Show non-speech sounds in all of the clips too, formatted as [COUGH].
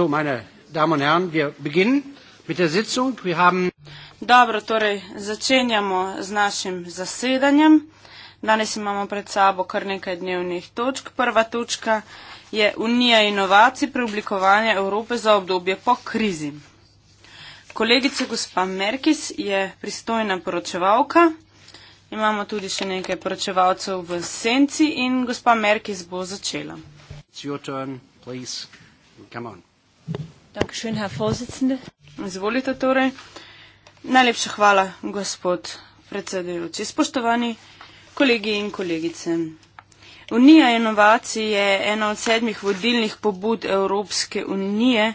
So, meine Damen und Herren, wir beginnen mit der Sitzung. Wir haben Dobro, torej začenjamo z našim zasedanjem. Danes imamo pred sabo kar nekaj dnevnih točk. Prva točka je Unija inovacij preoblikovanja Evrope za obdobje po krizi. Kolegica gospa Merkis je pristojna poročevalka. Imamo tudi še nekaj poročevalcev v senci in gospa Merkis bo začela. It's your turn, please. Come on. Dankeschön, Herr Vorsitzende. Izvolite torej. Najlepša hvala, gospod predsedujoči. Spoštovani kolegi in kolegice. Unija inovacij je ena od sedmih vodilnih pobud Evropske unije,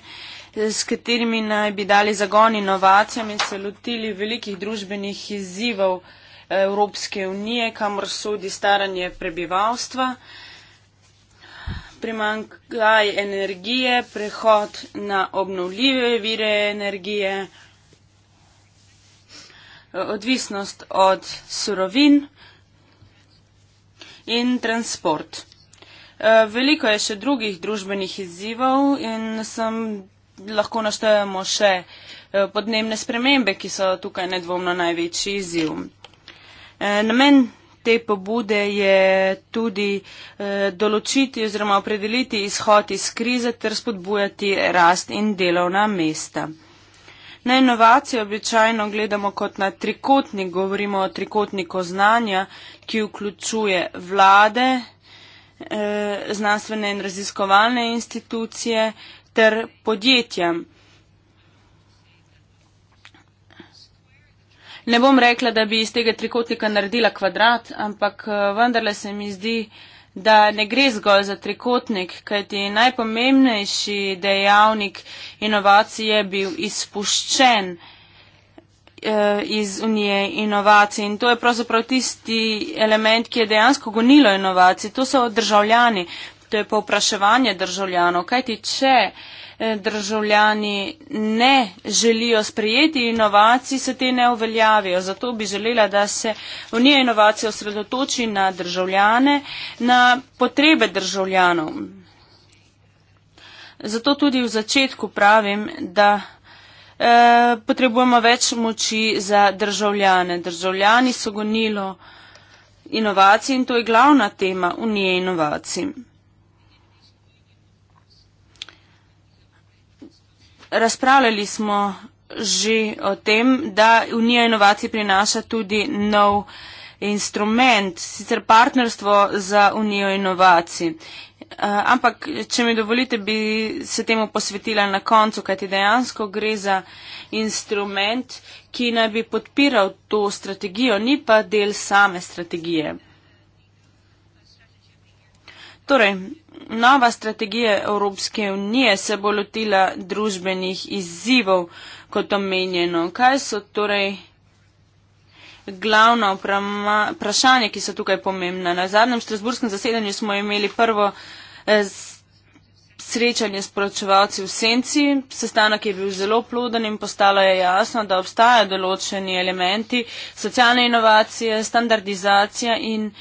s katerimi naj bi dali zagon inovacijam in se lotili velikih družbenih izzivov eh, Evropske unije, kamor sodi staranje prebivalstva, primankljaj energije, prehod na obnovljive vire energije, odvisnost od surovin in transport. E, veliko je še drugih družbenih izzivov in sem, lahko naštejemo še e, podnebne spremembe, ki so tukaj nedvomno največji izziv. E, namen te pobude je tudi eh, določiti oziroma opredeliti izhod iz krize ter spodbujati rast in delovna mesta. Na inovacijo običajno gledamo kot na trikotnik, govorimo o trikotniku znanja, ki vključuje vlade, eh, znanstvene in raziskovalne institucije ter podjetjem. ne bom rekla, da bi iz tega trikotnika naredila kvadrat, ampak eh, vendarle se mi zdi, da ne gre zgolj za trikotnik, kajti najpomembnejši dejavnik inovacije je bil izpuščen eh, iz unije inovacij in to je pravzaprav tisti element, ki je dejansko gonilo inovacij. To so državljani, to je povpraševanje državljanov, kajti če. Eh, državljani ne želijo sprejeti inovacij, se te ne uveljavijo. Zato bi želela, da se unija inovacij osredotoči na državljane, na potrebe državljanov. Zato tudi v začetku pravim, da eh, potrebujemo več moči za državljane. Državljani so gonilo inovacij in to je glavna tema unije inovacij. razpravljali smo že o tem, da Unija inovacij prinaša tudi nov instrument, sicer partnerstvo za Unijo inovacij. Eh, ampak, če mi dovolite, bi se temu posvetila na koncu, kajti dejansko gre za instrument, ki naj bi podpiral to strategijo, ni pa del same strategije. Torej, nova strategija Evropske unije se bo lotila družbenih izzivov, kot omenjeno. Kaj so torej glavna vprašanja, ki so tukaj pomembna? Na zadnjem strasburskem zasedanju smo imeli prvo eh, srečanje s poročevalci v senci. Sestanek je bil zelo pluden in postalo je jasno, da obstajajo določeni elementi socialne inovacije, standardizacija in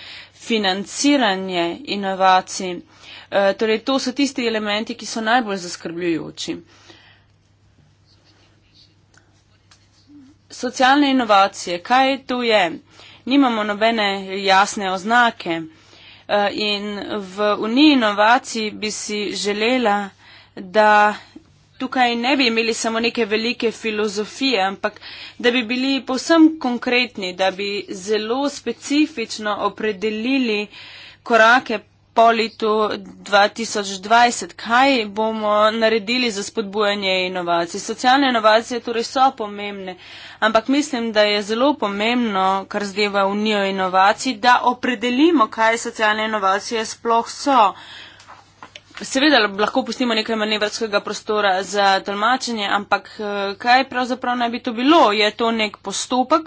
financiranje inovacij. Eh, torej, to so tisti elementi, ki so najbolj zaskrbljujoči. Socialne inovacije, kaj to je? Nimamo nobene jasne oznake. Eh, in v Uniji inovacij bi si želela, da tukaj ne bi imeli samo neke velike filozofije, ampak da bi bili povsem konkretni, da bi zelo specifično opredelili korake po letu 2020, kaj bomo naredili za spodbujanje inovacij. Socialne inovacije torej so pomembne, ampak mislim, da je zelo pomembno, kar zdeva unijo inovacij, da opredelimo, kaj socialne inovacije sploh so. Seveda lahko pustimo nekaj manevrskega prostora za tolmačenje, ampak eh, kaj pravzaprav naj bi to bilo? Je to nek postopek,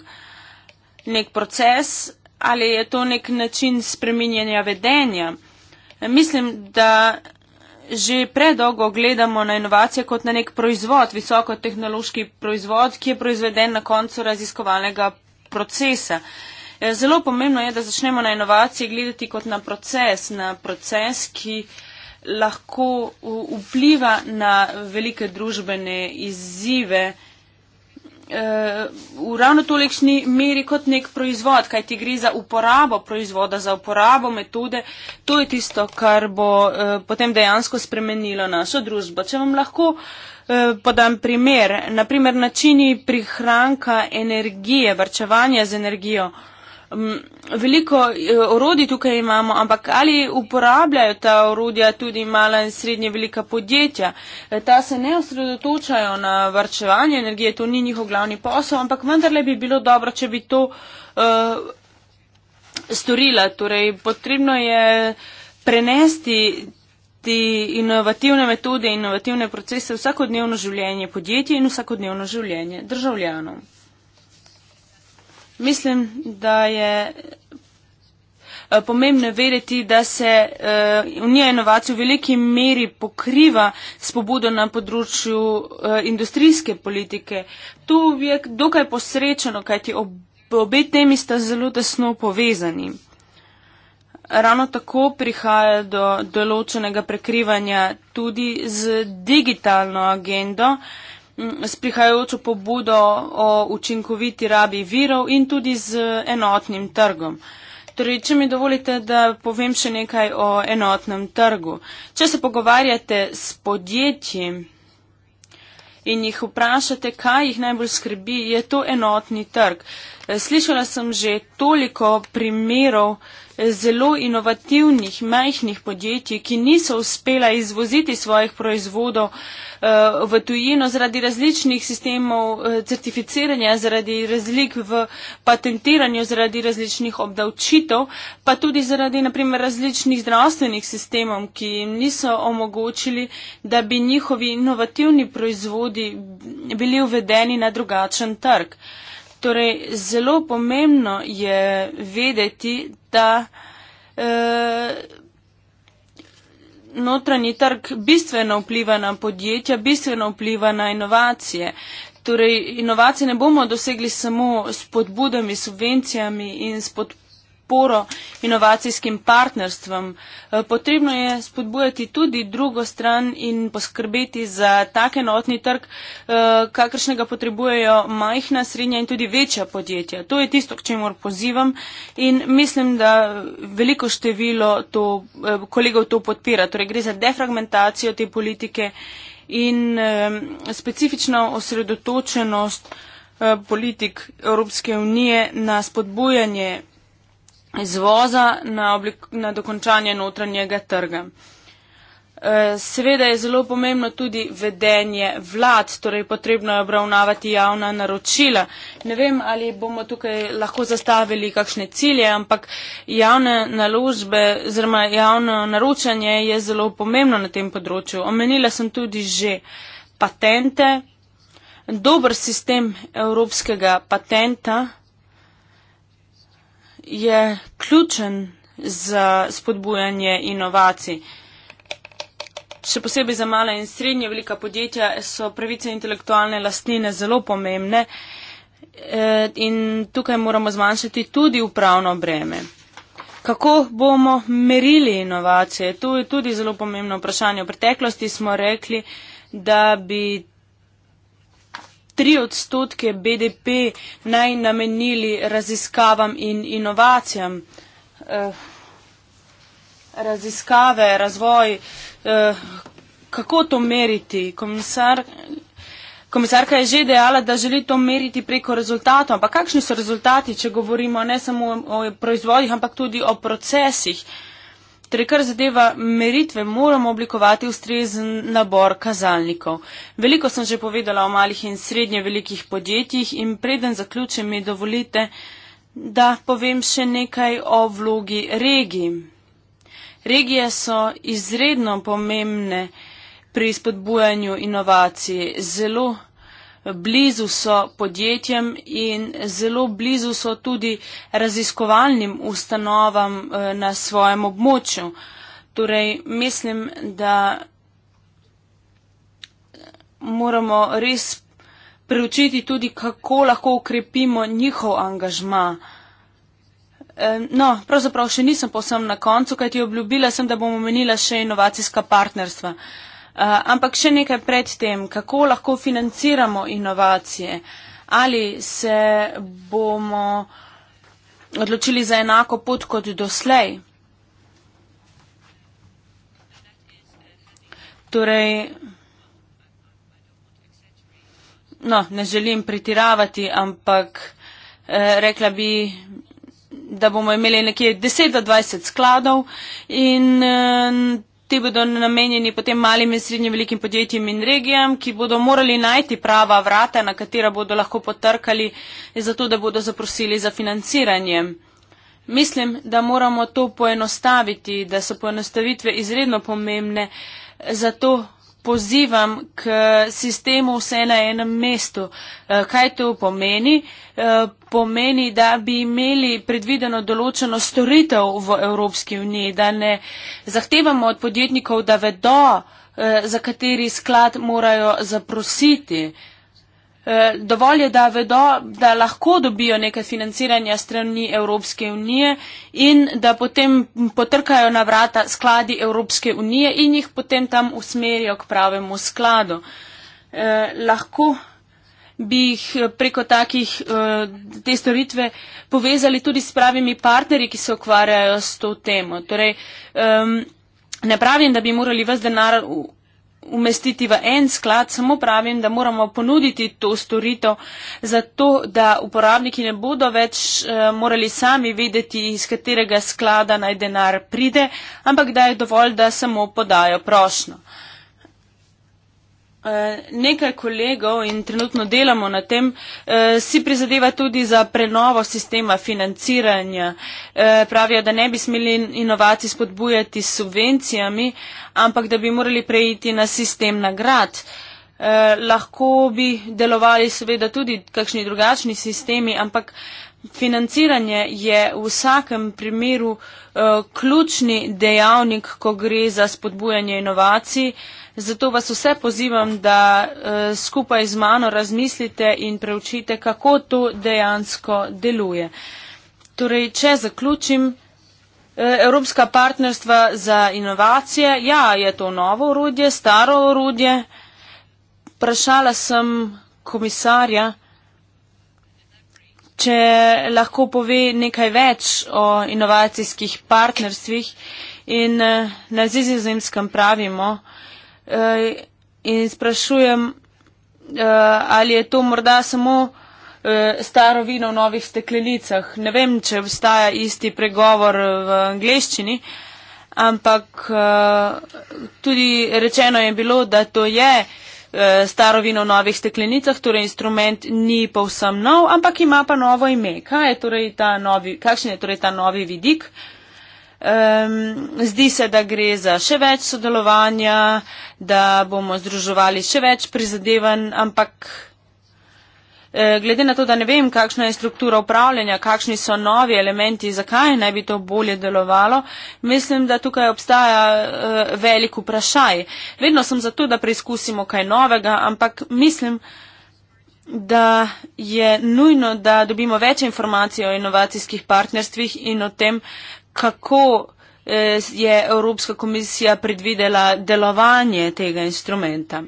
nek proces ali je to nek način spreminjanja vedenja? Mislim, da že predolgo gledamo na inovacije kot na nek proizvod, visokotehnološki proizvod, ki je proizveden na koncu raziskovalnega procesa. Eh, zelo pomembno je, da začnemo na inovacije gledati kot na proces, na proces, ki lahko vpliva na velike družbene izzive v ravno tolikšni meri kot nek proizvod, kaj ti gre za uporabo proizvoda, za uporabo metode, to je tisto, kar bo eh, potem dejansko spremenilo našo družbo. Če vam lahko eh, podam primer, naprimer načini prihranka energije, vrčevanja z energijo. Um, veliko eh, orodij tukaj imamo, ampak ali uporabljajo ta orodja tudi mala in srednje velika podjetja? Eh, ta se ne osredotočajo na varčevanje energije, to ni njihov glavni posel, ampak vendarle bi bilo dobro, če bi to uh, storila. Torej, potrebno je prenesti inovativne metode, inovativne procese v vsakodnevno življenje podjetja in vsakodnevno življenje državljanov. Mislim, da je eh, pomembno vedeti, da se eh, Unija inovacij v veliki meri pokriva s pobudo na področju eh, industrijske politike. Tu je dokaj posrečeno, kajti obe temi sta zelo tesno povezani. Ravno tako prihaja do določenega prekrivanja tudi z digitalno agendo, s prihajajočo pobudo o učinkoviti rabi virov in tudi z enotnim trgom. Torej, če mi dovolite, da povem še nekaj o enotnem trgu. Če se pogovarjate s podjetji in jih vprašate, kaj jih najbolj skrbi, je to enotni trg. Uh, Slišala sem že toliko primerov zelo inovativnih, majhnih podjetij, ki niso uspela izvoziti svojih proizvodov eh, v tujino zaradi različnih sistemov eh, certificiranja, zaradi razlik v patentiranju, zaradi različnih obdavčitev, pa tudi zaradi naprimer različnih zdravstvenih sistemov, ki jim niso omogočili, da bi njihovi inovativni proizvodi bili uvedeni na drugačen trg. Torej, zelo pomembno je vedeti, da eh, notranji trg bistveno vpliva na podjetja, bistveno vpliva na inovacije. Torej, inovacije ne bomo dosegli samo s podbudami, subvencijami in s podporami podporo inovacijskim partnerstvom. Eh, potrebno je spodbujati tudi drugo stran in poskrbeti za tak enotni trg, eh, kakršnega potrebujejo majhna, srednja in tudi večja podjetja. To je tisto, k čemu pozivam in mislim, da veliko število to, eh, kolegov to podpira. Torej, gre za defragmentacijo te politike in specifično osredotočenost politik Evropske unije na spodbujanje izvoza na, oblik, na dokončanje notranjega trga. E, seveda je zelo pomembno tudi vedenje vlad, torej potrebno je obravnavati javna naročila. Ne vem, ali bomo tukaj lahko zastavili kakšne cilje, ampak javne naložbe oziroma javno naročanje je zelo pomembno na tem področju. Omenila sem tudi že patente, dober sistem evropskega patenta je ključen za spodbujanje inovacij. Še posebej za mala in srednje velika podjetja so pravice intelektualne lastnine zelo pomembne e, in tukaj moramo zmanjšati tudi upravno breme. Kako bomo merili inovacije? To je tudi zelo pomembno vprašanje. V preteklosti smo rekli, da bi tri odstotke BDP naj namenili raziskavam in inovacijam. Eh, raziskave, razvoj, eh, kako to meriti, komisar? Komisarka je že dejala, da želi to meriti preko rezultatov, ampak kakšni so rezultati, če govorimo ne samo o proizvodih, ampak tudi o procesih? Uh, Torej, kar zadeva meritve, moramo oblikovati ustrezen nabor kazalnikov. Veliko sem že povedala o malih in srednje velikih podjetjih in preden zaključim, mi dovolite, da povem še nekaj o vlogi regiji. Regije so izredno pomembne pri spodbujanju inovacij, zelo blizu so podjetjem in zelo blizu so tudi raziskovalnim ustanovam eh, na svojem območju. Torej, mislim, da eh, moramo res preučiti tudi, kako lahko ukrepimo njihov angažma. Eh, no, pravzaprav še nisem posem na koncu, kajti obljubila sem, da bom omenila še inovacijska partnerstva. Uh, Eh, ampak še nekaj pred tem, kako lahko financiramo inovacije. Ali se bomo odločili za enako pot kot doslej? Torej, no, ne želim pritiravati, ampak eh, rekla bi, da bomo imeli nekje 10-20 skladov in eh, Ti bodo namenjeni potem malim in srednjim velikim podjetjem in regijam, ki bodo morali najti prava vrata, na katera bodo lahko potrkali, zato da bodo zaprosili za financiranje. Mislim, da moramo to poenostaviti, da so poenostavitve izredno pomembne, zato pozivam k sistemu vse na enem mestu. Eh, kaj to pomeni? Eh, pomeni, da bi imeli predvideno določeno storitev v Evropski uniji, da ne zahtevamo od podjetnikov, da vedo, eh, za kateri sklad morajo zaprositi. Eh, dovolj je, da vedo, da lahko dobijo nekaj financiranja strani Evropske unije in da potem potrkajo na vrata skladi Evropske unije in jih potem tam usmerijo k pravemu skladu. Eh, lahko bi jih eh, preko takih eh, te storitve povezali tudi s pravimi partnerji, ki se ukvarjajo s to temo. Torej, eh, ne pravim, da bi morali vse denar umestiti v en sklad, samo pravim, da moramo ponuditi to storito, zato da uporabniki ne bodo več eh, morali sami vedeti, iz katerega sklada naj denar pride, ampak da je dovolj, da samo podajo prošno. Eh, nekaj kolegov in trenutno delamo na tem, eh, si prizadeva tudi za prenovo sistema financiranja. Eh, pravijo, da ne bi smeli inovacij spodbujati s subvencijami, ampak da bi morali preiti na sistem nagrad. Lahko bi delovali seveda tudi kakšni drugačni sistemi, ampak financiranje je v vsakem primeru ključni dejavnik, ko gre za spodbujanje inovacij. Zato vas vse pozivam, da uh, skupaj z mano razmislite in preučite, kako to dejansko deluje. Torej, če zaključim, eh, Evropska partnerstva za inovacije, ja, je to novo urodje, staro urodje. Prašala sem komisarja, če lahko pove nekaj več o inovacijskih partnerstvih in eh, na zizizemskem pravimo, Eh, in sprašujem, eh, ali je to morda samo eh, staro vino v novih steklenicah. Ne vem, če obstaja isti pregovor v angleščini, ampak tudi rečeno je bilo, da to je staro vino v novih steklenicah, torej instrument ni povsem nov, ampak ima pa novo ime. Kaj je torej ta novi, kakšen je torej ta novi vidik? Uh, Um, zdi se, da gre za še več sodelovanja, da bomo združovali še več prizadevanj, ampak eh, glede na to, da ne vem, kakšna je struktura upravljanja, kakšni so novi elementi, zakaj naj bi to bolje delovalo, mislim, da tukaj obstaja eh, velik vprašaj. Vedno sem zato, da preizkusimo kaj novega, ampak mislim, da je nujno, da dobimo več informacij o inovacijskih partnerstvih in o tem, eh, kako eh, je Evropska komisija predvidela delovanje tega instrumenta.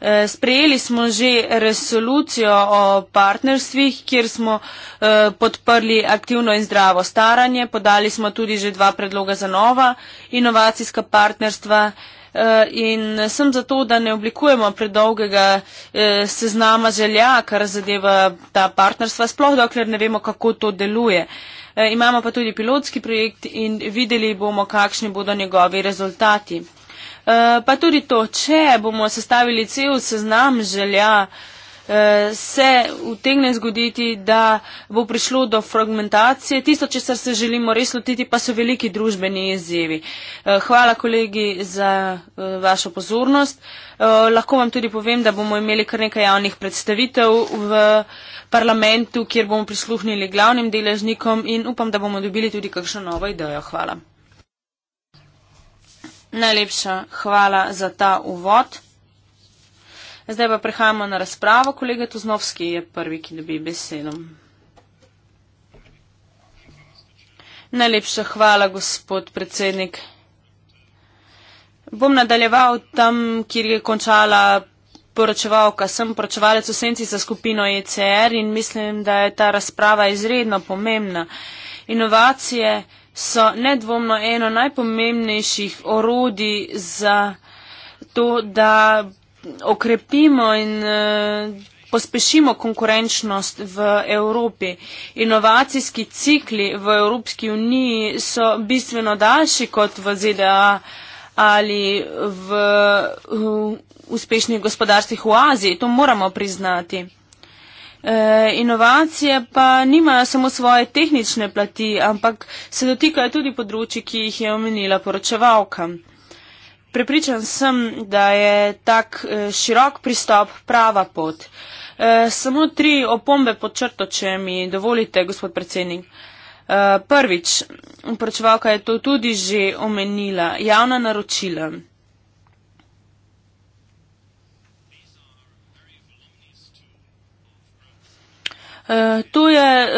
Eh, sprejeli smo že resolucijo o partnerstvih, kjer smo eh, podprli aktivno in zdravo staranje, podali smo tudi že dva predloga za nova inovacijska partnerstva in sem zato, da ne oblikujemo predolgega seznama želja, kar zadeva ta partnerstva, sploh dokler ne vemo, kako to deluje. E, imamo pa tudi pilotski projekt in videli bomo, kakšni bodo njegovi rezultati. E, pa tudi to, če bomo sestavili cel seznam želja, e, se utegne zgoditi, da bo prišlo do fragmentacije. Tisto, če se želimo res lotiti, pa so veliki družbeni izzivi. Hvala kolegi za vašo pozornost. Lahko vam tudi povem, da bomo imeli kar nekaj javnih predstavitev v parlamentu, kjer bomo prisluhnili glavnim deležnikom in upam, da bomo dobili tudi kakšno novo idejo. Hvala. Najlepša hvala za ta uvod. Zdaj pa prehajamo na razpravo. Kolega Tuznovski je prvi, ki dobi besedo. Najlepša hvala, gospod predsednik. Bom nadaljeval tam, kjer je končala poročevalka, sem poročevalec v senci za skupino ECR in mislim, da je ta razprava izredno pomembna. Inovacije so nedvomno eno najpomembnejših orodij za to, da okrepimo in eh, pospešimo konkurenčnost v Evropi. Inovacijski cikli v Evropski uniji so bistveno daljši kot v ZDA ali v, v uspešnih gospodarstvih v Aziji, to moramo priznati. E, inovacije pa nimajo samo svoje tehnične plati, ampak se dotikajo tudi področji, ki jih je omenila poročevalka. Prepričan sem, da je tak e, širok pristop prava pot. E, samo tri opombe pod črto, če mi dovolite, gospod predsednik. Eh, prvič, upravčevalka je to tudi že omenila, javna naročila. Uh, to je uh,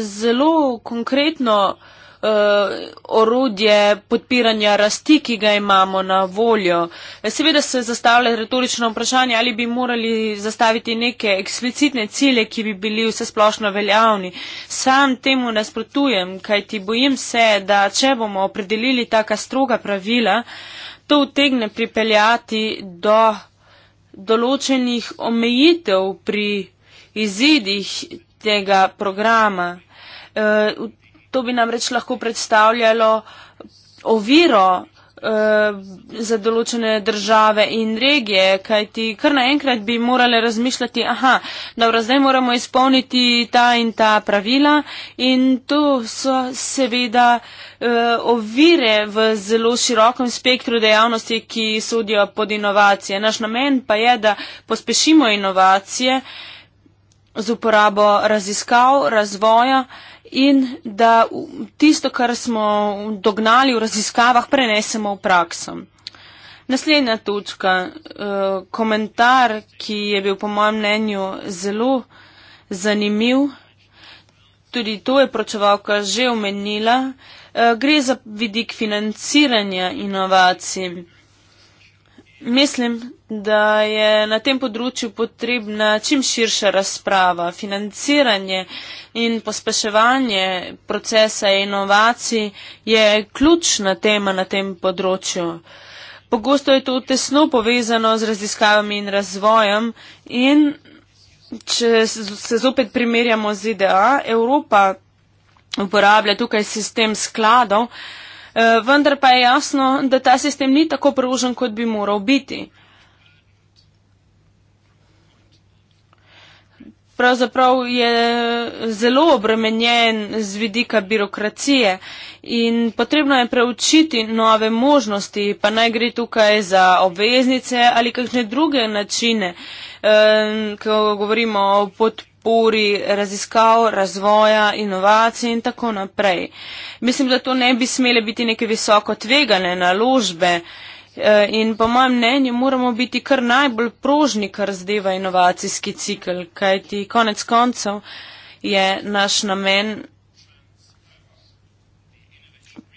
zelo konkretno. Eh, orodje podpiranja rasti, ki ga imamo na voljo. Eh, seveda se zastavlja retorično vprašanje, ali bi morali zastaviti neke eksplicitne cilje, ki bi bili vse splošno veljavni. Sam temu nasprotujem, kaj ti bojim se, da če bomo opredelili taka stroga pravila, to utegne pripeljati do določenih omejitev pri izidih tega programa. Eh, To bi namreč lahko predstavljalo oviro eh, za določene države in regije, kajti kar naenkrat bi morali razmišljati, aha, dobro, zdaj moramo izpolniti ta in ta pravila in to so seveda eh, ovire v zelo širokem spektru dejavnosti, ki sodijo pod inovacije. Naš namen pa je, da pospešimo inovacije z uporabo raziskav, razvoja in da tisto, kar smo dognali v raziskavah, prenesemo v prakso. Naslednja točka, eh, komentar, ki je bil po mojem mnenju zelo zanimiv, tudi to je pročevalka že omenila, eh, gre za vidik financiranja inovacij. Mislim, da je na tem področju potrebna čim širša razprava. Financiranje in pospeševanje procesa inovacij je ključna tema na tem področju. Pogosto je to tesno povezano z raziskavami in razvojem in če se zopet primerjamo z IDA, Evropa uporablja tukaj sistem skladov, Eh, vendar pa je jasno, da ta sistem ni tako prožen, kot bi moral biti. Pravzaprav je zelo obremenjen z vidika birokracije in potrebno je preučiti nove možnosti, pa naj gre tukaj za obveznice ali kakšne druge načine, eh, ko govorimo o podporu podpori raziskav, razvoja, inovacij in tako naprej. Mislim, da to ne bi smele biti neke visoko tvegane naložbe eh, in po mojem mnenju moramo biti kar najbolj prožni, kar zdeva inovacijski cikl, kajti konec koncev je naš namen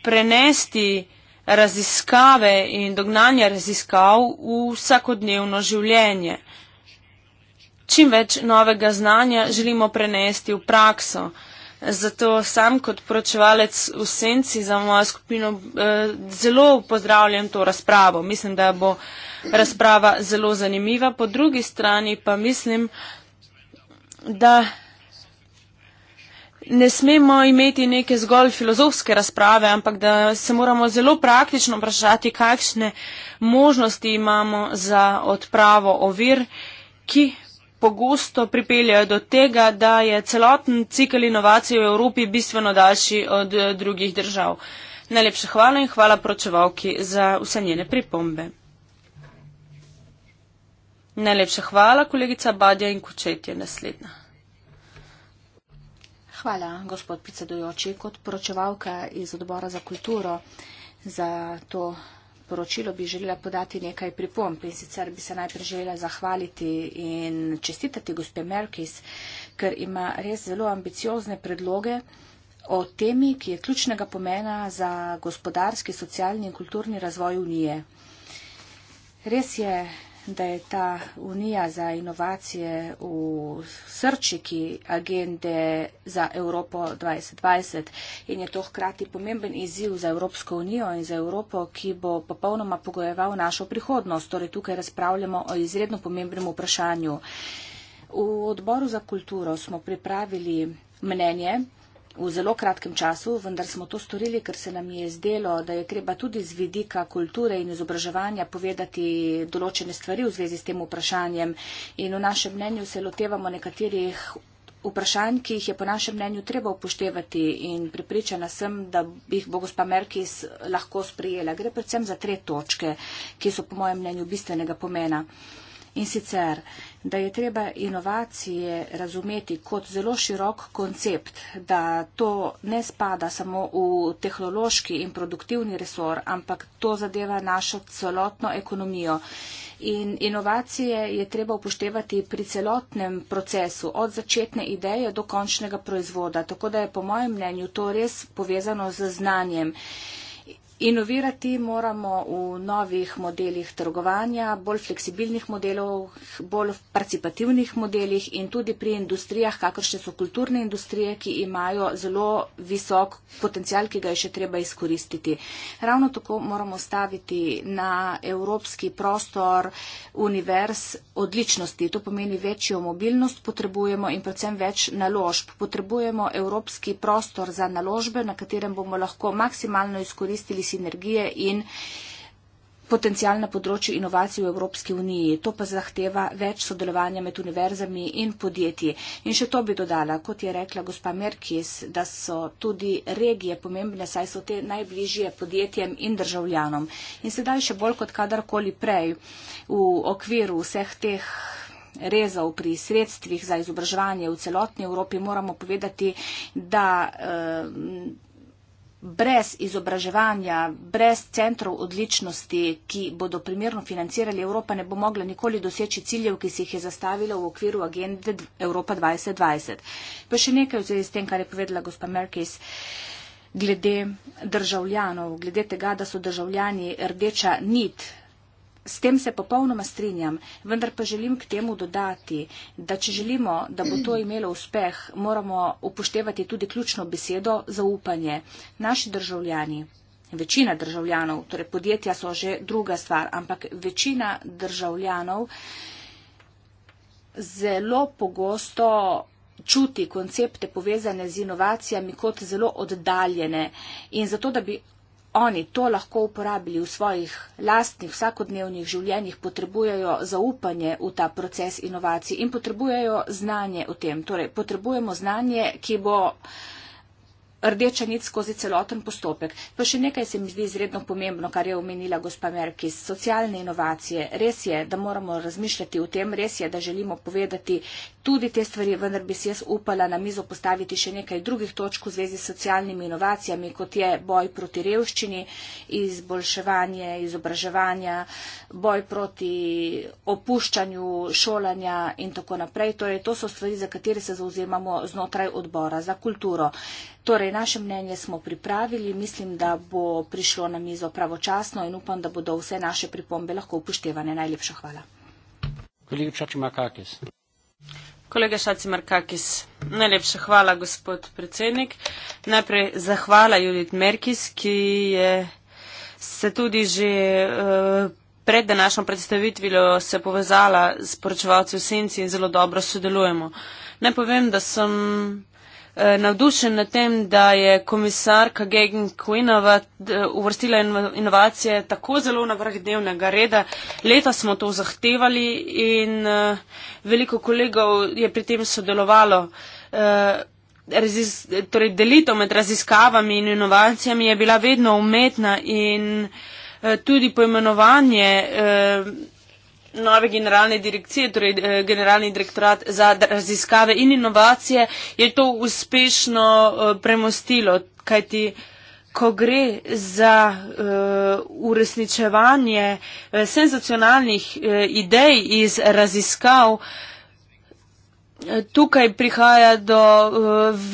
prenesti raziskave in dognanja raziskav v vsakodnevno življenje čim več novega znanja želimo prenesti v prakso. Zato sam kot poročevalec v senci za mojo skupino eh, zelo pozdravljam to razpravo. Mislim, da bo razprava zelo zanimiva. Po drugi strani pa mislim, da ne smemo imeti neke zgolj filozofske razprave, ampak da se moramo zelo praktično vprašati, kakšne možnosti imamo za odpravo ovir, ki pogosto pripeljajo do tega, da je celoten cikel inovacij v Evropi bistveno daljši od eh, drugih držav. Najlepša hvala in hvala pročevalki za vse njene pripombe. Najlepša hvala, kolegica Badja in Kučet je naslednja. Hvala, gospod predsedujoči, kot pročevalka iz odbora za kulturo za to poročilo bi želela podati nekaj pripomp in sicer bi se najprej želela zahvaliti in čestitati gospe Merkis, ker ima res zelo ambiciozne predloge o temi, ki je ključnega pomena za gospodarski, socialni in kulturni razvoj Unije. Res je, da je ta Unija za inovacije v srčiki agende za Evropo 2020 in je to hkrati pomemben izziv za Evropsko unijo in za Evropo, ki bo popolnoma pogojeval našo prihodnost. Torej tukaj razpravljamo o izredno pomembnem vprašanju. V odboru za kulturo smo pripravili mnenje v zelo kratkem času, vendar smo to storili, ker se nam je zdelo, da je treba tudi z vidika kulture in izobraževanja povedati določene stvari v zvezi s tem vprašanjem. In v našem mnenju se lotevamo nekaterih vprašanj, ki jih je po našem mnenju treba upoštevati in pripričana sem, da jih bo gospa Merkis lahko sprejela. Gre predvsem za tre točke, ki so po mojem mnenju bistvenega pomena. In sicer, da je treba inovacije razumeti kot zelo širok koncept, da to ne spada samo v tehnološki in produktivni resor, ampak to zadeva našo celotno ekonomijo. In inovacije je treba upoštevati pri celotnem procesu, od začetne ideje do končnega proizvoda. Tako da je po mojem mnenju to res povezano z znanjem. Inovirati moramo v novih modelih trgovanja, bolj fleksibilnih modelih, bolj participativnih modelih in tudi pri industrijah, kakršne so kulturne industrije, ki imajo zelo visok potencial, ki ga je še treba izkoristiti. Ravno tako moramo staviti na evropski prostor univerz odličnosti. To pomeni večjo mobilnost potrebujemo in predvsem več naložb. Potrebujemo evropski prostor za naložbe, na katerem bomo lahko maksimalno izkoristili sinergije in potencijalna področja inovacij v Evropski uniji. To pa zahteva več sodelovanja med univerzami in podjetji. In še to bi dodala, kot je rekla gospa Merkis, da so tudi regije pomembne, saj so te najbližje podjetjem in državljanom. In sedaj še bolj kot kadarkoli prej v okviru vseh teh rezov pri sredstvih za izobraževanje v celotni Evropi moramo povedati, da. Eh, brez izobraževanja, brez centrov odličnosti, ki bodo primerno financirali, Evropa ne bo mogla nikoli doseči ciljev, ki si jih je zastavila v okviru agende Evropa 2020. Pa še nekaj v zvezi s tem, kar je povedala gospa Merkis. Glede državljanov, glede tega, da so državljani rdeča nit S tem se popolnoma strinjam, vendar pa želim k temu dodati, da če želimo, da bo to imelo uspeh, moramo upoštevati tudi ključno besedo zaupanje. Naši državljani, večina državljanov, torej podjetja so že druga stvar, ampak večina državljanov zelo pogosto čuti koncepte povezane z inovacijami kot zelo oddaljene. In zato, da bi oni to lahko uporabili v svojih lastnih vsakodnevnih življenjih, potrebujejo zaupanje v ta proces inovacij in potrebujejo znanje o tem. Torej, potrebujemo znanje, ki bo uh, rdeča nit skozi celoten postopek. Pa še nekaj se mi zdi izredno pomembno, kar je omenila gospa Merkis. Socialne inovacije. Res je, da moramo razmišljati o tem, res je, da želimo povedati tudi te stvari, vendar bi si jaz upala na mizo postaviti še nekaj drugih točk v zvezi s socialnimi inovacijami, kot je boj proti revščini, izboljševanje izobraževanja, boj proti opuščanju šolanja in tako naprej. Torej, to so stvari, za katere se zauzemamo znotraj odbora za kulturo. Torej, naše mnenje smo pripravili, mislim, da bo prišlo na mizo pravočasno in upam, da bodo vse naše pripombe lahko upoštevane. Najlepša hvala. Kolega Čačimakakis. Kolega Šacimarkakis, najlepša hvala, gospod predsednik. Najprej zahvala Judith Merkis, ki je se tudi že eh, pred današnjo predstavitvijo se povezala s poročevalci v Senci in zelo dobro sodelujemo. Naj povem, da sem Eh, navdušen nad tem, da je komisarka Gegen Kuinova uvrstila inovacije tako zelo na vrh dnevnega reda. Leta smo to zahtevali in eh, veliko kolegov je pri tem sodelovalo. Eh, torej delitev med raziskavami in inovacijami je bila vedno umetna in tudi poimenovanje nove generalne direkcije, torej eh, generalni direktorat za raziskave in inovacije, je to uspešno eh, premostilo, kajti ko gre za uh, uresničevanje senzacionalnih uh, idej iz raziskav, Tukaj prihaja do uh,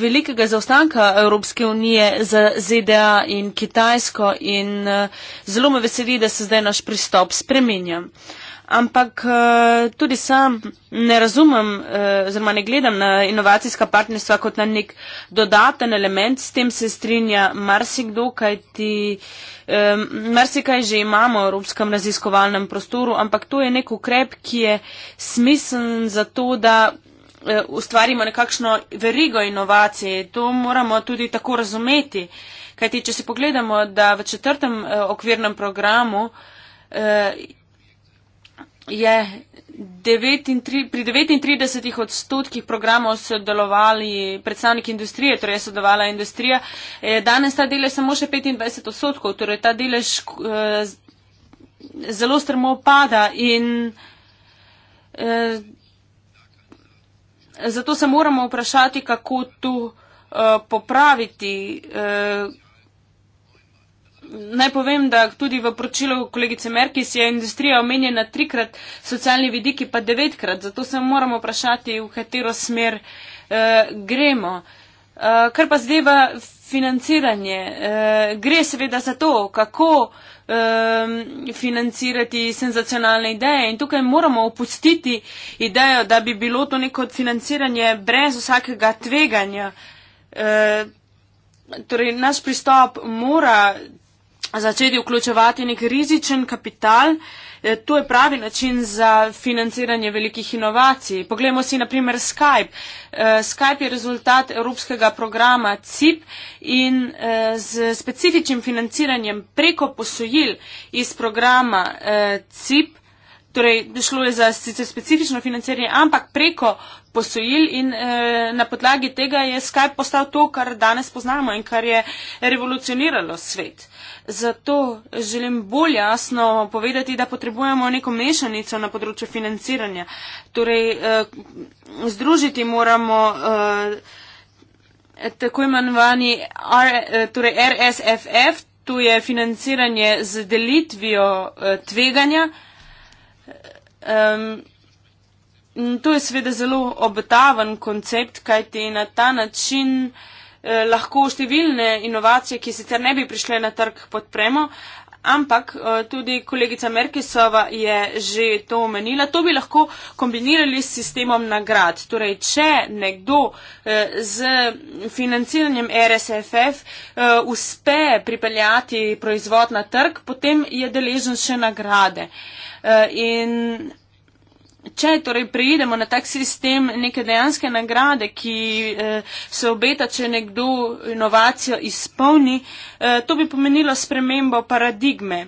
velikega zaostanka Evropske unije za ZDA in Kitajsko in uh, zelo me veseli, da se zdaj naš pristop spremenja. Uh, ampak eh, tudi sam ne razumem eh, oziroma ne gledam na inovacijska partnerstva kot na nek dodaten element, s tem se strinja marsikdo, kajti eh, marsikaj že imamo v Evropskem raziskovalnem prostoru, ampak to je nek ukrep, ki je smisen za to, da ustvarimo nekakšno verigo inovacij. To moramo tudi tako razumeti. Kajti, če si pogledamo, da v četrtem okvirnem programu je 39, pri 39 odstotkih programov sodelovali predstavniki industrije, torej je sodelovala industrija. Danes ta delež samo še 25 odstotkov, torej ta delež eh, zelo strmo pada in eh, zato se moramo vprašati, kako to eh, popraviti. Naj povem, da tudi v poročilu kolegice Merkis je industrija omenjena trikrat, socialni vidiki pa devetkrat, zato se moramo vprašati, v katero smer eh, gremo. Eh, kar pa zdaj v financiranje. Eh, gre seveda za to, kako eh, financirati senzacionalne ideje in tukaj moramo opustiti idejo, da bi bilo to neko financiranje brez vsakega tveganja. Eh, torej, naš pristop mora začeti vključevati nek rizičen kapital. E, to je pravi način za financiranje velikih inovacij. Poglejmo si naprimer Skype. E, Skype je rezultat evropskega programa CIP in e, z specifičnim financiranjem preko posojil iz programa CIP Torej, šlo je za sicer specifično financiranje, ampak preko posojil in e, na podlagi tega je Skype postal to, kar danes poznamo in kar je revolucioniralo svet. Zato želim bolj jasno povedati, da potrebujemo neko mešanico na področju financiranja. Torej, e, združiti moramo. E, Tako imenovani R, torej RSFF, to je financiranje z delitvijo tveganja, Um, In to je seveda zelo obetaven koncept, kajti na ta način eh, lahko številne inovacije, ki sicer ne bi prišle na trg, podpremo, ampak eh, tudi kolegica Merkisova je že to omenila, to bi lahko kombinirali s sistemom nagrad. Torej, če nekdo eh, z financiranjem RSFF eh, uspe pripeljati proizvod na trg, potem je deležen še nagrade. Eh, Eh, in če torej prijedemo na tak sistem neke dejanske nagrade, ki eh, se obeta, če nekdo inovacijo izpolni, eh, to bi pomenilo spremembo paradigme.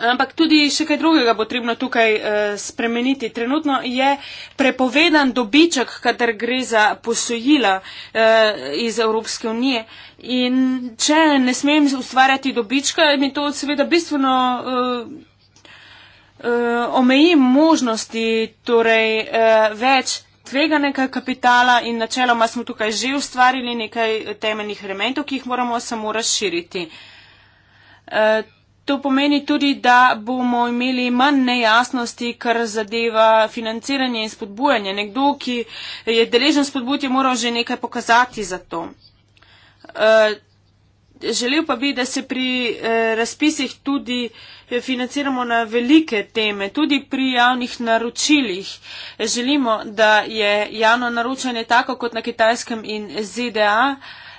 Ampak tudi še kaj drugega bo potrebno tukaj uh, spremeniti. Trenutno je prepovedan dobiček, kadar gre za posojila uh, iz Evropske unije. In če ne smem ustvarjati dobička, mi to seveda bistveno. Uh, omeji možnosti torej, več tveganega kapitala in načeloma smo tukaj že ustvarili nekaj temeljnih elementov, ki jih moramo samo razširiti. To pomeni tudi, da bomo imeli manj nejasnosti, kar zadeva financiranje in spodbujanje. Nekdo, ki je deležen spodbud, je moral že nekaj pokazati za to. Eh, želel pa bi, da se pri eh, razpisih tudi eh, financiramo na velike teme, tudi pri javnih naročilih. Želimo, da je javno naročanje tako kot na kitajskem in ZDA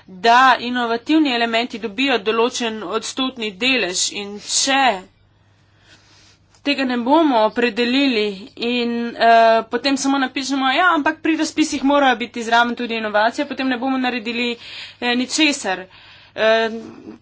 da inovativni elementi dobijo določen odstotni delež in če tega ne bomo opredelili in uh, potem samo napišemo, ja, ampak pri razpisih mora biti zraven tudi inovacija, potem ne bomo naredili eh, ničesar. Uh, Eh,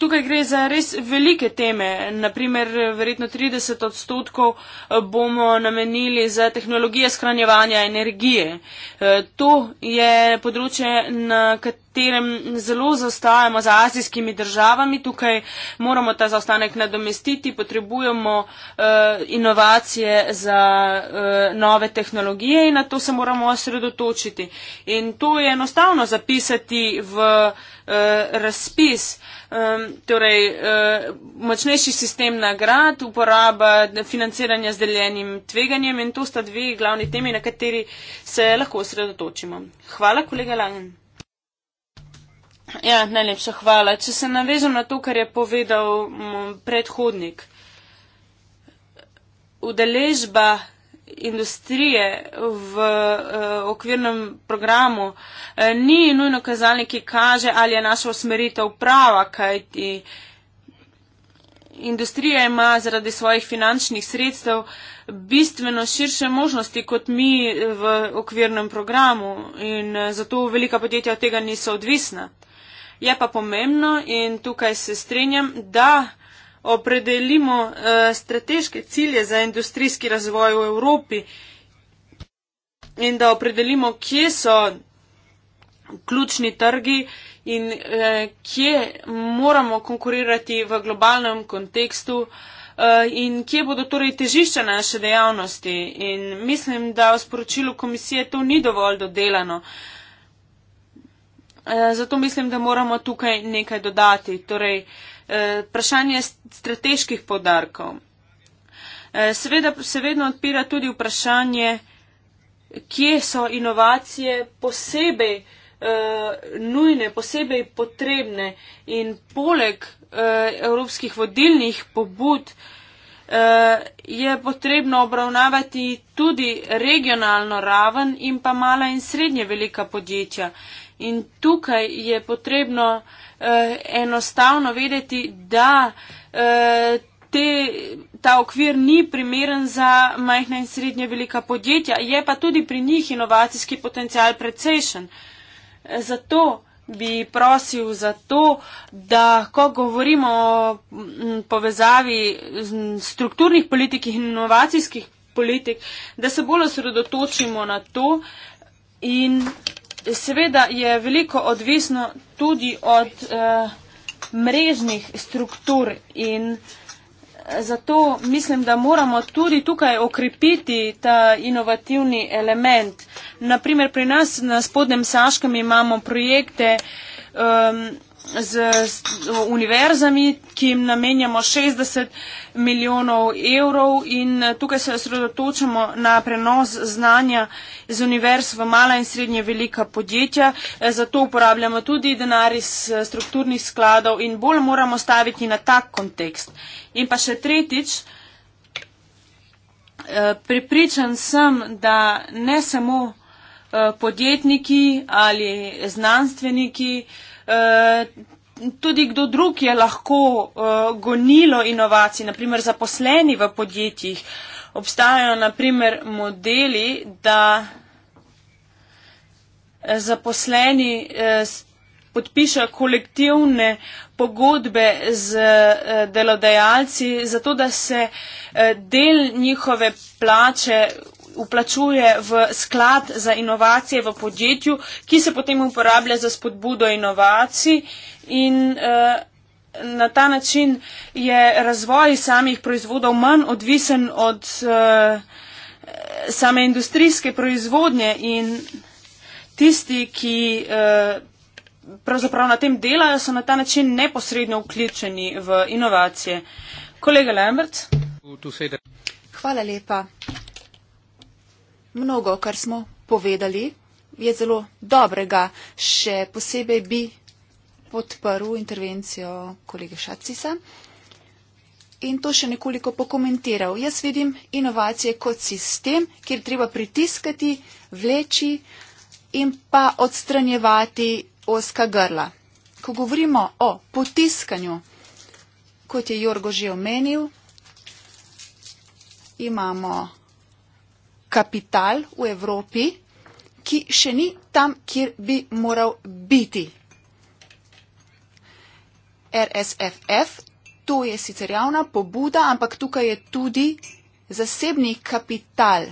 tukaj gre za res velike teme. Naprimer, verjetno 30 odstotkov eh, bomo namenili za tehnologije skranjevanja energije. Eh, to je področje, na katerem zelo zaostajamo za azijskimi državami. Tukaj moramo ta zaostanek nadomestiti, potrebujemo inovacije za nove tehnologije in na to se moramo osredotočiti. In to je enostavno zapisati v Eh, razpis, um, torej uh, močnejši sistem nagrad, uporaba financiranja z deljenim tveganjem in to sta dve glavni temi, na kateri se lahko osredotočimo. Hvala, kolega Langen. Ja, najlepša hvala. Če se navežem na to, kar je povedal predhodnik. Udeležba industrije v uh, okvirnem programu, uh, ni nujno kazalnik, ki kaže, ali je naša usmeritev prava, kajti industrija ima zaradi svojih finančnih sredstev bistveno širše možnosti kot mi v okvirnem programu in uh, zato velika podjetja od tega niso odvisna. Je pa pomembno in tukaj se strinjam, da opredelimo uh, strateške cilje za industrijski razvoj v Evropi in da opredelimo, kje so ključni trgi in uh, kje moramo konkurirati v globalnem kontekstu uh, in kje bodo torej težišča naše dejavnosti. In mislim, da v sporočilu komisije to ni dovolj dodelano. Zato mislim, da moramo tukaj nekaj dodati. Torej, uh, Eh, vprašanje strateških podarkov. Eh, seveda se vedno odpira tudi vprašanje, kje so inovacije posebej eh, nujne, posebej potrebne in poleg evropskih vodilnih pobud je potrebno obravnavati tudi regionalno raven in pa mala in srednje velika podjetja. In tukaj je potrebno eh, enostavno vedeti, da eh, te, ta okvir ni primeren za majhna in srednje velika podjetja, je pa tudi pri njih inovacijski potencial precejšen. Zato bi prosil za to, da ko govorimo o povezavi strukturnih politik in inovacijskih politik, da se bolj osredotočimo na to in seveda je veliko odvisno tudi od uh, mrežnih struktur in eh, zato mislim, da moramo tudi tukaj okrepiti ta inovativni element. Naprimer, pri nas na spodnjem Saškem imamo projekte. Um, z univerzami, ki jim namenjamo 60 milijonov evrov in eh, tukaj se osredotočamo na prenos znanja z univerz v mala in srednje velika podjetja. Eh, zato uporabljamo tudi denar iz eh, strukturnih skladov in bolj moramo staviti na tak kontekst. In pa še tretjič, pripričan sem, da ne samo podjetniki ali znanstveniki, Eh, tudi kdo drug je lahko uh, gonilo inovacij, naprimer zaposleni v podjetjih. Obstajajo naprimer modeli, da eh, zaposleni eh, podpišajo kolektivne pogodbe z eh, delodajalci, zato da se eh, del njihove plače uplačuje v sklad za inovacije v podjetju, ki se potem uporablja za spodbudo inovacij in uh, na ta način je razvoj samih proizvodov manj odvisen od uh, same industrijske proizvodnje in tisti, ki. Uh, Pravzaprav na tem delajo, so na ta način neposredno vključeni v inovacije. Kolega Lambert. Hvala lepa mnogo, kar smo povedali, je zelo dobrega. Še posebej bi podprl intervencijo kolege Šacisa in to še nekoliko pokomentiral. Jaz vidim inovacije kot sistem, kjer treba pritiskati, vleči in pa odstranjevati oska grla. Ko govorimo o potiskanju, kot je Jorgo že omenil, imamo kapital v Evropi, ki še ni tam, kjer bi moral biti. RSFF, to je sicer javna pobuda, ampak tukaj je tudi zasebni kapital,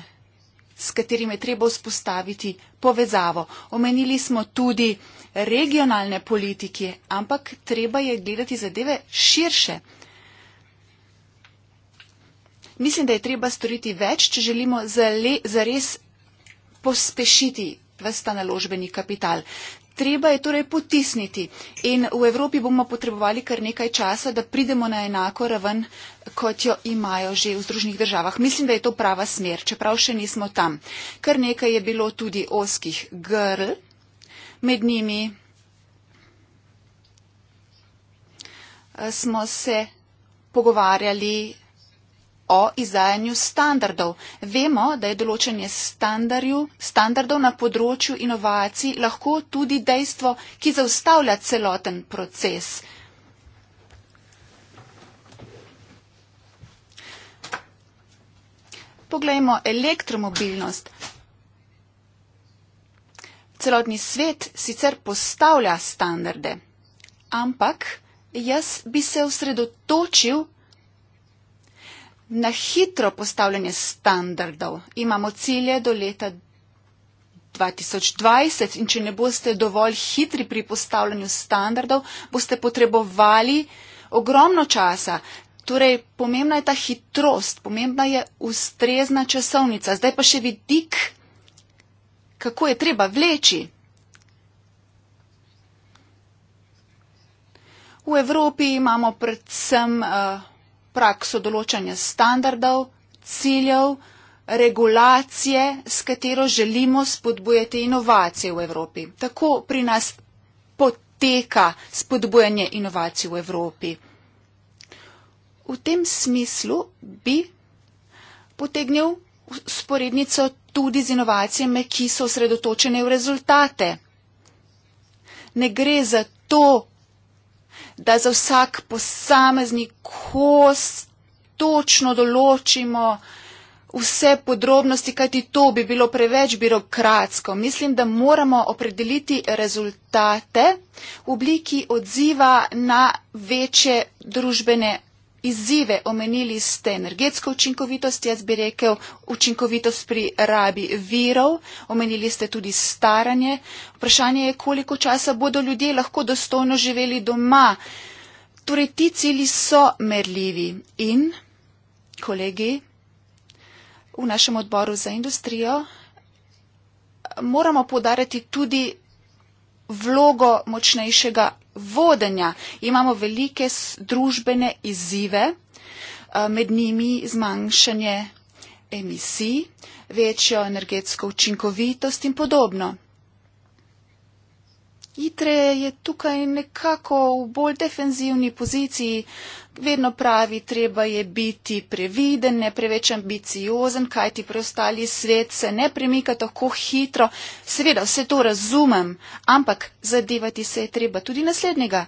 s katerim je treba vzpostaviti povezavo. Omenili smo tudi regionalne politike, ampak treba je gledati zadeve širše mislim, da je treba storiti več, če želimo zares pospešiti vsta naložbeni kapital. Treba je torej potisniti in v Evropi bomo potrebovali kar nekaj časa, da pridemo na enako raven, kot jo imajo že v združnih državah. Mislim, da je to prava smer, čeprav še nismo tam. Kar nekaj je bilo tudi oskih grl, med njimi eh, smo se pogovarjali o izdajanju standardov. Vemo, da je določenje standardov na področju inovacij lahko tudi dejstvo, ki zaustavlja celoten proces. Poglejmo elektromobilnost. Celotni svet sicer postavlja standarde, ampak jaz bi se osredotočil na hitro postavljanje standardov. Imamo cilje do leta 2020 in če ne boste dovolj hitri pri postavljanju standardov, boste potrebovali ogromno časa. Torej, pomembna je ta hitrost, pomembna je ustrezna časovnica. Zdaj pa še vidik, kako je treba vleči. V Evropi imamo predvsem uh, prakso določanja standardov, ciljev, regulacije, s katero želimo spodbujati inovacije v Evropi. Tako pri nas poteka spodbujanje inovacij v Evropi. V tem smislu bi potegnil sporednico tudi z inovacijami, ki so osredotočene v rezultate. Ne gre za to, da za vsak posamezni kos točno določimo vse podrobnosti, kajti to bi bilo preveč birokratsko. Mislim, da moramo opredeliti rezultate v obliki odziva na večje družbene izzive omenili ste energetsko učinkovitost, jaz bi rekel učinkovitost pri rabi virov, omenili ste tudi staranje. Vprašanje je, koliko časa bodo ljudje lahko dostojno živeli doma. Torej, ti cili so merljivi in, kolegi, v našem odboru za industrijo moramo podariti tudi vlogo močnejšega vodenja. Imamo velike družbene izzive, eh, med njimi zmanjšanje emisij, večjo energetsko učinkovitost in podobno. Itre je tukaj nekako v bolj defenzivni poziciji, vedno pravi, treba je biti previden, ne preveč ambiciozen, kaj ti preostali svet se ne premika tako hitro. Seveda vse to razumem, ampak zadevati se je treba tudi naslednjega.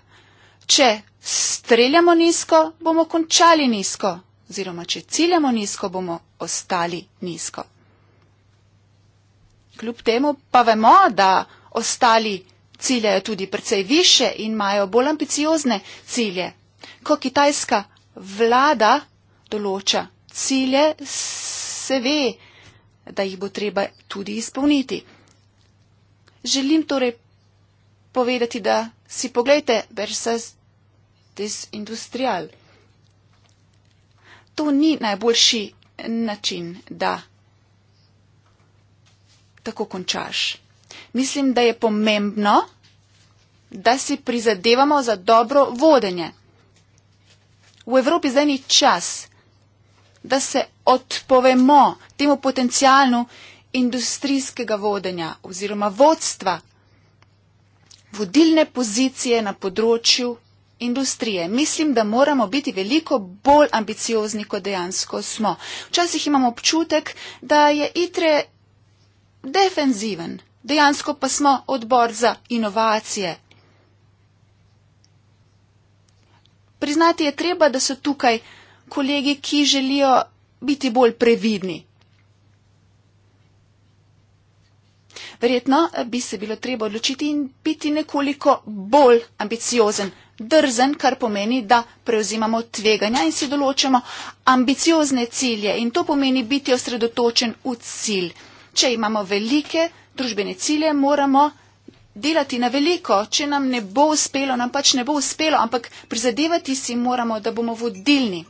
Če streljamo nizko, bomo končali nizko, oziroma če ciljamo nizko, bomo ostali nizko. Kljub temu pa vemo, da ostali nizko ciljajo tudi precej više in imajo bolj ambiciozne cilje. Ko kitajska vlada določa cilje, se ve, da jih bo treba tudi izpolniti. Želim torej povedati, da si pogledajte versus this industrial. To ni najboljši način, da tako končaš mislim, da je pomembno, da si prizadevamo za dobro vodenje. V Evropi zdaj ni čas, da se odpovemo temu potencijalu industrijskega vodenja oziroma vodstva, vodilne pozicije na področju industrije. Mislim, da moramo biti veliko bolj ambiciozni, kot dejansko smo. Včasih imamo občutek, da je itre defenziven dejansko pa smo odbor za inovacije. Priznati je treba, da so tukaj kolegi, ki želijo biti bolj previdni. Verjetno bi se bilo treba odločiti in biti nekoliko bolj ambiciozen, drzen, kar pomeni, da preuzimamo tveganja in si določamo ambiciozne cilje. In to pomeni biti osredotočen v cilj. Če imamo velike Družbene cilje moramo delati na veliko, če nam ne bo uspelo, nam pač ne bo uspelo, ampak prizadevati si moramo, da bomo vodilni.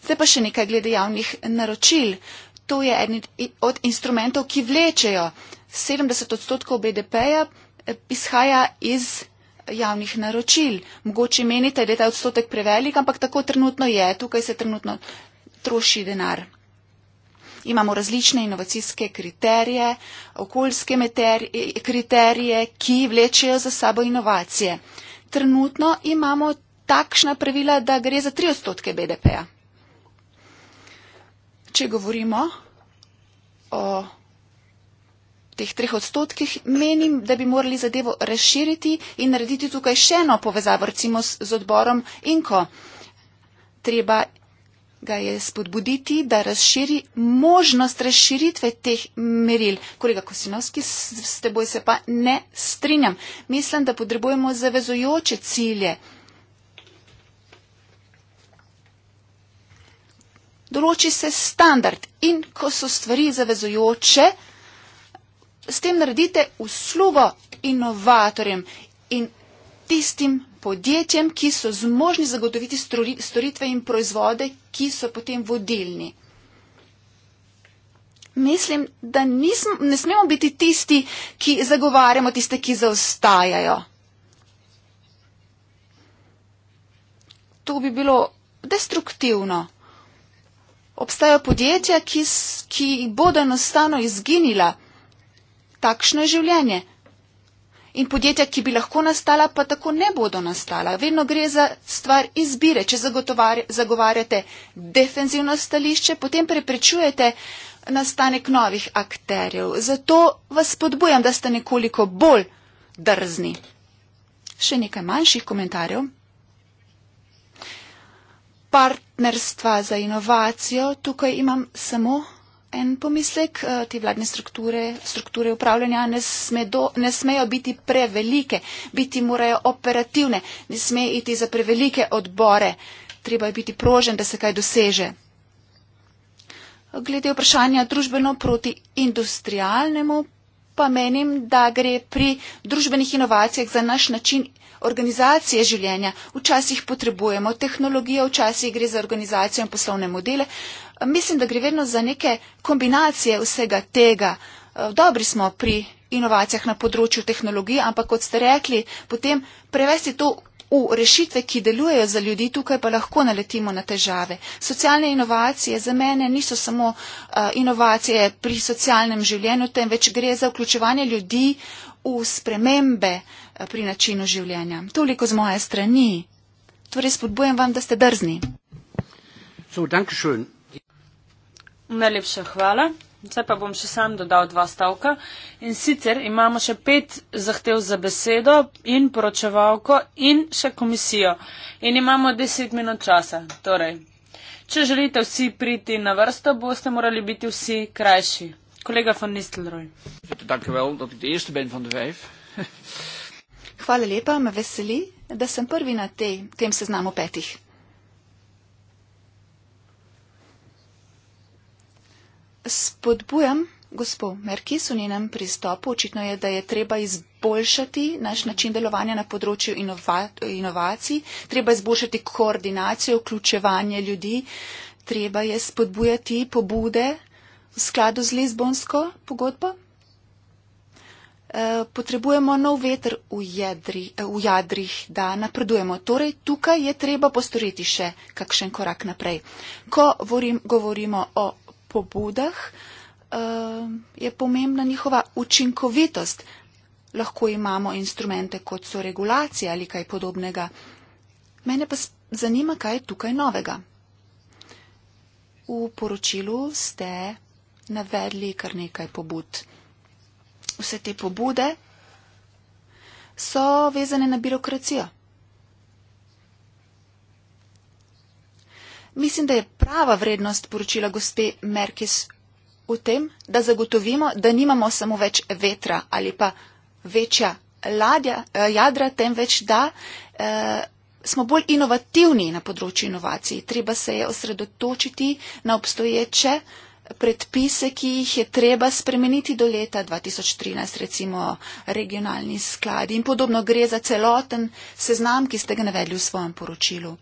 Zdaj pa še nekaj glede javnih naročil. To je eden od instrumentov, ki vlečejo. 70 odstotkov BDP-ja eh, izhaja iz javnih naročil. Mogoče menite, da je ta odstotek prevelik, ampak tako trenutno je. Tukaj se trenutno troši denar imamo različne inovacijske kriterije, okoljske kriterije, ki vlečejo za sabo inovacije. Trenutno imamo takšna pravila, da gre za tri odstotke BDP-ja. Če govorimo o teh treh odstotkih, menim, da bi morali zadevo razširiti in narediti tukaj še eno povezavo, recimo z odborom Inko. Treba ga je spodbuditi, da razširi možnost razširitve teh meril. Kolega Kosinovski, s teboj se pa ne strinjam. Mislim, da potrebujemo zavezujoče cilje. Določi se standard in ko so stvari zavezujoče, s tem naredite uslugo inovatorjem in tistim podjetjem, ki so zmožni zagotoviti storitve in proizvode, ki so potem vodilni. Mislim, da nism, ne smemo biti tisti, ki zagovarjamo tiste, ki zaostajajo. To bi bilo destruktivno. Obstajajo podjetja, ki, ki bodo enostavno izginila. Takšno je življenje in podjetja, ki bi lahko nastala, pa tako ne bodo nastala. Vedno gre za stvar izbire. Če zagovarjate defenzivno stališče, potem preprečujete nastanek novih akterjev. Zato vas spodbujam, da ste nekoliko bolj drzni. Še nekaj manjših komentarjev. Partnerstva za inovacijo. Tukaj imam samo en pomislek, eh, te vladne strukture, strukture upravljanja ne, smedo, ne smejo biti prevelike, biti morajo operativne, ne sme iti za prevelike odbore, treba je biti prožen, da se kaj doseže. Glede vprašanja družbeno proti industrialnemu, pa menim, da gre pri družbenih inovacijah za naš način organizacije življenja. Včasih potrebujemo tehnologijo, včasih gre za organizacijo in poslovne modele. Uh, mislim, da gre vedno za neke kombinacije vsega tega. Eh, dobri smo pri inovacijah na področju tehnologij, ampak kot ste rekli, potem prevesti to v rešitve, ki delujejo za ljudi, tukaj pa lahko naletimo na težave. Socialne inovacije za mene niso samo eh, inovacije pri socialnem življenju, temveč gre za vključevanje ljudi v spremembe eh, pri načinu življenja. Toliko z moje strani. Torej spodbujam vam, da ste drzni. So, Najlepša hvala. Zdaj pa bom še sam dodal dva stavka. In sicer imamo še pet zahtev za besedo in poročevalko in še komisijo. In imamo deset minut časa. Torej, če želite vsi priti na vrsto, boste morali biti vsi krajši. Kolega von Nistelroj. Hvala lepa, me veseli, da sem prvi na tej, tem seznamu petih. spodbujam gospo Merkis v njenem pristopu. Očitno je, da je treba izboljšati naš način delovanja na področju inova, inovacij, treba izboljšati koordinacijo, vključevanje ljudi, treba je spodbujati pobude v skladu z Lizbonsko pogodbo. Eh, potrebujemo nov veter v, jedri, eh, v jadrih, da napredujemo. Torej, tukaj je treba postoriti še kakšen korak naprej. Ko vorim, govorimo o pobudah, eh, je pomembna njihova učinkovitost. Lahko imamo instrumente, kot so regulacije ali kaj podobnega. Mene pa zanima, kaj je tukaj novega. V poročilu ste navedli kar nekaj pobud. Vse te pobude so vezane na birokracijo. Mislim, da je prava vrednost poročila gospe Merkis v tem, da zagotovimo, da nimamo samo več vetra ali pa večja ladja, eh, jadra, temveč da eh, smo bolj inovativni na področju inovacij. Treba se je osredotočiti na obstoječe predpise, ki jih je treba spremeniti do leta 2013, recimo regionalni skladi in podobno gre za celoten seznam, ki ste ga navedli v svojem poročilu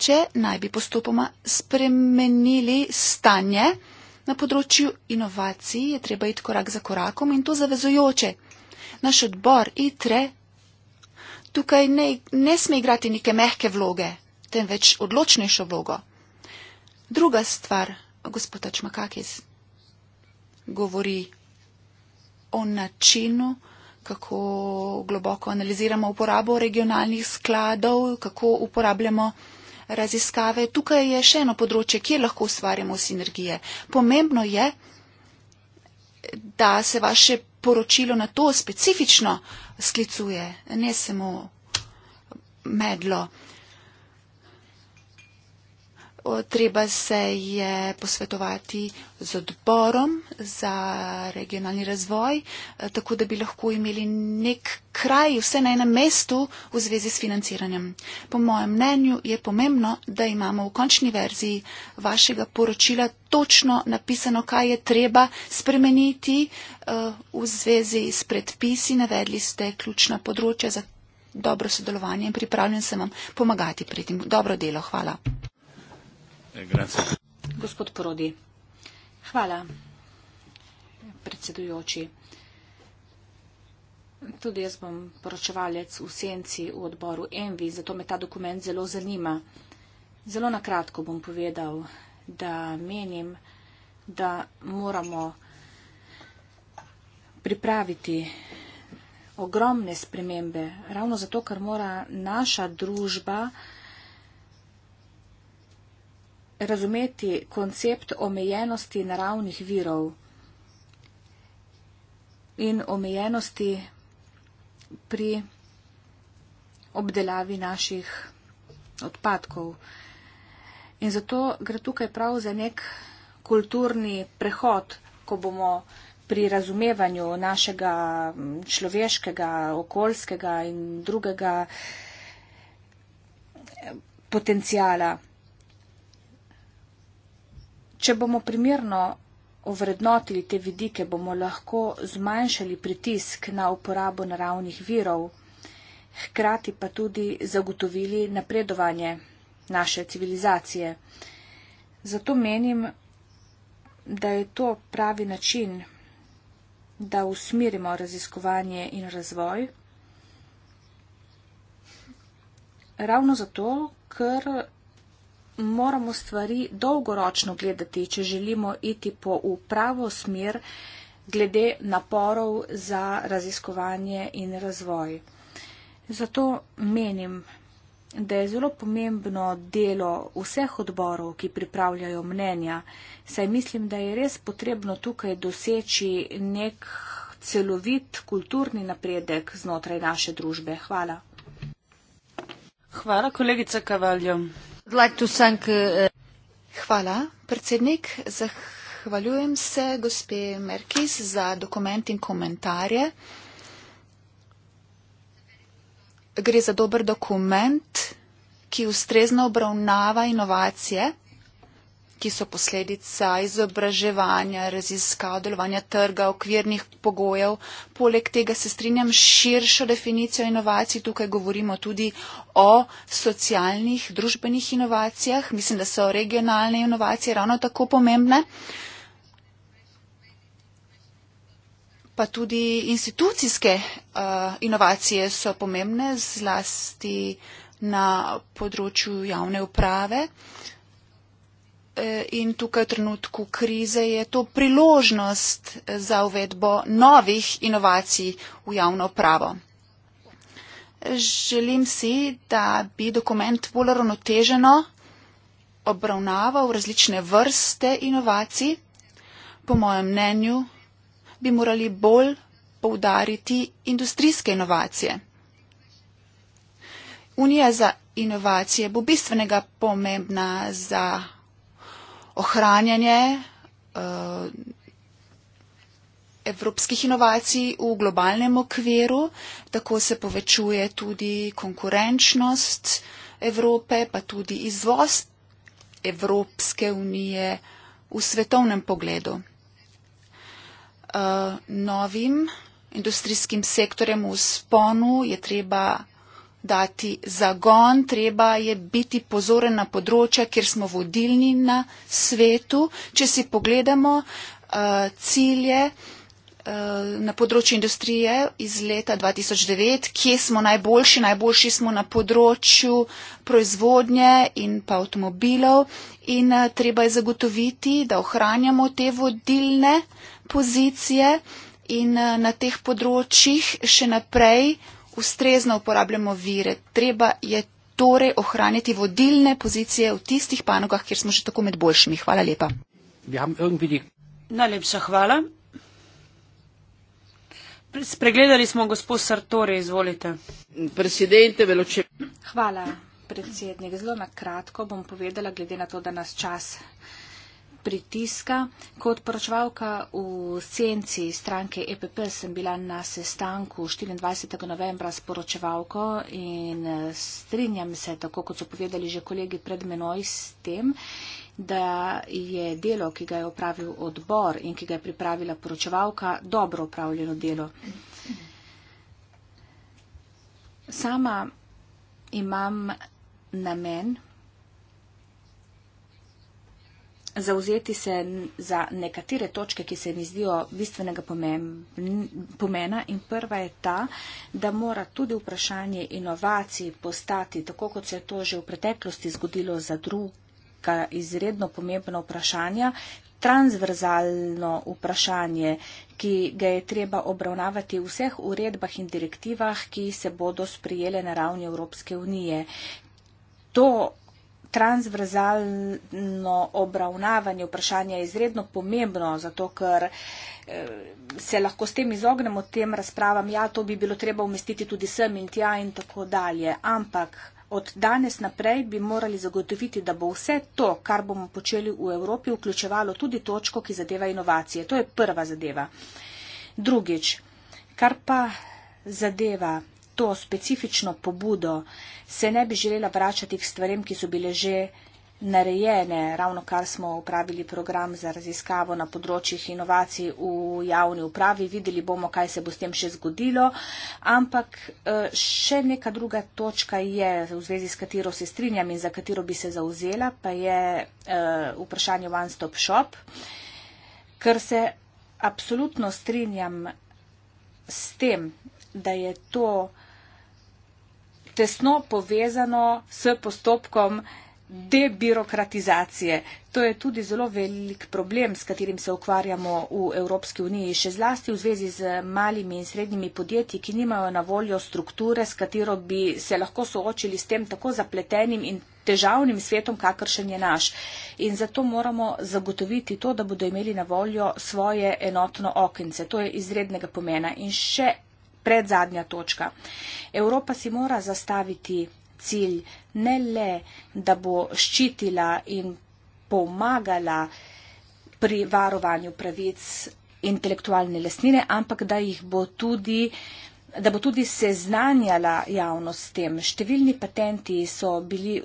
če naj bi postopoma spremenili stanje na področju inovacij, je treba iti korak za korakom in to zavezujoče. Naš odbor ITRE tukaj ne, ne sme igrati neke mehke vloge, temveč odločnejšo vlogo. Druga stvar, gospod Čmakakis, govori o načinu, kako globoko analiziramo uporabo regionalnih skladov, kako uporabljamo raziskave. Tukaj je še eno področje, kjer lahko ustvarjamo sinergije. Pomembno je, da se vaše poročilo na to specifično sklicuje, ne samo medlo treba se je posvetovati z odborom za regionalni razvoj, e, tako da bi lahko imeli nek kraj vse na enem mestu v zvezi s financiranjem. Po mojem mnenju je pomembno, da imamo v končni verziji vašega poročila točno napisano, kaj je treba spremeniti e, v zvezi s predpisi. Navedli ste ključna področja za dobro sodelovanje in pripravljen sem vam pomagati pri tem. Dobro delo, hvala. Eh, Gospod Prodi. Hvala, predsedujoči. Tudi jaz bom poročevalec v senci v odboru Envi, zato me ta dokument zelo zanima. Zelo nakratko bom povedal, da menim, da moramo pripraviti ogromne spremembe, ravno zato, ker mora naša družba razumeti koncept omejenosti naravnih virov in omejenosti pri obdelavi naših odpadkov. In zato gre tukaj prav za nek kulturni prehod, ko bomo pri razumevanju našega človeškega, okoljskega in drugega eh, potencijala. Če bomo primerno ovrednotili te vidike, bomo lahko zmanjšali pritisk na uporabo naravnih virov, hkrati pa tudi zagotovili napredovanje naše civilizacije. Zato menim, da je to pravi način, da usmirimo raziskovanje in razvoj. Ravno zato, ker moramo stvari dolgoročno gledati, če želimo iti po pravo smer glede naporov za raziskovanje in razvoj. Zato menim, da je zelo pomembno delo vseh odborov, ki pripravljajo mnenja, saj mislim, da je res potrebno tukaj doseči nek celovit kulturni napredek znotraj naše družbe. Hvala. Hvala, kolegica Kavaljo. Uh, Hvala, predsednik. Zahvaljujem se gospe Merkis za dokument in komentarje. Gre za dober dokument, ki ustrezno obravnava inovacije ki so posledica izobraževanja, raziskav, delovanja trga, okvirnih pogojev. Poleg tega se strinjam širšo definicijo inovacij. Tukaj govorimo tudi o socialnih, družbenih inovacijah. Mislim, da so regionalne inovacije ravno tako pomembne. Pa tudi institucijske uh, inovacije so pomembne, zlasti na področju javne uprave. Uh, E, in tukaj v trenutku krize je to priložnost za uvedbo novih inovacij v javno pravo. Želim si, da bi dokument bolj ravnoteženo obravnaval različne vrste inovacij. Po mojem mnenju bi morali bolj poudariti industrijske inovacije. Unija za inovacije bo bistvenega pomembna za ohranjanje eh, evropskih inovacij v globalnem okviru, tako se povečuje tudi konkurenčnost Evrope, pa tudi izvoz Evropske unije v svetovnem pogledu. Eh, novim industrijskim sektorjem v sponu je treba dati zagon, treba je biti pozoren na področja, kjer smo vodilni na svetu. Če si pogledamo uh, cilje uh, na področju industrije iz leta 2009, kje smo najboljši, najboljši smo na področju proizvodnje in pa avtomobilov in uh, treba je zagotoviti, da ohranjamo te vodilne pozicije in uh, na teh področjih še naprej ustrezno uporabljamo vire. Treba je torej ohraniti vodilne pozicije v tistih panogah, kjer smo že tako med boljšimi. Hvala lepa. Najlepša hvala. Spregledali smo gospod Sartori, izvolite. Hvala, predsednik. Zelo na kratko bom povedala, glede na to, da nas čas pritiska. Kot poročevalka v senci stranke EPP sem bila na sestanku 24. novembra s poročevalko in eh, strinjam se, tako kot so povedali že kolegi pred menoj, s tem, da je delo, ki ga je opravil odbor in ki ga je pripravila poročevalka, dobro upravljeno delo. Sama imam namen, zauzeti se za nekatere točke, ki se mi zdijo bistvenega pomena in prva je ta, da mora tudi vprašanje inovacij postati, tako kot se je to že v preteklosti zgodilo za druga izredno pomembna vprašanja, transverzalno vprašanje, ki ga je treba obravnavati v vseh uredbah in direktivah, ki se bodo sprijele na ravni Evropske unije. To transverzalno obravnavanje vprašanja je izredno pomembno, zato ker eh, se lahko s tem izognemo tem razpravam, ja, to bi bilo treba umestiti tudi sem in tja in tako dalje. Ampak od danes naprej bi morali zagotoviti, da bo vse to, kar bomo počeli v Evropi, vključevalo tudi točko, ki zadeva inovacije. To je prva zadeva. Drugič, kar pa zadeva to specifično pobudo, se ne bi želela vračati k stvarem, ki so bile že narejene. Ravno kar smo upravili program za raziskavo na področjih inovacij v javni upravi, videli bomo, kaj se bo s tem še zgodilo. Ampak e, še neka druga točka je, v zvezi s katero se strinjam in za katero bi se zauzela, pa je e, vprašanje One Stop Shop. Ker se absolutno strinjam s tem, da je to tesno povezano s postopkom debirokratizacije. To je tudi zelo velik problem, s katerim se ukvarjamo v Evropski uniji, še zlasti v zvezi z malimi in srednjimi podjetji, ki nimajo na voljo strukture, s katero bi se lahko soočili s tem tako zapletenim in težavnim svetom, kakršen je naš. In zato moramo zagotoviti to, da bodo imeli na voljo svoje enotno okence. To je izrednega pomena. In še predzadnja točka. Evropa si mora zastaviti cilj ne le, da bo ščitila in pomagala pri varovanju pravic intelektualne lesnine, ampak da jih bo tudi da bo tudi seznanjala javnost s tem. Številni patenti so bili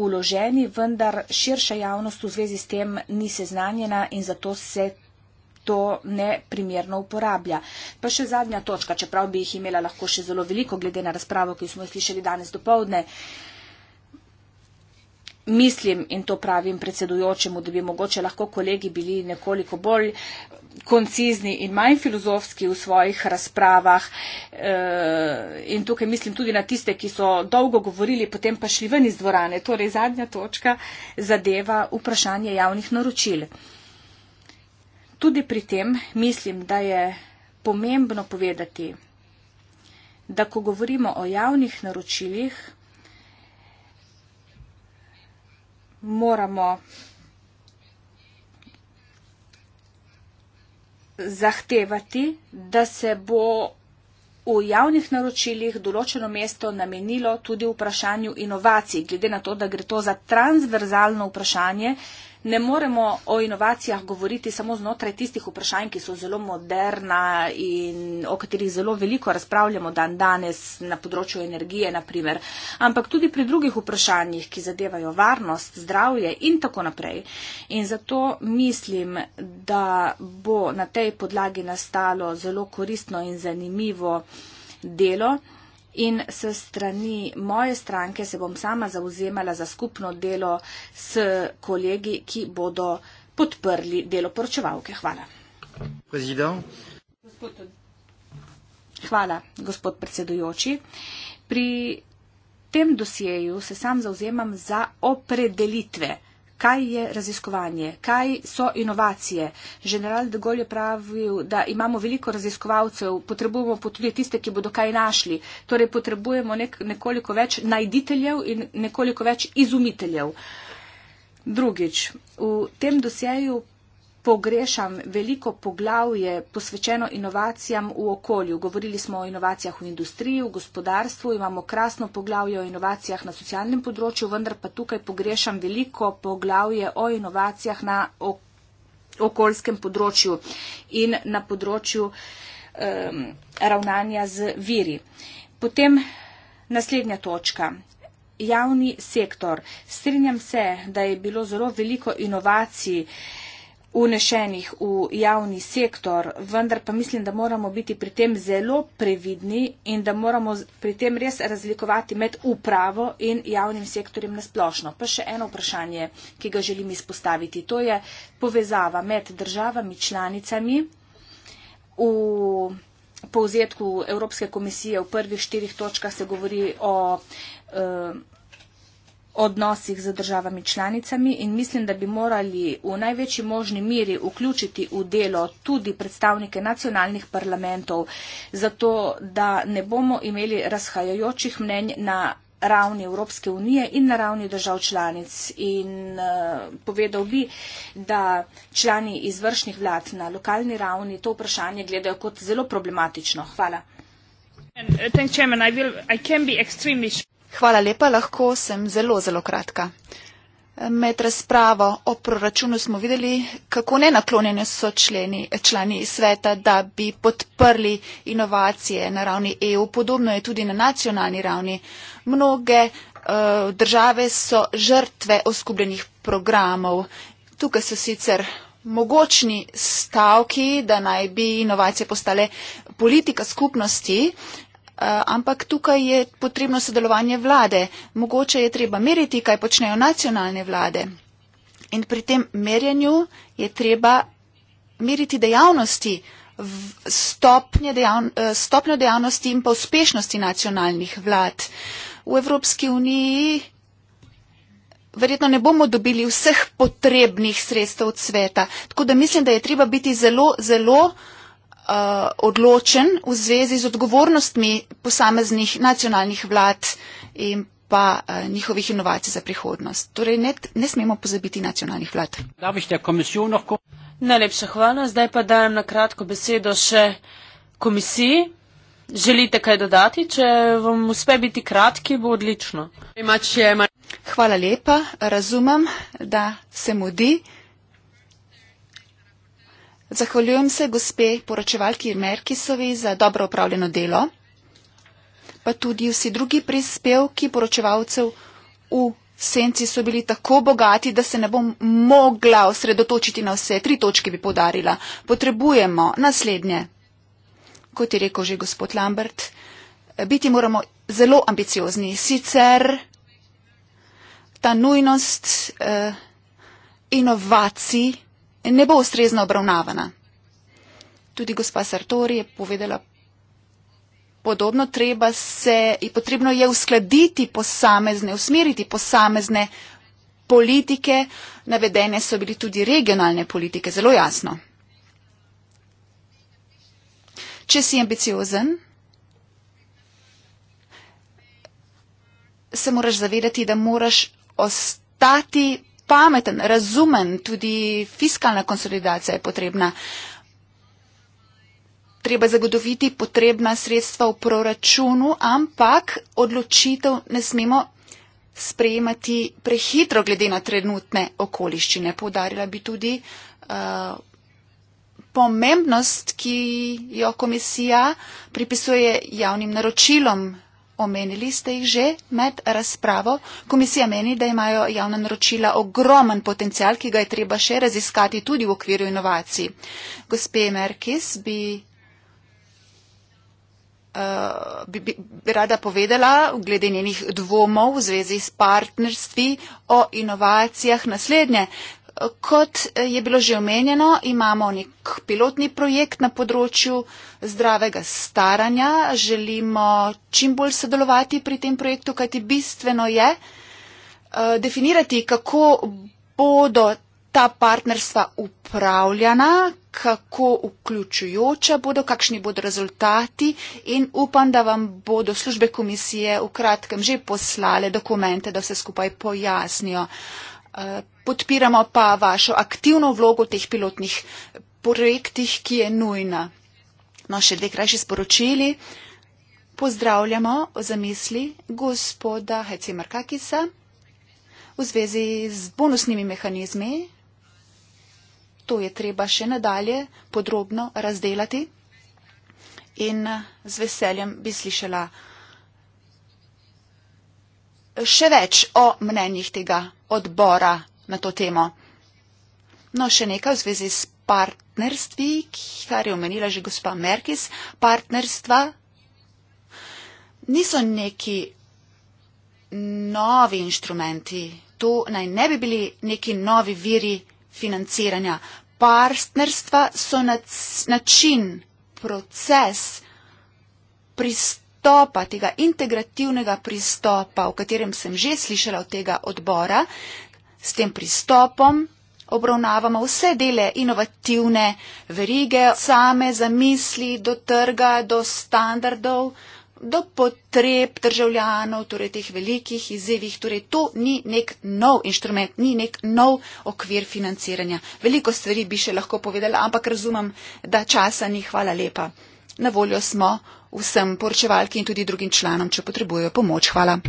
uloženi, vendar širša javnost v zvezi s tem ni seznanjena in zato se to neprimerno uporablja. Pa še zadnja točka, čeprav bi jih imela lahko še zelo veliko, glede na razpravo, ki smo jo slišali danes dopovdne. Mislim in to pravim predsedujočemu, da bi mogoče lahko kolegi bili nekoliko bolj koncizni in manj filozofski v svojih razpravah. E, in tukaj mislim tudi na tiste, ki so dolgo govorili, potem pa šli ven iz dvorane. Torej, zadnja točka zadeva vprašanje javnih naročil. Tudi pri tem mislim, da je pomembno povedati, da ko govorimo o javnih naročilih, moramo zahtevati, da se bo v javnih naročilih določeno mesto namenilo tudi vprašanju inovacij, glede na to, da gre to za transverzalno vprašanje, ne moremo o inovacijah govoriti samo znotraj tistih vprašanj, ki so zelo moderna in o katerih zelo veliko razpravljamo dan danes na področju energije, naprimer. ampak tudi pri drugih vprašanjih, ki zadevajo varnost, zdravje in tako naprej. In zato mislim, da bo na tej podlagi nastalo zelo koristno in zanimivo delo in s strani moje stranke se bom sama zauzemala za skupno delo s kolegi, ki bodo podprli delo poročevalke. Hvala. President. Hvala, gospod predsedujoči. Pri tem dosjeju se sam zauzemam za opredelitve kaj je raziskovanje, kaj so inovacije. General de Gaulle je pravil, da imamo veliko raziskovalcev, potrebujemo pa tudi tiste, ki bodo kaj našli. Torej potrebujemo nek, nekoliko več najditeljev in nekoliko več izumiteljev. Drugič, v tem dosjeju pogrešam veliko poglavje posvečeno inovacijam v okolju. Govorili smo o inovacijah v industriji, v gospodarstvu, imamo krasno poglavje o inovacijah na socialnem področju, vendar pa tukaj pogrešam veliko poglavje o inovacijah na okoljskem področju in na področju um, ravnanja z viri. Potem naslednja točka. Javni sektor. Strinjam se, da je bilo zelo veliko inovacij eh, unešenih v javni sektor, vendar pa mislim, da moramo biti pri tem zelo previdni in da moramo pri tem res razlikovati med upravo in javnim sektorjem nasplošno. Pa še eno vprašanje, ki ga želim izpostaviti, to je povezava med državami članicami v povzetku Evropske komisije v prvih štirih točkah se govori o. Uh, odnosih z državami članicami in mislim, da bi morali v največji možni miri vključiti v delo tudi predstavnike nacionalnih parlamentov, zato da ne bomo imeli razhajajočih mnenj na ravni Evropske unije in na ravni držav članic. In uh, povedal bi, da člani izvršnih vlad na lokalni ravni to vprašanje gledajo kot zelo problematično. Hvala. And, uh, eh, thanks, Hvala lepa, lahko sem zelo, zelo kratka. Med razpravo o proračunu smo videli, kako nenaklonjeni so členi, člani sveta, da bi podprli inovacije na ravni EU. Podobno je tudi na nacionalni ravni. Mnoge uh, države so žrtve oskubljenih programov. Tukaj so sicer mogočni stavki, da naj bi inovacije postale politika skupnosti, Eh, ampak tukaj je potrebno sodelovanje vlade. Mogoče je treba meriti, kaj počnejo nacionalne vlade. In pri tem merjenju je treba meriti dejavnosti, stopnje dejavn, eh, stopnjo dejavnosti in pa uspešnosti nacionalnih vlad. V Evropski uniji verjetno ne bomo dobili vseh potrebnih sredstev od sveta. Tako da mislim, da je treba biti zelo, zelo uh, uh, odločen v zvezi z odgovornostmi posameznih nacionalnih vlad in pa uh, njihovih inovacij za prihodnost. Torej ne, ne smemo pozabiti nacionalnih vlad. Najlepša hvala. Zdaj pa dajem na kratko besedo še komisiji. Želite kaj dodati? Če vam uspe biti kratki, bo odlično. Eh, hvala lepa. Razumem, da se mudi. Zahvaljujem se gospe poročevalki Merkisovi za dobro upravljeno delo, pa tudi vsi drugi prispevki poročevalcev v senci so bili tako bogati, da se ne bom mogla osredotočiti na vse. Tri točke bi podarila. Potrebujemo naslednje, kot je rekel že gospod Lambert, biti moramo zelo ambiciozni, sicer ta nujnost eh, inovacij, ne bo ustrezno obravnavana. Tudi gospa Sartori je povedala podobno, treba se, je potrebno je uskladiti posamezne, usmeriti posamezne politike, navedene so bili tudi regionalne politike, zelo jasno. Če si ambiciozen, se moraš zavedati, da moraš ostati pameten, razumen, tudi fiskalna konsolidacija je potrebna. Treba zagotoviti potrebna sredstva v proračunu, ampak odločitev ne smemo sprejemati prehitro glede na trenutne okoliščine. Povdarila bi tudi uh, pomembnost, ki jo komisija pripisuje javnim naročilom omenili ste jih že med razpravo. Komisija meni, da imajo javna naročila ogromen potencial, ki ga je treba še raziskati tudi v okviru inovacij. Gospe Merkis, bi, uh, eh, bi, bi, bi rada povedala, glede njenih dvomov v zvezi s partnerstvi o inovacijah, naslednje. Kot eh, je bilo že omenjeno, imamo nek pilotni projekt na področju zdravega staranja. Želimo čim bolj sodelovati pri tem projektu, kajti bistveno je eh, definirati, kako bodo ta partnerstva upravljana, kako vključujoča bodo, kakšni bodo rezultati in upam, da vam bodo službe komisije v kratkem že poslale dokumente, da vse skupaj pojasnijo. Eh, podpiramo pa vašo aktivno vlogo v teh pilotnih projektih, ki je nujna. No, še dve krajši sporočili. Pozdravljamo v zamisli gospoda Hece Markakisa v zvezi z bonusnimi mehanizmi. To je treba še nadalje podrobno razdelati in z veseljem bi slišala še več o mnenjih tega odbora na to temo. No, še nekaj v zvezi s partnerstvi, kar je omenila že gospa Merkis. Partnerstva niso neki novi inštrumenti. To naj ne bi bili neki novi viri financiranja. Partnerstva so način, proces pristopa, tega integrativnega pristopa, o katerem sem že slišala od tega odbora, S tem pristopom obravnavamo vse dele inovativne verige, same zamisli do trga, do standardov, do potreb državljanov, torej teh velikih izzivih. Torej to ni nek nov inštrument, ni nek nov okvir financiranja. Veliko stvari bi še lahko povedala, ampak razumem, da časa ni. Hvala lepa. Na voljo smo vsem poročevalki in tudi drugim članom, če potrebujejo pomoč. Hvala.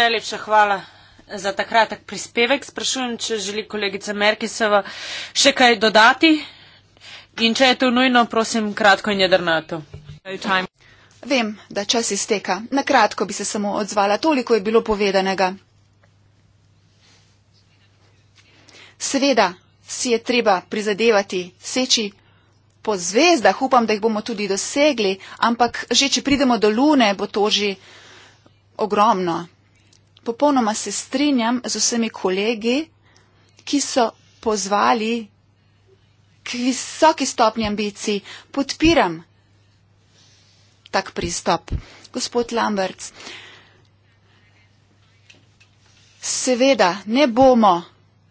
Najlepša hvala za ta kratek prispevek. Sprašujem, če želi kolegica Merkiseva še kaj dodati. In če je to nujno, prosim, kratko in jedrnato. Vem, da čas izteka. Na kratko bi se samo odzvala. Toliko je bilo povedanega. Seveda si je treba prizadevati seči po zvezdah, upam, da jih bomo tudi dosegli, ampak že, če pridemo do lune, bo to že ogromno popolnoma se strinjam z vsemi kolegi, ki so pozvali k visoki stopni ambiciji. Podpiram tak pristop. Gospod Lamberts, seveda ne bomo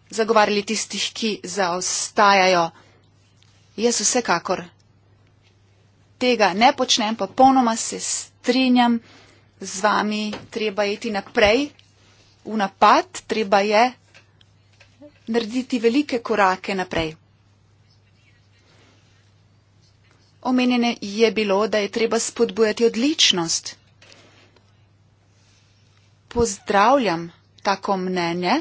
zagovarjali tistih, ki zaostajajo. Jaz vsekakor tega ne počnem, popolnoma se strinjam z vami, treba je iti naprej, v napad, treba je narediti velike korake naprej. Omenjene je bilo, da je treba spodbujati odličnost. Pozdravljam tako mnenje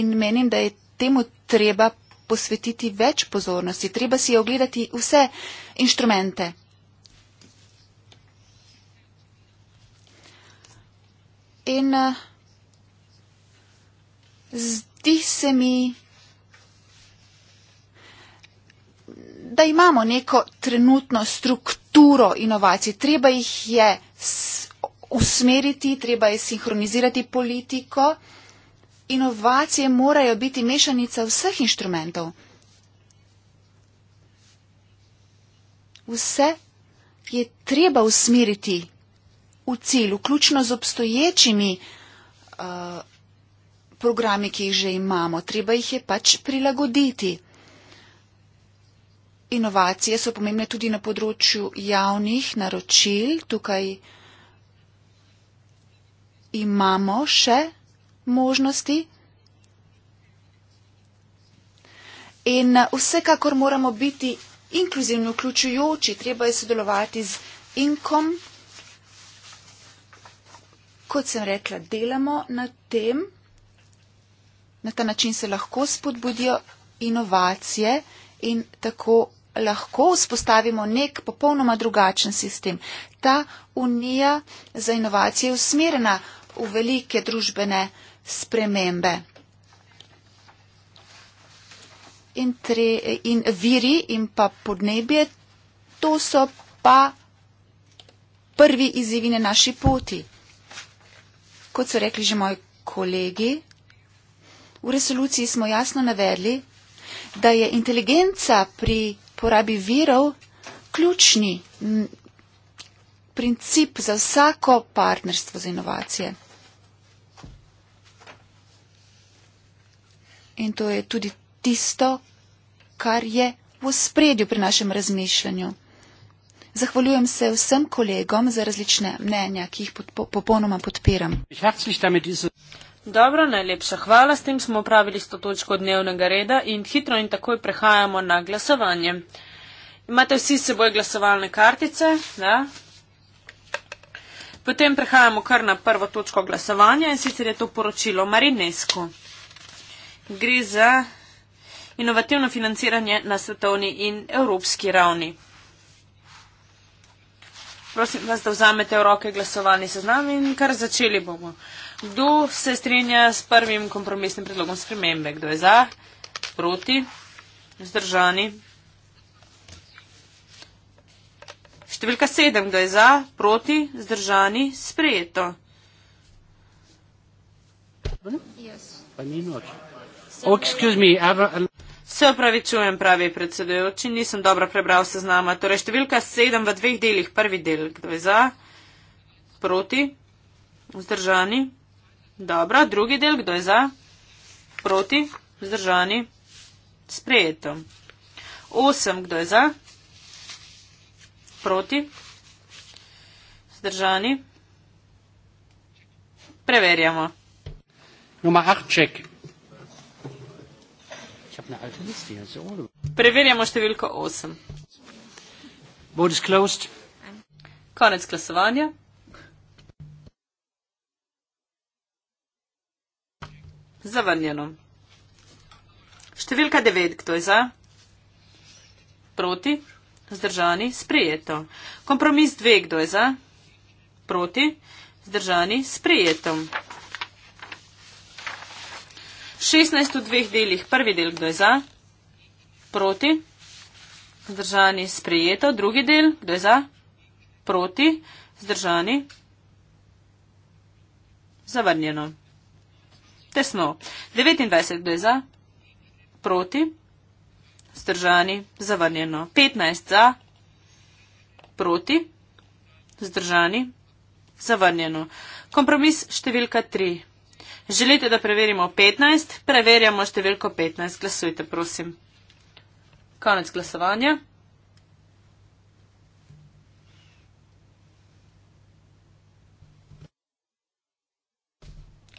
in menim, da je temu treba posvetiti več pozornosti. Treba si ogledati vse inštrumente. In uh, zdi se mi, da imamo neko trenutno strukturo inovacij. Treba jih je usmeriti, treba je sinhronizirati politiko. Inovacije morajo biti mešanica vseh inštrumentov. Vse je treba usmeriti v cilj, vključno z obstoječimi uh, programi, ki jih že imamo. Treba jih je pač prilagoditi. Inovacije so pomembne tudi na področju javnih naročil. Tukaj imamo še možnosti. In eh, vsekakor moramo biti inkluzivno vključujoči, treba je sodelovati z inkom, kot sem rekla, delamo na tem, na ta način se lahko spodbudijo inovacije in tako lahko vzpostavimo nek popolnoma drugačen sistem. Ta unija za inovacije je usmerjena v velike družbene spremembe. In, tre, in viri in pa podnebje, to so pa prvi izzivi na naši poti. Kot so rekli že moji kolegi, v resoluciji smo jasno navedli, da je inteligenca pri porabi virov ključni princip za vsako partnerstvo za inovacije. In to je tudi tisto, kar je v spredju pri našem razmišljanju. Zahvaljujem se vsem kolegom za različne mnenja, ki jih popolnoma podpiram. Dobro, najlepša hvala. S tem smo opravili sto točko dnevnega reda in hitro in takoj prehajamo na glasovanje. Imate vsi s seboj glasovalne kartice? Da? Potem prehajamo kar na prvo točko glasovanja in sicer je to poročilo Marinesko. Gre za inovativno financiranje na svetovni in evropski ravni prosim vas, da vzamete v roke glasovalni seznam in kar začeli bomo. Kdo se strinja s prvim kompromisnim predlogom spremembe? Kdo je za, proti, vzdržani? Številka sedem, kdo je za, proti, vzdržani, sprejeto. Yes. Oh, excuse me. I have a... Se opravičujem, pravi predsedujoči, nisem dobro prebral seznama. Torej, številka sedem v dveh delih. Prvi del, kdo je za, proti, vzdržani. Dobro, drugi del, kdo je za, proti, vzdržani, sprejeto. Osem, kdo je za, proti, vzdržani. Preverjamo. Nummer 8 check. Preverjamo številko 8. Bodi sklost. Konec glasovanja. Zavrnjeno. Številka 9. Kdo je za? Proti. Zdržani. Sprijeto. Kompromis 2. Kdo je za? Proti. Zdržani. Sprijeto. 16 v dveh delih, prvi del, kdo je za, proti, zdržani, sprejeto, drugi del, kdo je za, proti, zdržani, zavrnjeno. Tesno. 29, kdo je za, proti, zdržani, zavrnjeno. 15 za, proti, zdržani, zavrnjeno. Kompromis številka 3. Želite, da preverimo 15? Preverjamo številko 15. Glasujte, prosim. Konec glasovanja.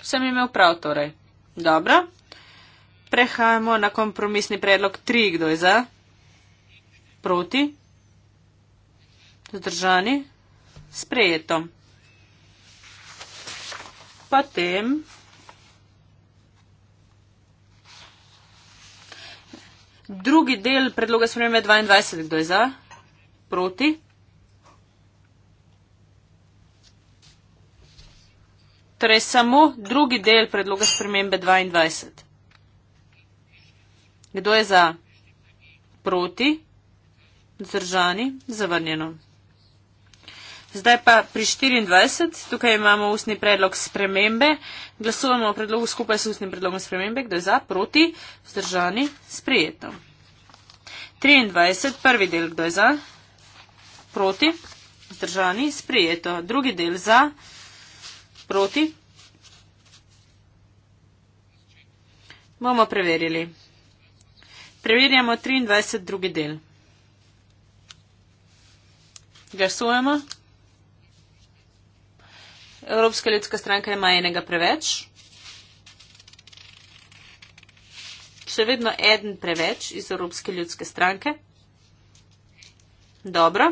Sem imel prav, torej. Dobro. Prehajamo na kompromisni predlog 3. Kdo je za? Proti? Zdržani? Sprejeto. Potem. Drugi del predloga spremembe 22. Kdo je za? Proti? Torej samo drugi del predloga spremembe 22. Kdo je za? Proti? Zdržani? Zavrnjeno. Zdaj pa pri 24, tukaj imamo ustni predlog spremembe. Glasujemo o predlogu skupaj s ustnim predlogom spremembe, kdo je za, proti, vzdržani, sprijeto. 23, prvi del, kdo je za, proti, vzdržani, sprijeto. Drugi del za, proti. Bomo preverili. Preverjamo 23, drugi del. Glasujemo. Evropska ljudska stranka ima enega preveč. Še vedno en preveč iz Evropske ljudske stranke. Dobro.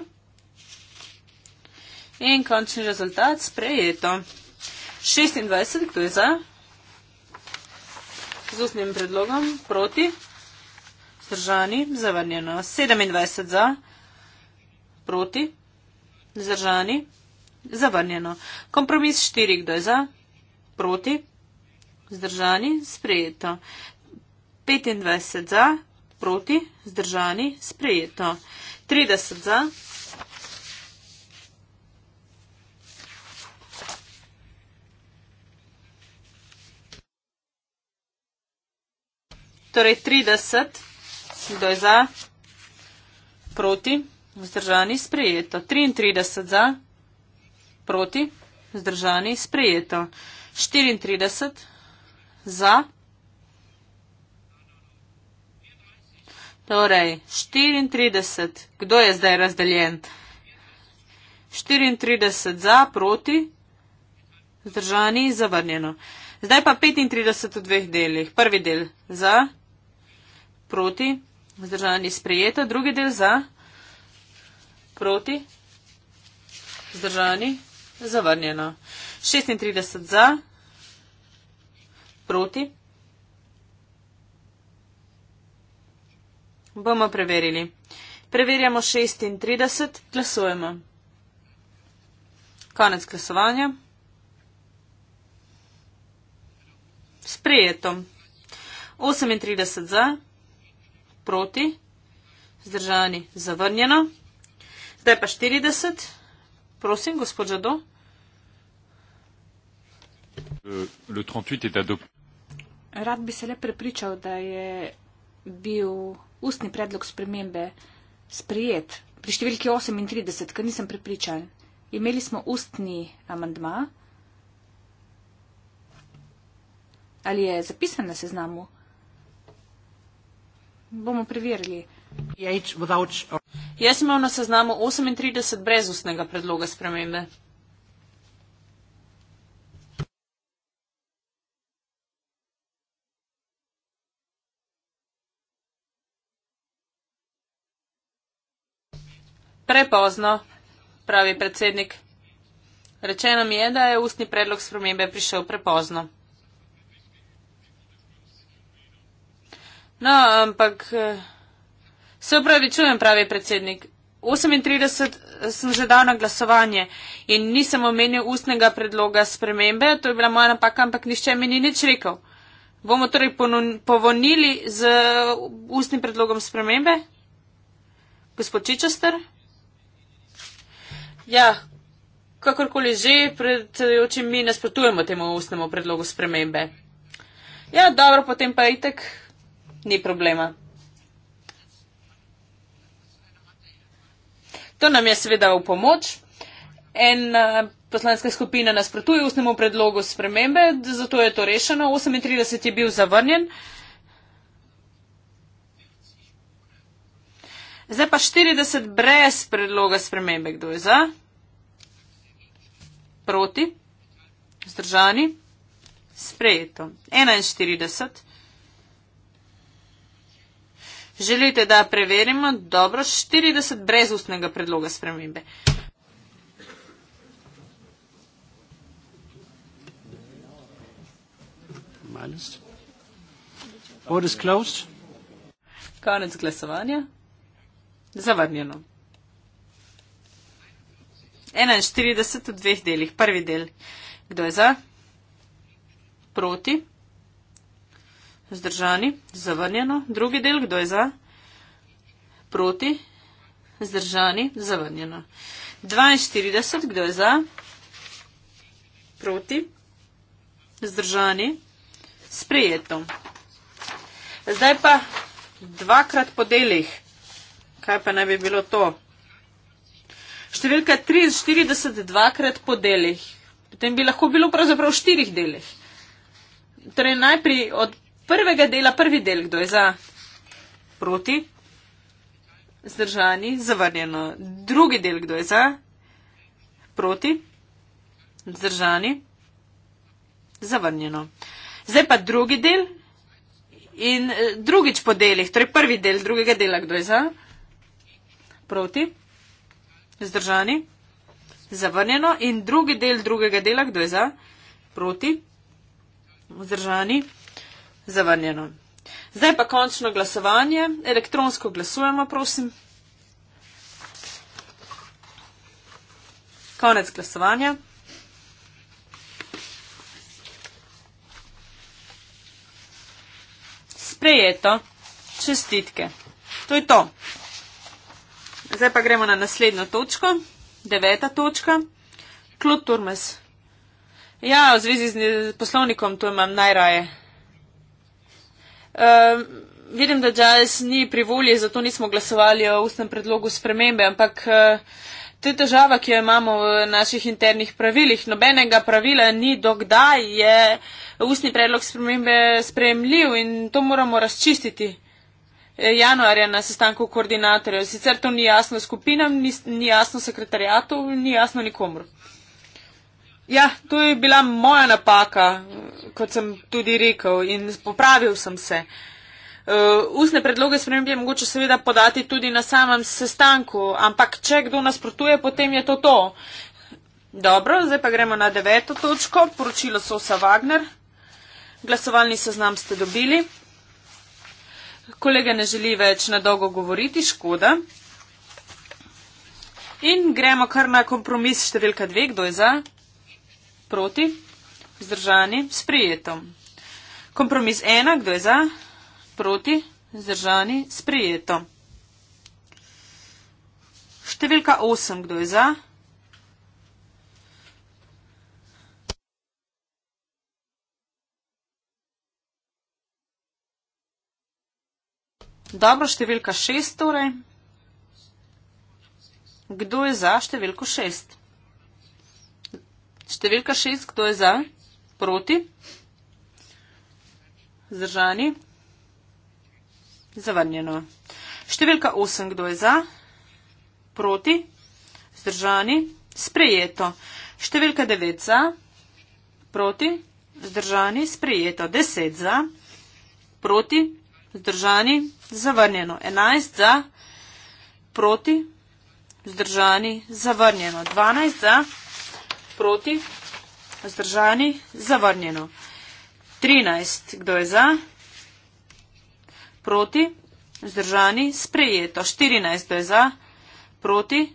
In končni rezultat sprejeto. 26, kdo je za? Z ustnim predlogom proti. Zdržani, zavrnjeno. 27 za, proti, zdržani, Zavrnjeno. Kompromis štiri, kdo je za? Proti? Zdržani? Sprejeto. 25 za? Proti? Zdržani? Sprejeto. 30 za? Torej 30, kdo je za? Proti? Vzdržani sprejeto. 33 za? proti, zdržani, sprejeto. 34 za. Torej, 34, kdo je zdaj razdeljen? 34 za, proti, zdržani, zavrnjeno. Zdaj pa 35 v dveh delih. Prvi del za, proti, zdržani, sprejeto. Drugi del za, proti, zdržani, sprejeto. Zavrnjeno. 36 za, proti. Bomo preverili. Preverjamo 36, glasujemo. Konec glasovanja. Sprejeto. 38 za, proti, zdržani, zavrnjeno. Zdaj pa 40. Prosim, gospod Žado. Rad bi se le prepričal, da je bil ustni predlog spremembe sprijet pri številki 38, ker nisem prepričan. Imeli smo ustni amandma. Ali je zapisan na seznamu? Bomo preverili. Jaz imam na seznamu 38 brezustnega predloga spremembe. Prepozno, pravi predsednik. Rečeno mi je, da je ustni predlog spremembe prišel prepozno. No, ampak. Eh, Se upravičujem, pravi predsednik. 38 eh, sem že dal na glasovanje in nisem omenil ustnega predloga spremembe, to je bila moja napaka, ampak nišče mi ni nič rekel. Bomo torej povonili z eh, ustnim predlogom spremembe? Gospod Čičester? Ja, kakorkoli že, predsedujoči, mi nasprotujemo temu ustnemu predlogu spremembe. Ja, dobro, potem pa itek ni problema. To nam je seveda v pomoč. En eh, poslanska skupina nasprotuje ustnemu predlogu spremembe, zato je to rešeno. 38 je bil zavrnjen. Zdaj pa 40 brez predloga spremembe. Kdo je za? Proti? Zdržani? Sprejeto. 41. Želite, da preverimo dobro 40 brez ustnega predloga spremembe. Konec glasovanja. Zavrnjeno. 41 v dveh delih. Prvi del. Kdo je za? Proti? Zdržani, zavrnjeno. Drugi del, kdo je za? Proti, zdržani, zavrnjeno. 42, kdo je za? Proti, zdržani, sprejeto. Zdaj pa dvakrat po delih. Kaj pa naj bi bilo to? Številka 43, dvakrat po delih. Potem bi lahko bilo pravzaprav v štirih delih. Torej najprej od prvega dela, prvi del, kdo je za, proti, zdržani, zavrnjeno. Drugi del, kdo je za, proti, zdržani, zavrnjeno. Zdaj pa drugi del in eh, drugič po delih, torej prvi del drugega dela, kdo je za, proti, zdržani, zavrnjeno in drugi del drugega dela, kdo je za, proti, zdržani, zavrnjeno. Zavrnjeno. Zdaj pa končno glasovanje. Elektronsko glasujemo, prosim. Konec glasovanja. Sprejeto. Čestitke. To je to. Zdaj pa gremo na naslednjo točko. Deveta točka. Klub Turmes. Ja, v zvezi z poslovnikom to imam najraje. Um, vidim, da Džajs ni pri volji, zato nismo glasovali o ustnem predlogu spremembe, ampak eh, te težava, ki jo imamo v naših internih pravilih, nobenega pravila ni, dokdaj je ustni predlog spremembe sprejemljiv in to moramo razčistiti. Eh, Januarja na sestanku koordinatorjev. Sicer to ni jasno skupinam, ni, ni jasno sekretarjatu, ni jasno nikomor. Ja, to je bila moja napaka, kot sem tudi rekel, in popravil sem se. Uh, usne predloge sprememb je mogoče seveda podati tudi na samem sestanku, ampak če kdo nasprotuje, potem je to to. Dobro, zdaj pa gremo na deveto točko, poročilo Sosa Wagner. Glasovalni seznam ste dobili. Kolega ne želi več na dolgo govoriti, škoda. In gremo kar na kompromis številka dve, kdo je za. Proti? Zdržani? Sprijeto. Kompromis ena, kdo je za? Proti? Zdržani? Sprijeto. Številka osem, kdo je za? Dobro, številka šest torej. Kdo je za številko šest? Številka šest, kdo je za? Proti? Zdržani? Zavrnjeno. Številka osem, kdo je za? Proti? Zdržani? Sprejeto. Številka devet za? Proti? Zdržani? Sprejeto. Deset za? Proti? Zdržani? Zavrnjeno. Enajst za? Proti? Zdržani? Zavrnjeno. Dvanajst za? Proti? proti, vzdržani, zavrnjeno. 13, kdo je za, proti, vzdržani, sprejeto. 14, kdo je za, proti,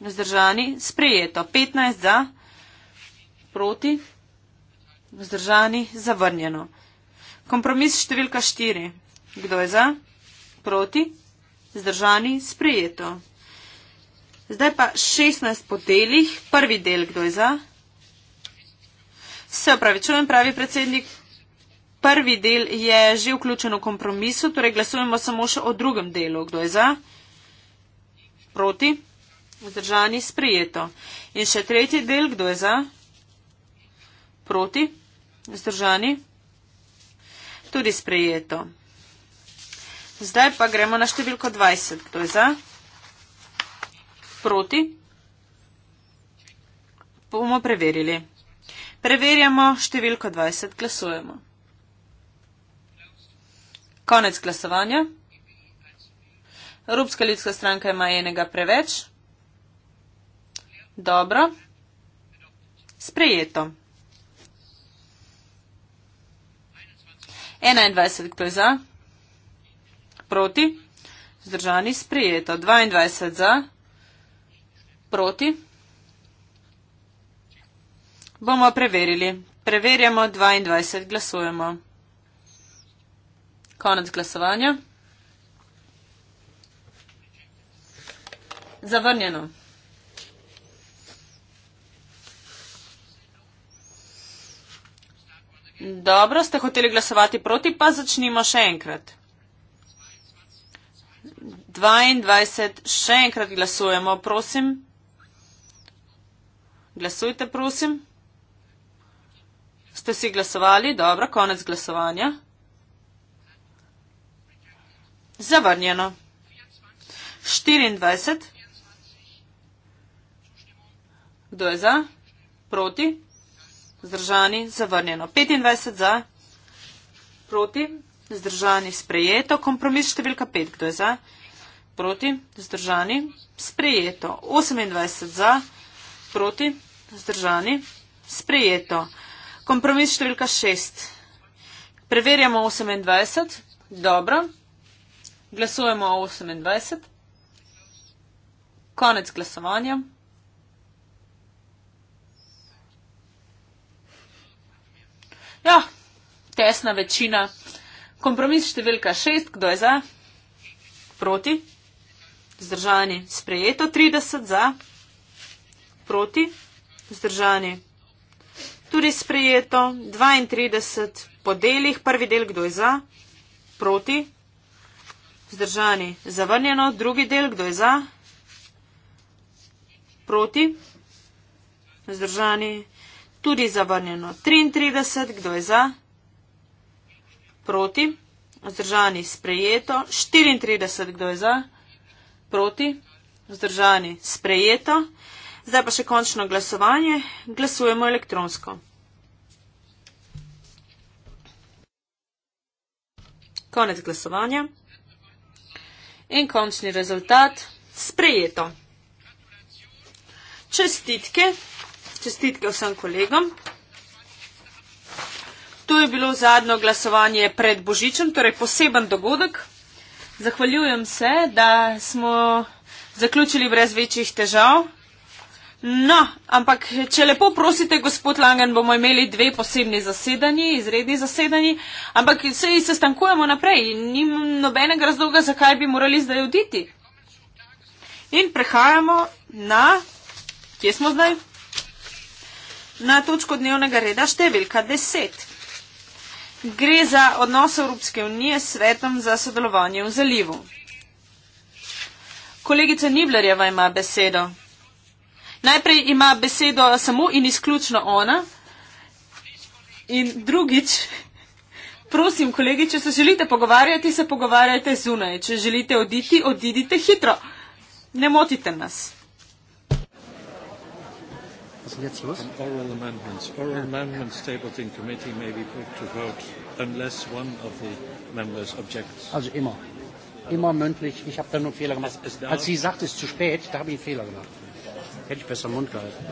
vzdržani, sprejeto. 15, za, proti, vzdržani, zavrnjeno. Kompromis številka 4, kdo je za, proti, vzdržani, sprejeto. Zdaj pa 16 po delih, prvi del, kdo je za? Se pravi, čujem pravi predsednik, prvi del je že vključen v kompromisu, torej glasujemo samo še o drugem delu, kdo je za? Proti? Vzdržani sprijeto. In še tretji del, kdo je za? Proti? Vzdržani? Tudi sprijeto. Zdaj pa gremo na številko 20, kdo je za? sproti, bomo preverili. Preverjamo številko 20, glasujemo. Konec glasovanja. Evropska ljudska stranka ima enega preveč. Dobro. Sprejeto. 21, kdo je za? Proti? Zdržani, sprejeto. 22 za, proti? Bomo preverili. Preverjamo 22, glasujemo. Konec glasovanja. Zavrnjeno. Dobro, ste hoteli glasovati proti, pa začnimo še enkrat. 22, še enkrat glasujemo, prosim. Glasujte, prosim. Ste si glasovali? Dobro, konec glasovanja. Zavrnjeno. 24. Kdo je za? Proti? Zdržani? Zavrnjeno. 25 za? Proti? Zdržani? Sprejeto. Kompromis številka 5. Kdo je za? Proti? Zdržani? Sprejeto. 28 za? Proti? proti, zdržani. Sprejeto. Kompromis številka 6. Preverjamo 28. Dobro. Glasujemo 28. Konec glasovanja. Ja, tesna večina. Kompromis številka 6. Kdo je za? Proti. Zdržani. Sprejeto. 30 za proti, vzdržani. Tudi sprejeto, 32 po delih, prvi del, kdo je za, proti, vzdržani, zavrnjeno, drugi del, kdo je za, proti, vzdržani, tudi zavrnjeno, 33, kdo je za, proti, vzdržani, sprejeto, 34, kdo je za, proti, vzdržani, sprejeto, Zdaj pa še končno glasovanje. Glasujemo elektronsko. Konec glasovanja. In končni rezultat. Sprejeto. Čestitke. Čestitke vsem kolegom. To je bilo zadnjo glasovanje pred Božičem, torej poseben dogodek. Zahvaljujem se, da smo zaključili brez večjih težav. No, ampak če lepo prosite, gospod Langen, bomo imeli dve posebni zasedanji, izredni zasedanji, ampak se jih sestankujemo naprej in nim nobenega razloga, zakaj bi morali zdaj oditi. In prehajamo na, kje smo zdaj? Na točko dnevnega reda številka 10. Gre za odnose Evropske unije s svetom za sodelovanje v zalivu. Kolegica Niblerjeva ima besedo. Najprej ima besedo samo in izključno ona. In drugič, [LAUGHS] prosim, kolegi, če se želite pogovarjati, se pogovarjajte zunaj. Če želite oditi, odidite hitro. Ne motite nas. Also immer. Immer mündlich. Ich habe da nur Fehler gemacht. Als Sie sagt, es ist zu spät, da habe ich einen Fehler gemacht hätte ich besser Mund gehalten.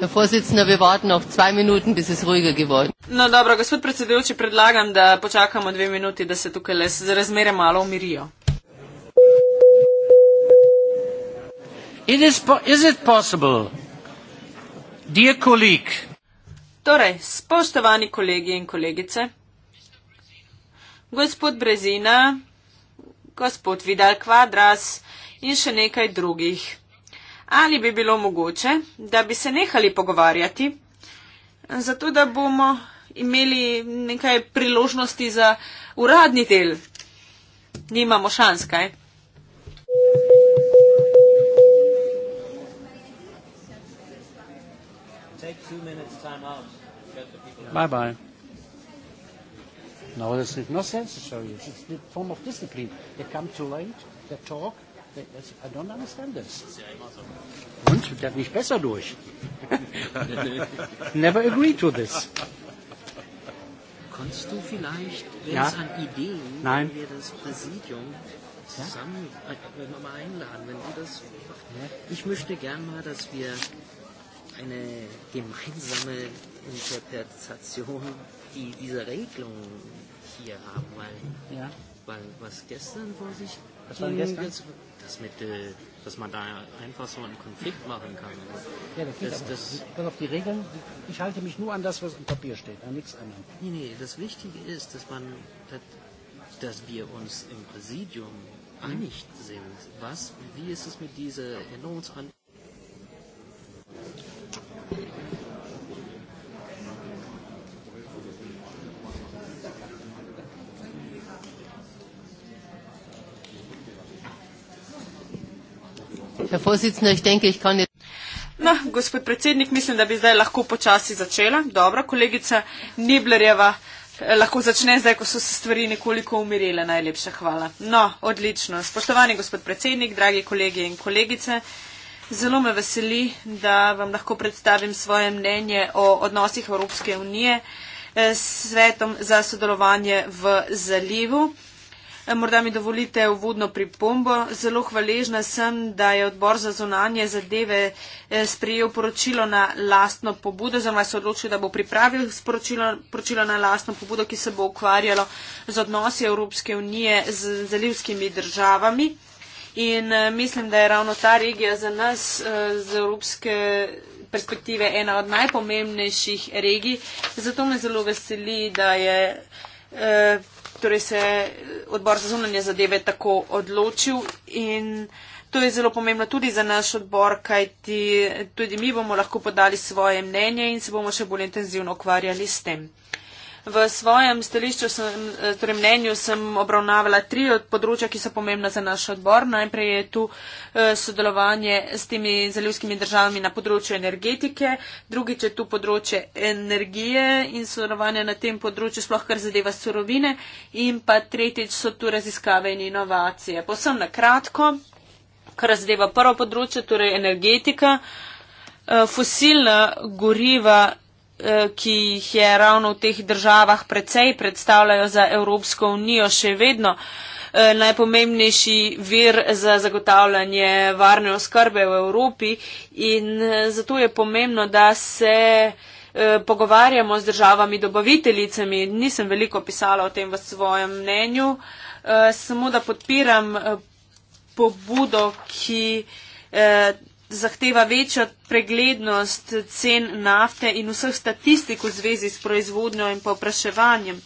Herr Vorsitzender, wir warten noch zwei Minuten, bis es ruhiger geworden ist. No, dobro, gospod predsedujoči, predlagam, da počakamo dve minuti, da se tukaj les za razmere malo umirijo. It is, is it possible, dear colleague? Torej, spoštovani kolegi in kolegice gospod Brezina, gospod Vidal Kvadras in še nekaj drugih. Ali bi bilo mogoče, da bi se nehali pogovarjati, zato da bomo imeli nekaj priložnosti za uradni del? Nimamo šans, kaj? Bye bye. No, there's no sense to show you. It's a form of discipline. They come too late, they talk. They, they say, I don't understand this. Und? Der nicht besser durch. [LAUGHS] Never agree to this. Konntest du vielleicht, wenn ja? es an Ideen, Nein. wenn wir das Präsidium zusammen ja? wenn wir mal einladen, wenn du das. Ja? Ich möchte gern mal, dass wir eine gemeinsame Interpretation dieser Regelung hier haben, weil, ja. weil was gestern vor sich was ging, war gestern? das mit, äh, dass man da einfach so einen Konflikt machen kann. Ja, das geht das, aber. Das Dann auf die Regeln. Ich halte mich nur an das, was im Papier steht, an nichts anderem. Nee, nee, das Wichtige ist, dass man, dass wir uns im Präsidium mhm. einig sind. Was, wie ist es mit dieser Erinnerungsanlage? Herr Vorsitzender, ich denke, ich kann jetzt. No, gospod predsednik, mislim, da bi zdaj lahko počasi začela. Dobro, kolegica Neblerjeva eh, lahko začne zdaj, ko so se stvari nekoliko umirile. Najlepša hvala. No, odlično. Spoštovani gospod predsednik, dragi kolegi in kolegice, zelo me veseli, da vam lahko predstavim svoje mnenje o odnosih Evropske unije eh, s svetom za sodelovanje v zalivu. Eh, morda mi dovolite uvodno pripombo. Zelo hvaležna sem, da je odbor za zonanje zadeve eh, sprejel poročilo na lastno pobudo, oziroma se odločil, da bo pripravil sporočilo, poročilo na lastno pobudo, ki se bo ukvarjalo z odnosi Evropske unije z zalivskimi državami. In eh, mislim, da je ravno ta regija za nas z evropske perspektive ena od najpomembnejših regij. Zato me zelo veseli, da je torej se je odbor za zunanje zadeve tako odločil in to je zelo pomembno tudi za naš odbor, kajti tudi mi bomo lahko podali svoje mnenje in se bomo še bolj intenzivno ukvarjali s tem. V svojem stališču, sem, eh, torej mnenju, sem obravnavala tri od področja, ki so pomembna za naš odbor. Najprej je tu eh, sodelovanje s temi zalivskimi državami na področju energetike, drugič je tu področje energije in sodelovanje na tem področju, sploh kar zadeva surovine, in pa tretjič so tu raziskave in inovacije. Posem na kratko, kar zadeva prvo področje, torej energetika. Eh, fosilna goriva Eh, ki jih je ravno v teh državah precej predstavljajo za Evropsko unijo še vedno eh, najpomembnejši vir za zagotavljanje varne oskrbe v Evropi in eh, zato je pomembno, da se pogovarjamo z državami dobaviteljicami. Nisem veliko pisala o tem v svojem mnenju, samo da podpiram pobudo, ki zahteva večjo preglednost cen nafte in vseh statistik v zvezi s proizvodnjo in popraševanjem.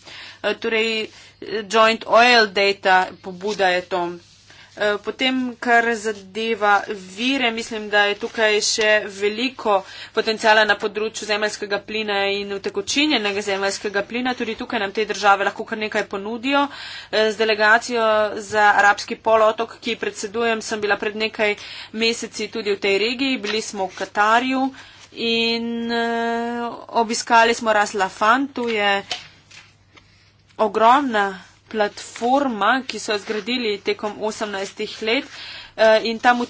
E, torej, e, joint oil data pobuda je to. Eh, potem, kar zadeva vire, mislim, da je tukaj še veliko potencijala na področju zemljskega plina in utekočinjenega zemljskega plina. Tudi tukaj nam te države lahko kar nekaj ponudijo. Eh, z delegacijo za arabski polotok, ki predsedujem, sem bila pred nekaj meseci tudi v tej regiji. Bili smo v Katarju in eh, obiskali smo Ras Lafan. Tu je ogromna platforma, ki so jo zgradili tekom 18 let eh, in tam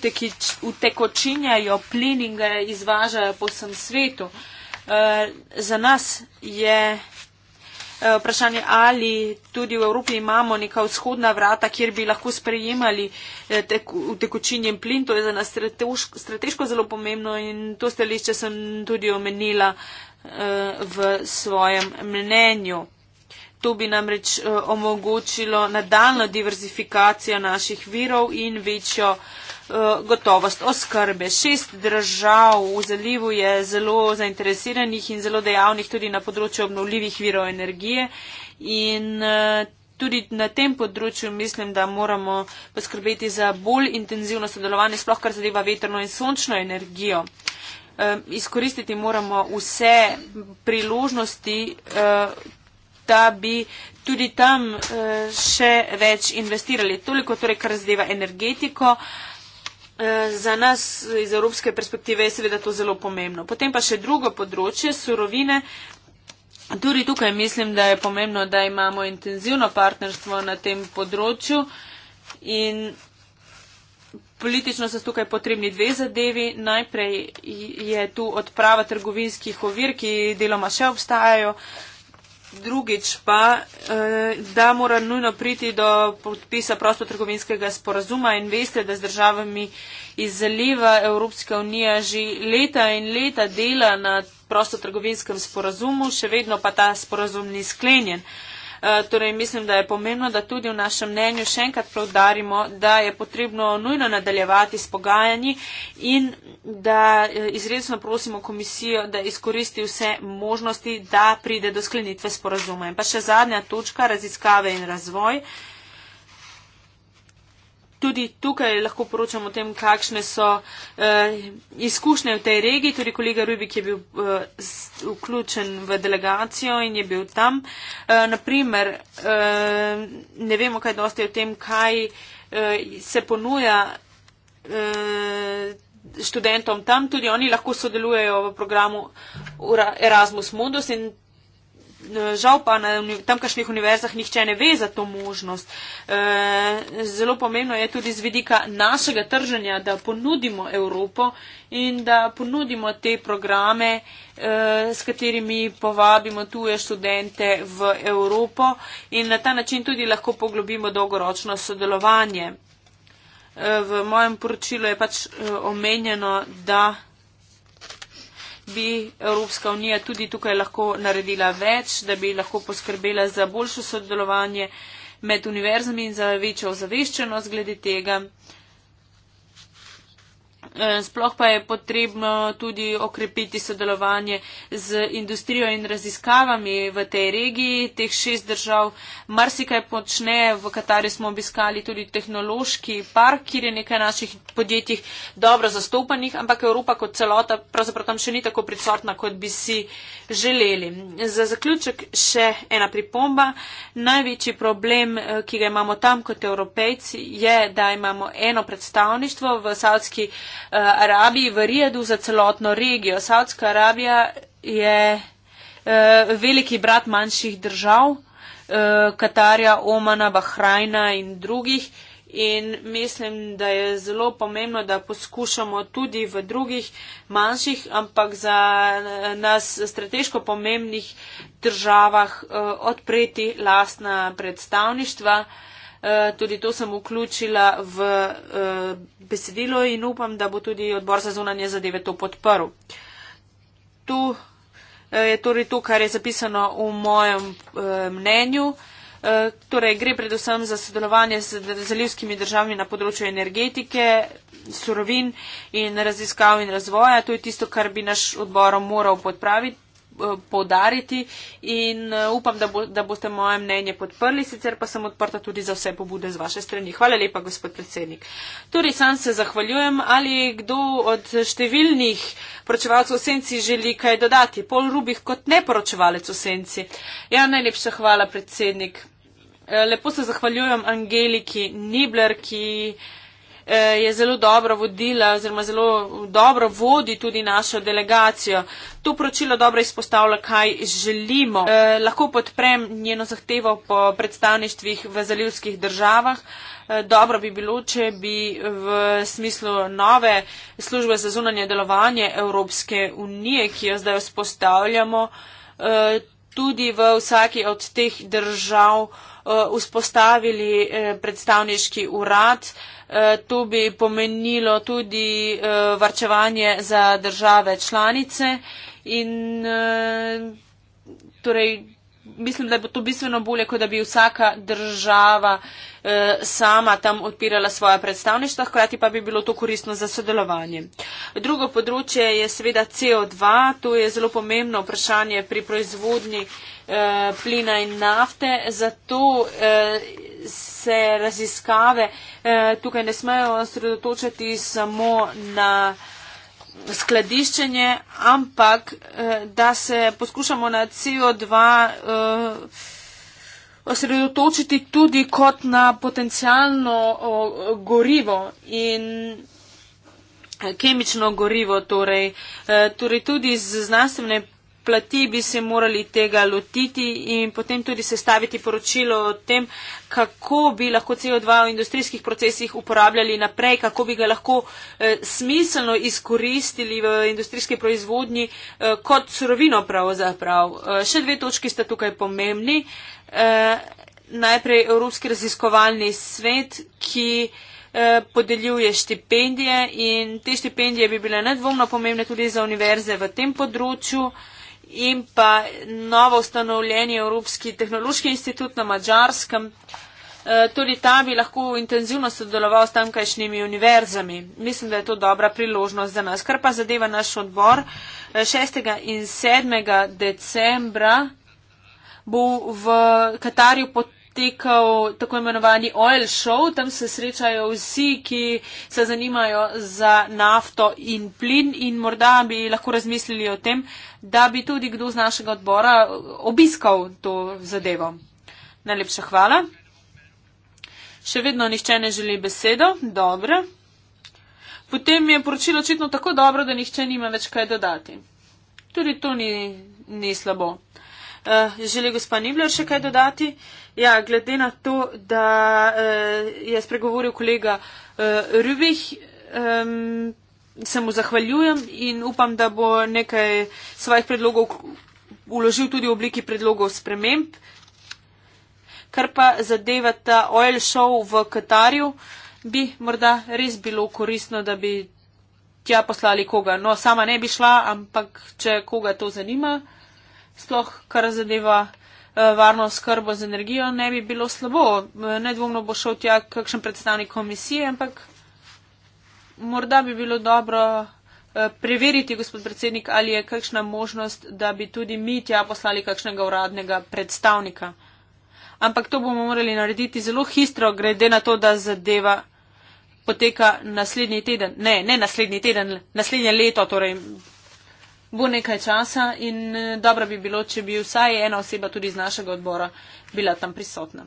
utekočinjajo plin in ga izvažajo po vsem svetu. Eh, za nas je eh, vprašanje, ali tudi v Evropi imamo neka vzhodna vrata, kjer bi lahko sprejemali utekočinjen plin. To je za nas strateško zelo pomembno in to stališče sem tudi omenila v svojem mnenju. To bi namreč eh, omogočilo nadaljno diverzifikacijo naših virov in večjo eh, gotovost oskrbe. Šest držav v zalivu je zelo zainteresiranih in zelo dejavnih tudi na področju obnovljivih virov energije in eh, tudi na tem področju mislim, da moramo poskrbeti za bolj intenzivno sodelovanje, sploh kar zadeva vetrno in sončno energijo. Ehm, izkoristiti moramo vse priložnosti, da bi tudi tam eh, še več investirali. Toliko torej, kar zadeva energetiko. Eh, za nas iz evropske perspektive je seveda to zelo pomembno. Potem pa še drugo področje, surovine. Tudi tukaj mislim, da je pomembno, da imamo intenzivno partnerstvo na tem področju in politično so tukaj potrebni dve zadevi. Najprej je tu odprava trgovinskih ovir, ki deloma še obstajajo drugič pa, eh, da mora nujno priti do podpisa prostotrgovinskega sporazuma in veste, da z državami iz zaliva Evropska unija že leta in leta dela na prostotrgovinskem sporazumu, še vedno pa ta sporazum ni sklenjen. Eh, torej, mislim, da je pomembno, da tudi v našem mnenju še enkrat povdarimo, da je potrebno nujno nadaljevati s pogajanji in da eh, izredno prosimo komisijo, da izkoristi vse možnosti, da pride do sklenitve sporazuma. In pa še zadnja točka, raziskave in razvoj. Tudi tukaj lahko poročamo o tem, kakšne so uh, izkušnje v tej regiji. Tudi kolega Rubik je bil uh, vključen v delegacijo in je bil tam. Uh, eh, naprimer, uh, ne vemo kaj dosti o tem, kaj uh, se ponuja uh, študentom tam. Tudi oni lahko sodelujejo v programu Erasmus Modus in žal pa na tamkajšnjih univerzah nihče ne ve za to možnost. Eh, zelo pomembno je tudi z vidika našega trženja, da ponudimo Evropo in da ponudimo te programe, eh, s katerimi povabimo tuje študente v Evropo in na ta način tudi lahko poglobimo dolgoročno sodelovanje. Eh, v mojem poročilu je pač omenjeno, da bi Evropska unija tudi tukaj lahko naredila več, da bi lahko poskrbela za boljše sodelovanje med univerzami in za večjo ozaveščenost glede tega. Eh, sploh pa je potrebno tudi okrepiti sodelovanje z industrijo in raziskavami v tej regiji. Teh šest držav marsikaj počne, v kateri smo obiskali tudi tehnološki park, kjer je nekaj naših podjetij dobro zastopanih, ampak Evropa kot celota pravzaprav tam še ni tako prisotna, kot bi si želeli. Za zaključek še ena pripomba. Največji problem, eh, ki ga imamo tam kot evropejci, je, da imamo eno predstavništvo v Saudski Arabiji. Eh, Arabiji, v Rijedu, za celotno regijo. Saudska Arabija je eh, veliki brat manjših držav, eh, Katarja, Omana, Bahrajna in drugih. In mislim, da je zelo pomembno, da poskušamo tudi v drugih manjših, ampak za nas strateško pomembnih državah odpreti lastna predstavništva. Eh, tudi to sem vključila v eh, besedilo in upam, da bo tudi odbor za zunanje zadeve to podprl. Tu eh, je torej to, kar je zapisano v mojem mnenju. Torej, gre predvsem za sodelovanje z zalivskimi državami na področju energetike, surovin in raziskav in razvoja. To je tisto, kar bi naš odbor moral podpraviti podariti in eh, upam, da, bo, da boste moje mnenje podprli, sicer pa sem odprta tudi za vse pobude z vaše strani. Hvala lepa, gospod predsednik. Torej, sam se zahvaljujem. Ali kdo od številnih poročevalcev v senci želi kaj dodati? Pol rubih kot neporočevalec v senci. Ja, najlepša hvala, predsednik. Eh, lepo se zahvaljujem Angeliki Nibler, ki. Eh, je zelo dobro vodila oziroma zelo dobro vodi tudi našo delegacijo. To poročilo dobro izpostavlja, kaj želimo. Eh, lahko podprem njeno zahtevo po predstavništvih v zalivskih državah. Eh, dobro bi bilo, če bi v smislu nove službe za zunanje delovanje Evropske unije, ki jo zdaj vzpostavljamo, tudi v vsaki od teh držav vzpostavili predstavniški urad, Eh, to bi pomenilo tudi eh, varčevanje za države članice in eh, torej, mislim, da bo to bistveno bolje, kot da bi vsaka država sama tam odpirala svoja predstavništva, hkrati pa bi bilo to koristno za sodelovanje. Drugo področje je seveda CO2, to je zelo pomembno vprašanje pri proizvodnji plina in nafte, zato se raziskave eh, tukaj ne smejo osredotočati samo na skladiščenje, ampak eh, da se poskušamo na CO2 eh, osredotočiti tudi kot na potencijalno gorivo in kemično gorivo, torej, torej tudi z znanstvene plati bi se morali tega lotiti in potem tudi sestaviti poročilo o tem, kako bi lahko CO2 v industrijskih procesih uporabljali naprej, kako bi ga lahko eh, smiselno izkoristili v industrijski proizvodnji eh, kot surovino pravzaprav. Eh, še dve točki sta tukaj pomembni. Eh, najprej Evropski raziskovalni svet, ki eh, podeljuje štipendije in te štipendije bi bile nedvomno pomembne tudi za univerze v tem področju. Uh, in pa novo ustanovljeni Evropski tehnološki institut na Mačarskem. E, tudi ta bi lahko intenzivno sodeloval s tamkajšnjimi univerzami. Mislim, da je to dobra priložnost za nas. Kar pa zadeva naš odbor, 6. E, in 7. decembra bo v Katarju potekal potekal tako imenovani oil show. Tam se srečajo vsi, ki se zanimajo za nafto in plin in morda bi lahko razmislili o tem, da bi tudi kdo z našega odbora obiskal to zadevo. Najlepša hvala. Še vedno nišče ne želi besedo. Dobro. Potem je poročilo očitno tako dobro, da nišče nima več kaj dodati. Tudi to ni, ni slabo. Eh, želi gospa Nibler še kaj dodati? Ja, glede na to, da uh, je spregovoril kolega uh, Rubih, um, se mu zahvaljujem in upam, da bo nekaj svojih predlogov uložil tudi v obliki predlogov sprememb. Kar pa zadeva ta oil show v Katarju, bi morda res bilo koristno, da bi tja poslali koga. No, sama ne bi šla, ampak če koga to zanima sploh kar zadeva eh, varno skrbo z energijo, ne bi bilo slabo. Eh, nedvomno bo šel tja kakšen predstavnik komisije, ampak morda bi bilo dobro eh, preveriti, gospod predsednik, ali je kakšna možnost, da bi tudi mi tja poslali kakšnega uradnega predstavnika. Ampak to bomo morali narediti zelo hitro, glede na to, da zadeva poteka naslednji teden. Ne, ne naslednji teden, naslednje leto, torej bo nekaj časa in eh, dobro bi bilo, če bi vsaj ena oseba tudi iz našega odbora bila tam prisotna.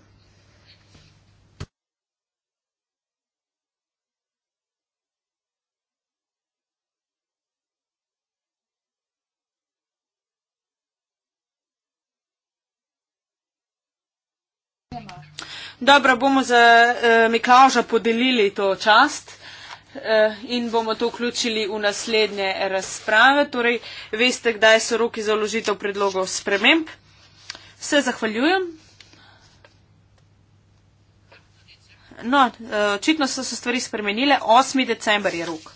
Dobro, bomo za uh, Miklauža podelili to čast. Eh, in bomo to vključili v naslednje razprave. Torej, veste, kdaj so roki za vložitev predlogov sprememb. Se zahvaljujem. No, eh, očitno so se stvari spremenile. 8. december je rok.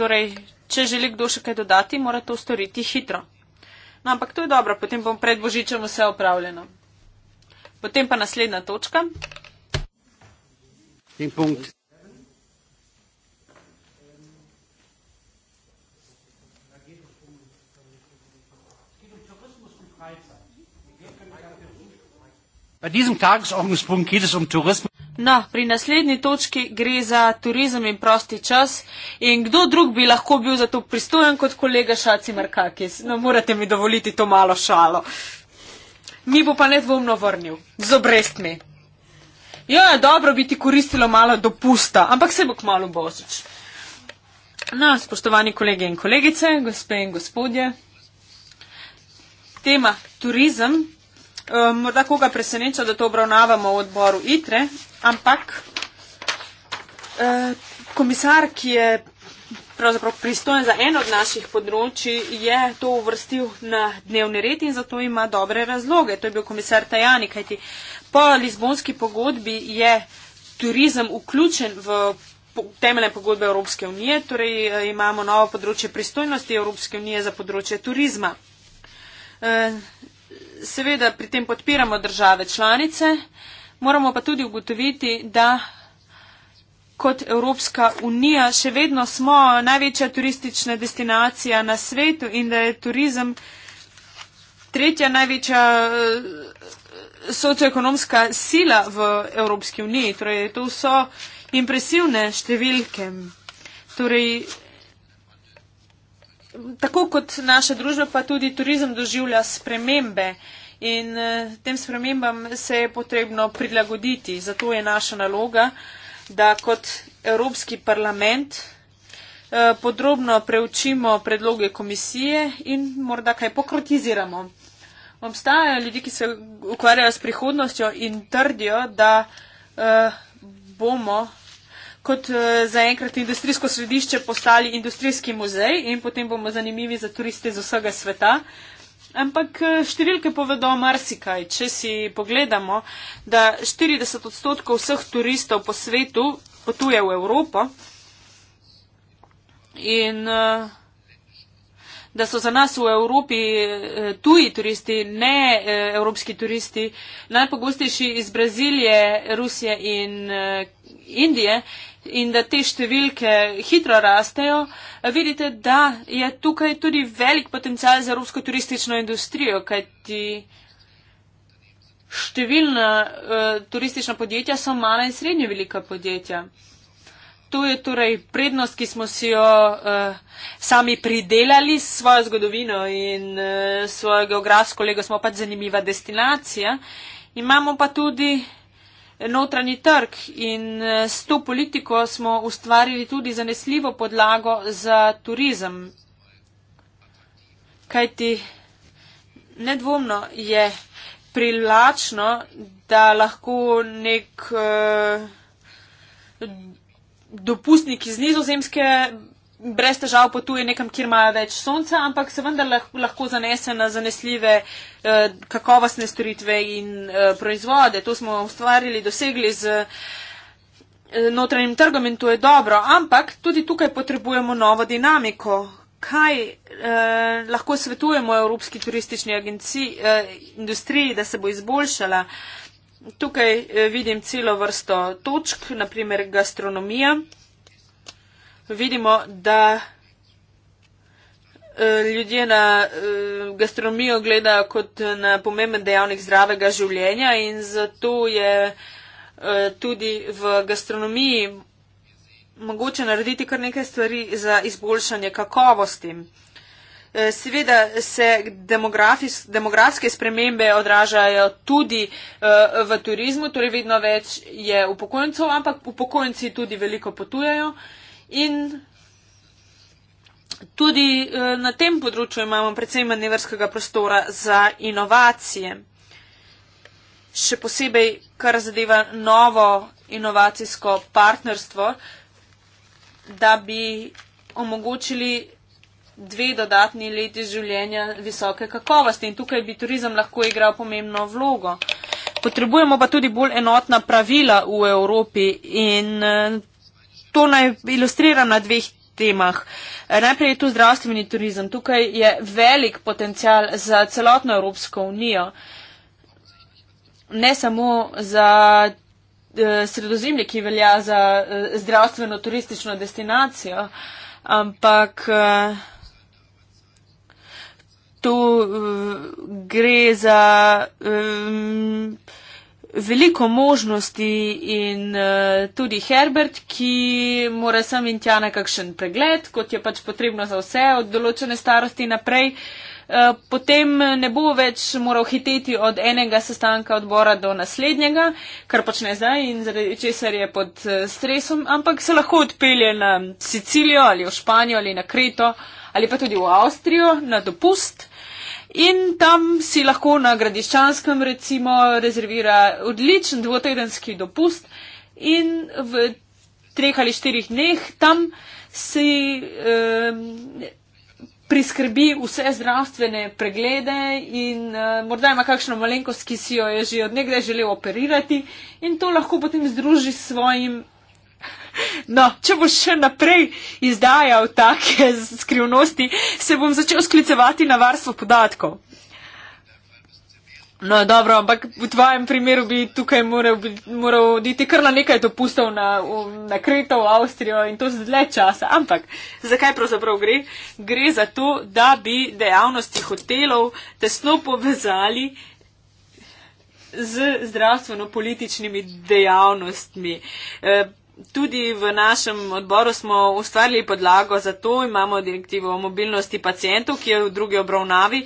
Torej, če želi kdo še kaj dodati, mora to storiti hitro. No, ampak to je dobro, potem bom pred Božičem vse opravljeno. Potem pa naslednja točka. In punkt. Um no, pri naslednji točki gre za turizem in prosti čas. In kdo drug bi lahko bil za to pristojen kot kolega Šaci Markakis? No, morate mi dovoliti to malo šalo. Mi bo pa nedvomno vrnil z obrestmi. Jo, ja, dobro bi ti koristilo malo dopusta, ampak se bo k malu božič. No, spoštovani kolege in kolegice, gospe in gospodje, tema turizem Eh, morda koga preseneča, da to obravnavamo v odboru ITRE, ampak eh, komisar, ki je pravzaprav pristojen za eno od naših področji, je to uvrstil na dnevni red in zato ima dobre razloge. To je bil komisar Tajani, kajti po Lizbonski pogodbi je turizem vključen v temeljne pogodbe Evropske unije, torej eh, imamo novo področje pristojnosti Evropske unije za področje turizma seveda pri tem podpiramo države članice, moramo pa tudi ugotoviti, da kot Evropska unija še vedno smo največja turistična destinacija na svetu in da je turizem tretja največja eh, socioekonomska sila v Evropski uniji. Torej, to so impresivne številke. Torej, tako kot naša družba, pa tudi turizem doživlja spremembe in eh, tem spremembam se je potrebno prilagoditi. Zato je naša naloga, da kot Evropski parlament eh, podrobno preučimo predloge komisije in morda kaj pokrotiziramo. Obstajajo ljudje, ki se ukvarjajo s prihodnostjo in trdijo, da eh, bomo kot eh, zaenkrat industrijsko središče postali industrijski muzej in potem bomo zanimivi za turiste iz vsega sveta. Ampak eh, številke povedo marsikaj. Če si pogledamo, da 40 odstotkov vseh turistov po svetu potuje v Evropo in eh, da so za nas v Evropi tuji turisti, ne evropski turisti, najpogostejši iz Brazilije, Rusije in Indije, in da te številke hitro rastejo, vidite, da je tukaj tudi velik potencial za evropsko turistično industrijo, kajti številna uh, turistična podjetja so mala in srednje velika podjetja. To je torej prednost, ki smo si jo uh, sami pridelali s svojo zgodovino in uh, svojo geografsko lego smo pa zanimiva destinacija. Imamo pa tudi notranji trg in eh, s to politiko smo ustvarili tudi zanesljivo podlago za turizem. Kajti nedvomno je privlačno, da lahko nek uh, dopustnik iz nizozemske brez težav potuje nekam, kjer ima več sonca, ampak se vendar lahko zanese na zanesljive, eh, kakovostne storitve in eh, proizvode. To smo ustvarili, dosegli z eh, notranjim trgom in to je dobro, ampak tudi tukaj potrebujemo novo dinamiko. Kaj eh, lahko svetujemo Evropski turistični agenciji, eh, industriji, da se bo izboljšala? Tukaj eh, vidim celo vrsto točk, naprimer gastronomija vidimo, da eh, ljudje na eh, gastronomijo gledajo kot na pomemben dejavnik zdravega življenja in zato je eh, tudi v gastronomiji mogoče narediti kar nekaj stvari za izboljšanje kakovosti. Seveda se demografske spremembe odražajo tudi v turizmu, torej vedno več je upokojencov, ampak upokojenci tudi veliko potujejo. In tudi eh, na tem področju imamo predvsem manevrskega prostora za inovacije. Še posebej, kar zadeva novo inovacijsko partnerstvo, da bi omogočili dve dodatni leti življenja visoke kakovosti in tukaj bi turizem lahko igral pomembno vlogo. Potrebujemo pa tudi bolj enotna pravila v Evropi in eh, to naj ilustriram na dveh temah. Najprej je tu zdravstveni turizem. Tukaj je velik potencial za celotno Evropsko unijo. Ne samo za eh, sredozemlje, ki velja za eh, zdravstveno turistično destinacijo, ampak eh, tu eh, gre za. Eh, veliko možnosti in uh, tudi Herbert, ki mora sem in tja na kakšen pregled, kot je pač potrebno za vse od določene starosti naprej. Eh, potem ne bo več moral hiteti od enega sestanka odbora do naslednjega, kar počne zdaj in zaradi česar je pod eh, stresom, ampak se lahko odpelje na Sicilijo ali v Španijo ali na Kreto ali pa tudi v Avstrijo na dopust. Uh, In tam si lahko na gradiščanskem recimo rezervira odličen dvotedenski dopust in v treh ali štirih dneh tam si um, priskrbi vse zdravstvene preglede in um, morda ima kakšno malenkost, ki si jo je že odnegde želel operirati in to lahko potem združi s svojim No, če boš še naprej izdajal take skrivnosti, se bom začel sklicevati na varstvo podatkov. No, dobro, ampak v tvojem primeru bi tukaj moral oditi kar na nekaj dopustov na, na Kreto, v Avstrijo in to z dlje časa. Ampak zakaj pravzaprav gre? Gre za to, da bi dejavnosti hotelov tesno povezali z zdravstveno-političnimi dejavnostmi. Eh, tudi v našem odboru smo ustvarili podlago za to, imamo direktivo o mobilnosti pacijentov, ki je v drugi obravnavi.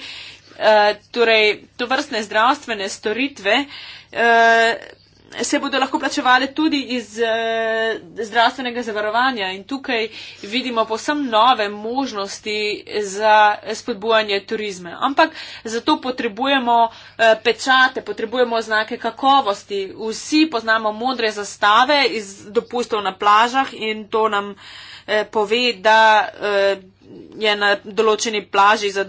Uh, torej, to vrstne zdravstvene storitve uh, se bodo lahko plačevali tudi iz eh, zdravstvenega zavarovanja in tukaj vidimo posem nove možnosti za spodbujanje turizma. Ampak zato potrebujemo eh, pečate, potrebujemo znake kakovosti. Vsi poznamo modre zastave iz dopustov na plažah in to nam eh, pove, da. Eh, je na določeni plaži eh,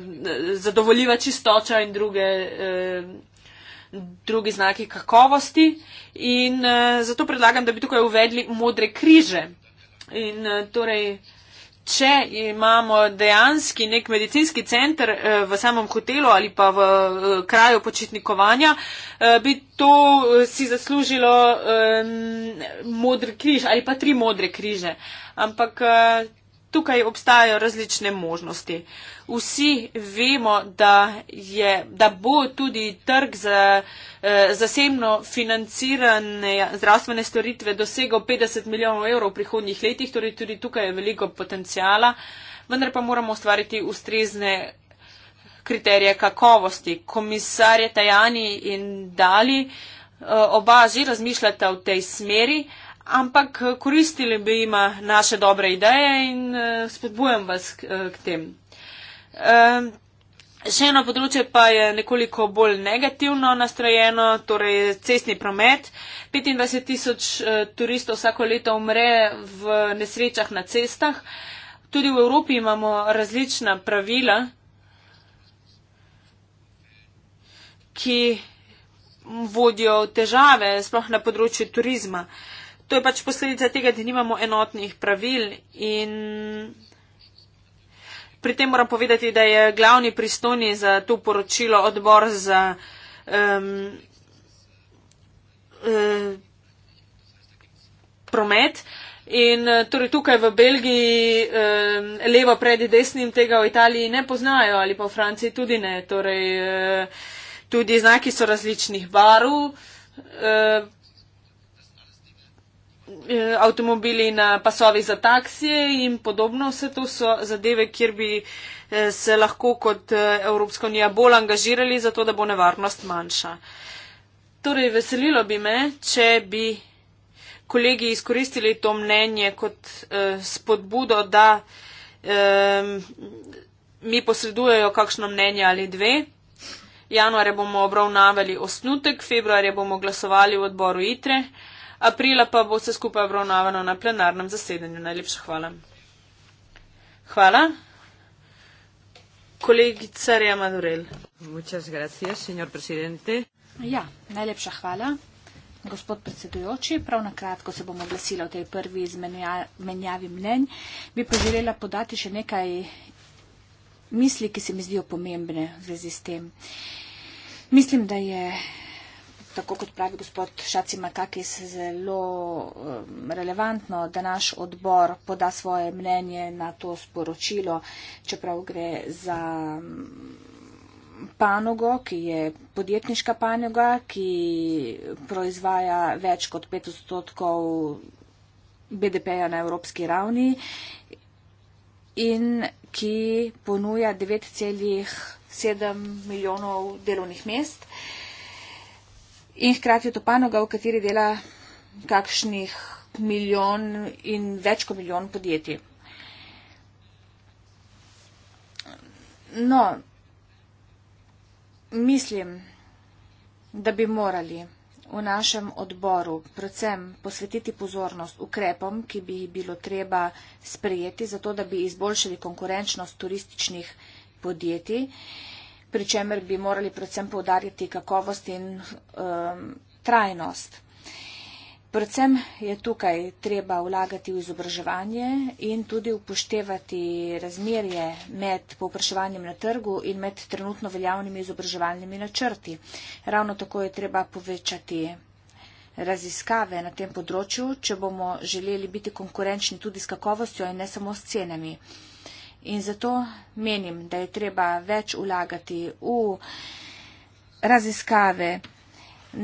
zadovoljiva čistoča in druge, eh, drugi znaki kakovosti. Eh, In uh, zato predlagam, da bi tukaj uvedli modre križe. In uh, torej, če imamo dejanski nek medicinski center uh, v samem hotelu ali pa v uh, kraju počitnikovanja, uh, bi to uh, si zaslužilo um, modri križ ali pa tri modre križe. Ampak. Uh, tukaj obstajajo različne možnosti. Vsi vemo, da, je, da bo tudi trg za eh, zasebno financirane zdravstvene storitve dosegal 50 milijonov evrov v prihodnjih letih, torej tudi tukaj je veliko potencijala, vendar pa moramo ustvariti ustrezne kriterije kakovosti. Komisarje Tajani in Dali eh, oba že razmišljata v tej smeri ampak eh, koristili bi jima naše dobre ideje in eh, spodbujam vas k, eh, k tem. Ehm, še eno področje pa je nekoliko bolj negativno nastrojeno, torej cestni promet. 25 tisoč turistov vsako leto umre v nesrečah na cestah. Tudi v Evropi imamo različna pravila, ki vodijo težave, sploh na področju turizma. Uh, to je pač posledica tega, da nimamo enotnih pravil in pri tem moram povedati, da je glavni pristojni za to poročilo odbor za um, um, promet. In eh, torej tukaj v Belgiji levo pred desnim tega v Italiji ne poznajo ali pa v Franciji tudi ne. Torej eh, tudi znaki so različnih barv. E, avtomobili na pasovih za taksije in podobno. Vse to so zadeve, kjer bi e, se lahko kot e, Evropska unija bolj angažirali, zato da bo nevarnost manjša. Torej, veselilo bi me, če bi kolegi izkoristili to mnenje kot eh, spodbudo, da eh, mi posredujejo kakšno mnenje ali dve. Januarja bomo obravnavali osnutek, februarja bomo glasovali v odboru ITRE. Eh, Aprila pa bo vse skupaj obravnavano na plenarnem zasedanju. Najlepša hvala. Hvala. Kolegica Rija Madurel. Ja, najlepša hvala. Gospod predsedujoči, prav na kratko se bom oglasila o tej prvi izmenjavi mnenj. Bi pa želela podati še nekaj misli, ki se mi zdijo pomembne v zvezi s tem. Mislim, da je tako kot pravi gospod Šacimakakis, zelo um, relevantno, da naš odbor poda svoje mnenje na to sporočilo, čeprav gre za um, panogo, ki je podjetniška panoga, ki proizvaja več kot 5 odstotkov BDP-ja na evropski ravni in ki ponuja 9,7 milijonov delovnih mest. Uh, in hkrati je to panoga, v kateri dela kakšnih milijon in več kot milijon podjetij. No, mislim, da bi morali v našem odboru predvsem posvetiti pozornost ukrepom, ki bi jih bilo treba sprejeti, zato da bi izboljšali konkurenčnost turističnih podjetij pri čemer bi morali predvsem povdarjati kakovost in um, trajnost. Predvsem je tukaj treba vlagati v izobraževanje in tudi upoštevati razmerje med povpraševanjem na trgu in med trenutno veljavnimi izobraževalnimi načrti. Ravno tako je treba povečati raziskave na tem področju, če bomo želeli biti konkurenčni tudi s kakovostjo in ne samo s cenami. In zato menim, da je treba več ulagati v raziskave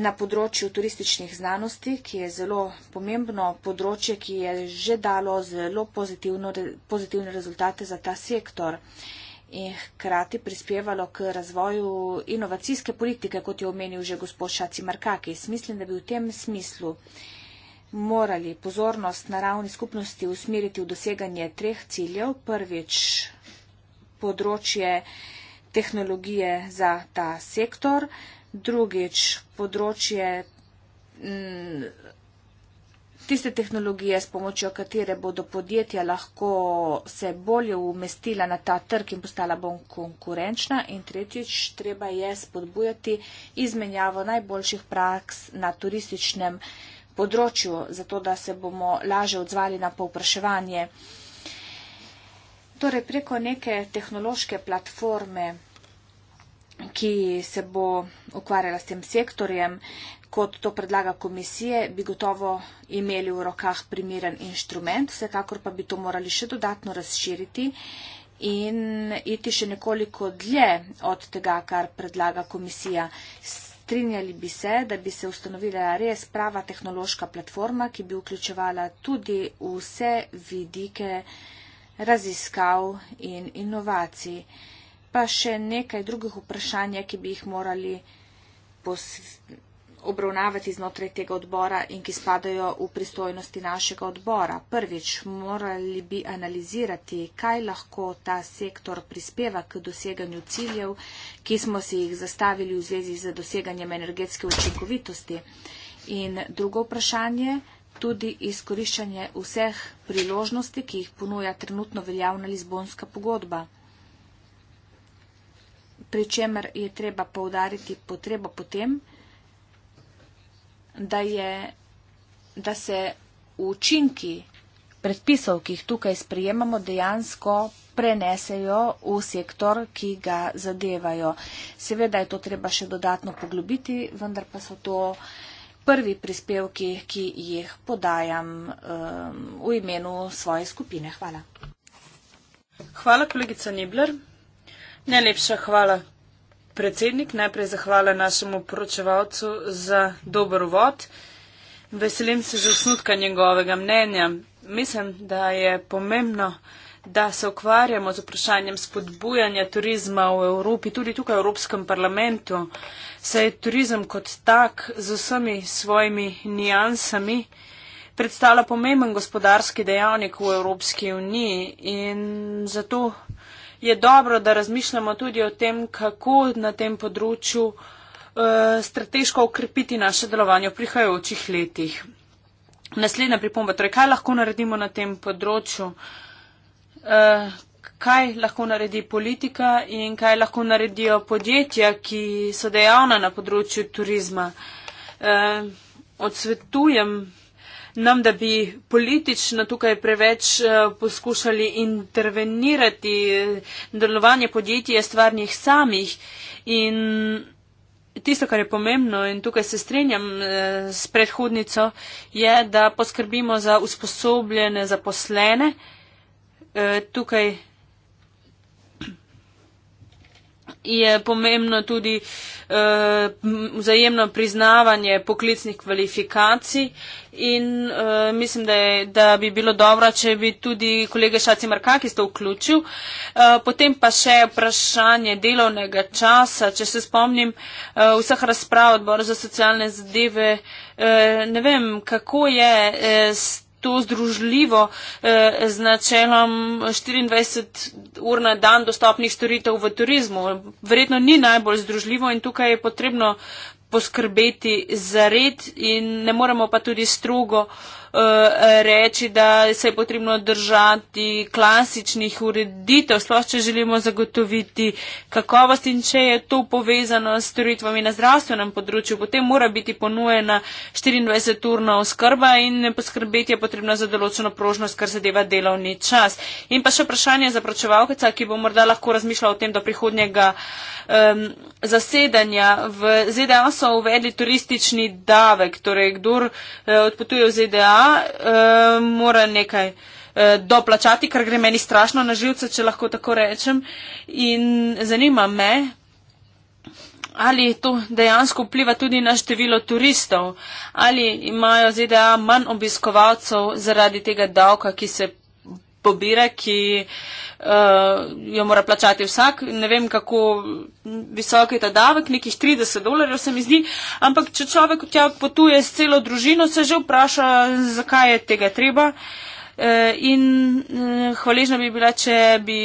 na področju turističnih znanosti, ki je zelo pomembno področje, ki je že dalo zelo pozitivne rezultate za ta sektor in hkrati prispevalo k razvoju inovacijske politike, kot je omenil že gospod Šaci Markakis. Mislim, da bi v tem smislu morali pozornost na ravni skupnosti usmeriti v doseganje treh ciljev. Prvič, področje tehnologije za ta sektor, drugič, področje mm, tiste tehnologije, s pomočjo katere bodo podjetja lahko se bolje umestila na ta trg in postala bolj konkurenčna. In tretjič, treba je spodbujati izmenjavo najboljših praks na turističnem področju področju, zato da se bomo laže odzvali na povpraševanje. Torej, preko neke tehnološke platforme, ki se bo ukvarjala s tem sektorjem, kot to predlaga komisije, bi gotovo imeli v rokah primeren inštrument, vsekakor pa bi to morali še dodatno razširiti in iti še nekoliko dlje od tega, kar predlaga komisija. S Strinjali bi se, da bi se ustanovila res prava tehnološka platforma, ki bi vključevala tudi vse vidike raziskav in inovacij. Pa še nekaj drugih vprašanj, ki bi jih morali posvetiti obravnavati znotraj tega odbora in ki spadajo v pristojnosti našega odbora. Prvič, morali bi analizirati, kaj lahko ta sektor prispeva k doseganju ciljev, ki smo si jih zastavili v zvezi z doseganjem energetske učinkovitosti. In drugo vprašanje, tudi izkoriščanje vseh priložnosti, ki jih ponuja trenutno veljavna Lizbonska pogodba pri čemer je treba poudariti potrebo potem, da, je, da se učinki predpisov, ki jih tukaj sprijemamo, dejansko prenesejo v sektor, ki ga zadevajo. Seveda je to treba še dodatno poglobiti, vendar pa so to prvi prispevki, ki jih podajam um, v imenu svoje skupine. Hvala. Hvala, kolegica Nibler. Najlepša hvala predsednik, najprej zahvala našemu poročevalcu za dober vod. Veselim se že osnutka njegovega mnenja. Mislim, da je pomembno, da se ukvarjamo z vprašanjem spodbujanja turizma v Evropi, tudi tukaj v Evropskem parlamentu. Saj je turizem kot tak z vsemi svojimi nijansami predstavlja pomemben gospodarski dejavnik v Evropski uniji in zato je dobro, da razmišljamo tudi o tem, kako na tem področju eh, strateško ukrepiti naše delovanje v prihajajočih letih. Naslednja pripomba, torej kaj lahko naredimo na tem področju, eh, kaj lahko naredi politika in kaj lahko naredijo podjetja, ki so dejavna na področju turizma. Eh, odsvetujem nam, da bi politično tukaj preveč uh, poskušali intervenirati. Eh, delovanje podjetij je stvar njih samih in tisto, kar je pomembno in tukaj se strenjam uh, eh, s predhodnico, je, da poskrbimo za usposobljene zaposlene. Uh, tukaj je pomembno tudi eh, vzajemno priznavanje poklicnih kvalifikacij in eh, mislim, da, je, da bi bilo dobro, če bi tudi kolega Šaci Markakis to vključil. Eh, potem pa še vprašanje delovnega časa. Če se spomnim vseh razprav odbora za socialne zadeve, ne vem, kako je s tem to združljivo eh, z načelom 24 ur na dan dostopnih storitev v turizmu. Verjetno ni najbolj združljivo in tukaj je potrebno poskrbeti za red in ne moremo pa tudi strogo uh, Eh, reči, da se je potrebno držati klasičnih ureditev, sploh če želimo zagotoviti kakovost in če je to povezano s storitvami na zdravstvenem področju, potem mora biti ponujena 24-urna oskrba in poskrbeti je potrebno za določeno prožnost, kar zadeva delovni čas. In pa še vprašanje za pročevalkeca, ki bo morda lahko razmišljal o tem do prihodnjega um, zasedanja. V ZDA so uvedli turistični davek, torej kdor uh, odpotuje v ZDA, uh, mora nekaj uh, doplačati, kar gre meni strašno na živce, če lahko tako rečem. In zanima me, ali to dejansko vpliva tudi na število turistov, ali imajo ZDA manj obiskovalcev zaradi tega davka, ki se pobira, ki uh, uh, jo mora plačati vsak, ne vem kako visok je ta davek, nekih 30 dolarjev se mi zdi, ampak če človek tja potuje s celo družino, se že vpraša, zakaj je tega treba. Eh, in eh, hvaležna bi bila, če bi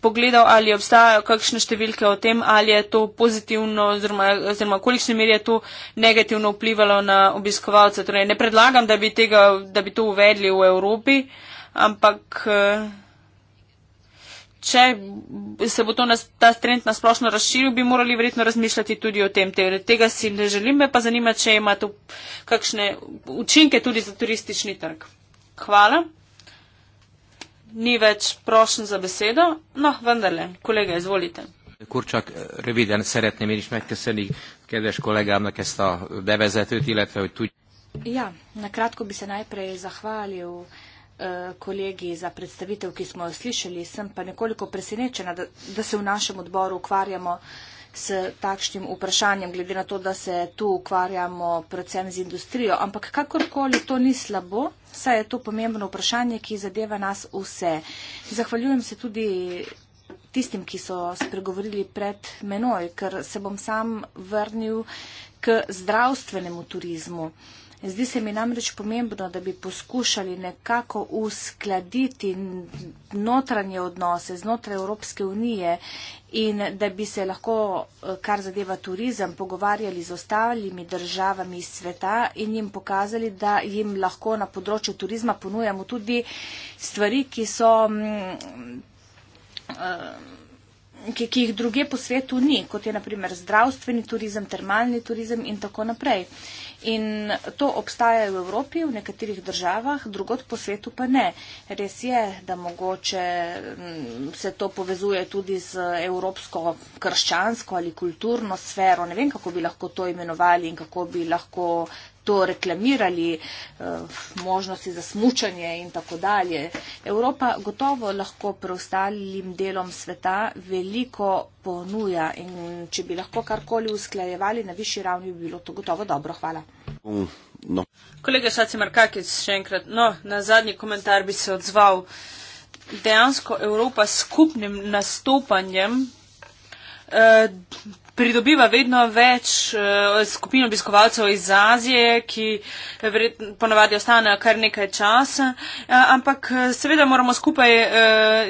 pogledal, ali obstajajo kakšne številke o tem, ali je to pozitivno oziroma kolikšne meri je to negativno vplivalo na obiskovalce. Torej, ne predlagam, da bi, tega, da bi to uvedli v Evropi, ampak če se bo nas, ta trend nasplošno razširil, bi morali verjetno razmišljati tudi o tem. Tega si ne želim, me pa zanima, če ima to kakšne učinke tudi za turistični trg. Hvala. Ni več prošen za besedo. No, vendarle, kolega, izvolite. Kurcsak, röviden szeretném én is megköszönni kedves kollégámnak ezt a bevezetőt, illetve hogy tudjuk. Ja, na krátko bi se najprej zahvalil Eh, kolegi za predstavitev, ki smo jo slišali. Sem pa nekoliko presenečena, da, da se v našem odboru ukvarjamo s takšnim vprašanjem, glede na to, da se tu ukvarjamo predvsem z industrijo. Ampak kakorkoli to ni slabo, saj je to pomembno vprašanje, ki zadeva nas vse. Zahvaljujem se tudi tistim, ki so spregovorili pred menoj, ker se bom sam vrnil k zdravstvenemu turizmu. Uh, In zdi se mi namreč pomembno, da bi poskušali nekako uskladiti notranje odnose znotraj Evropske unije in da bi se lahko, eh, kar zadeva turizem, pogovarjali z ostalimi državami iz sveta in jim pokazali, da jim lahko na področju turizma ponujamo tudi stvari, ki so. Mm, eh, Ki, ki jih druge po svetu ni, kot je naprimer zdravstveni turizem, termalni turizem in tako naprej. In to obstaja v Evropi, v nekaterih državah, drugot po svetu pa ne. Res je, da mogoče mm, se to povezuje tudi z evropsko krščansko ali kulturno sfero. Ne vem, kako bi lahko to imenovali in kako bi lahko to reklamirali, eh, možnosti za smučanje in tako dalje. Evropa gotovo lahko preostalim delom sveta veliko ponuja in če bi lahko karkoli usklajevali na višji ravni, bi bilo to gotovo dobro. Hvala. No. Kolega Šaci Markakic, še enkrat, no, na zadnji komentar bi se odzval. Dejansko Evropa s skupnim nastopanjem eh, pridobiva vedno več eh, skupin obiskovalcev iz Azije, ki ponavadi ostanejo kar nekaj časa. Eh, ampak eh, seveda moramo skupaj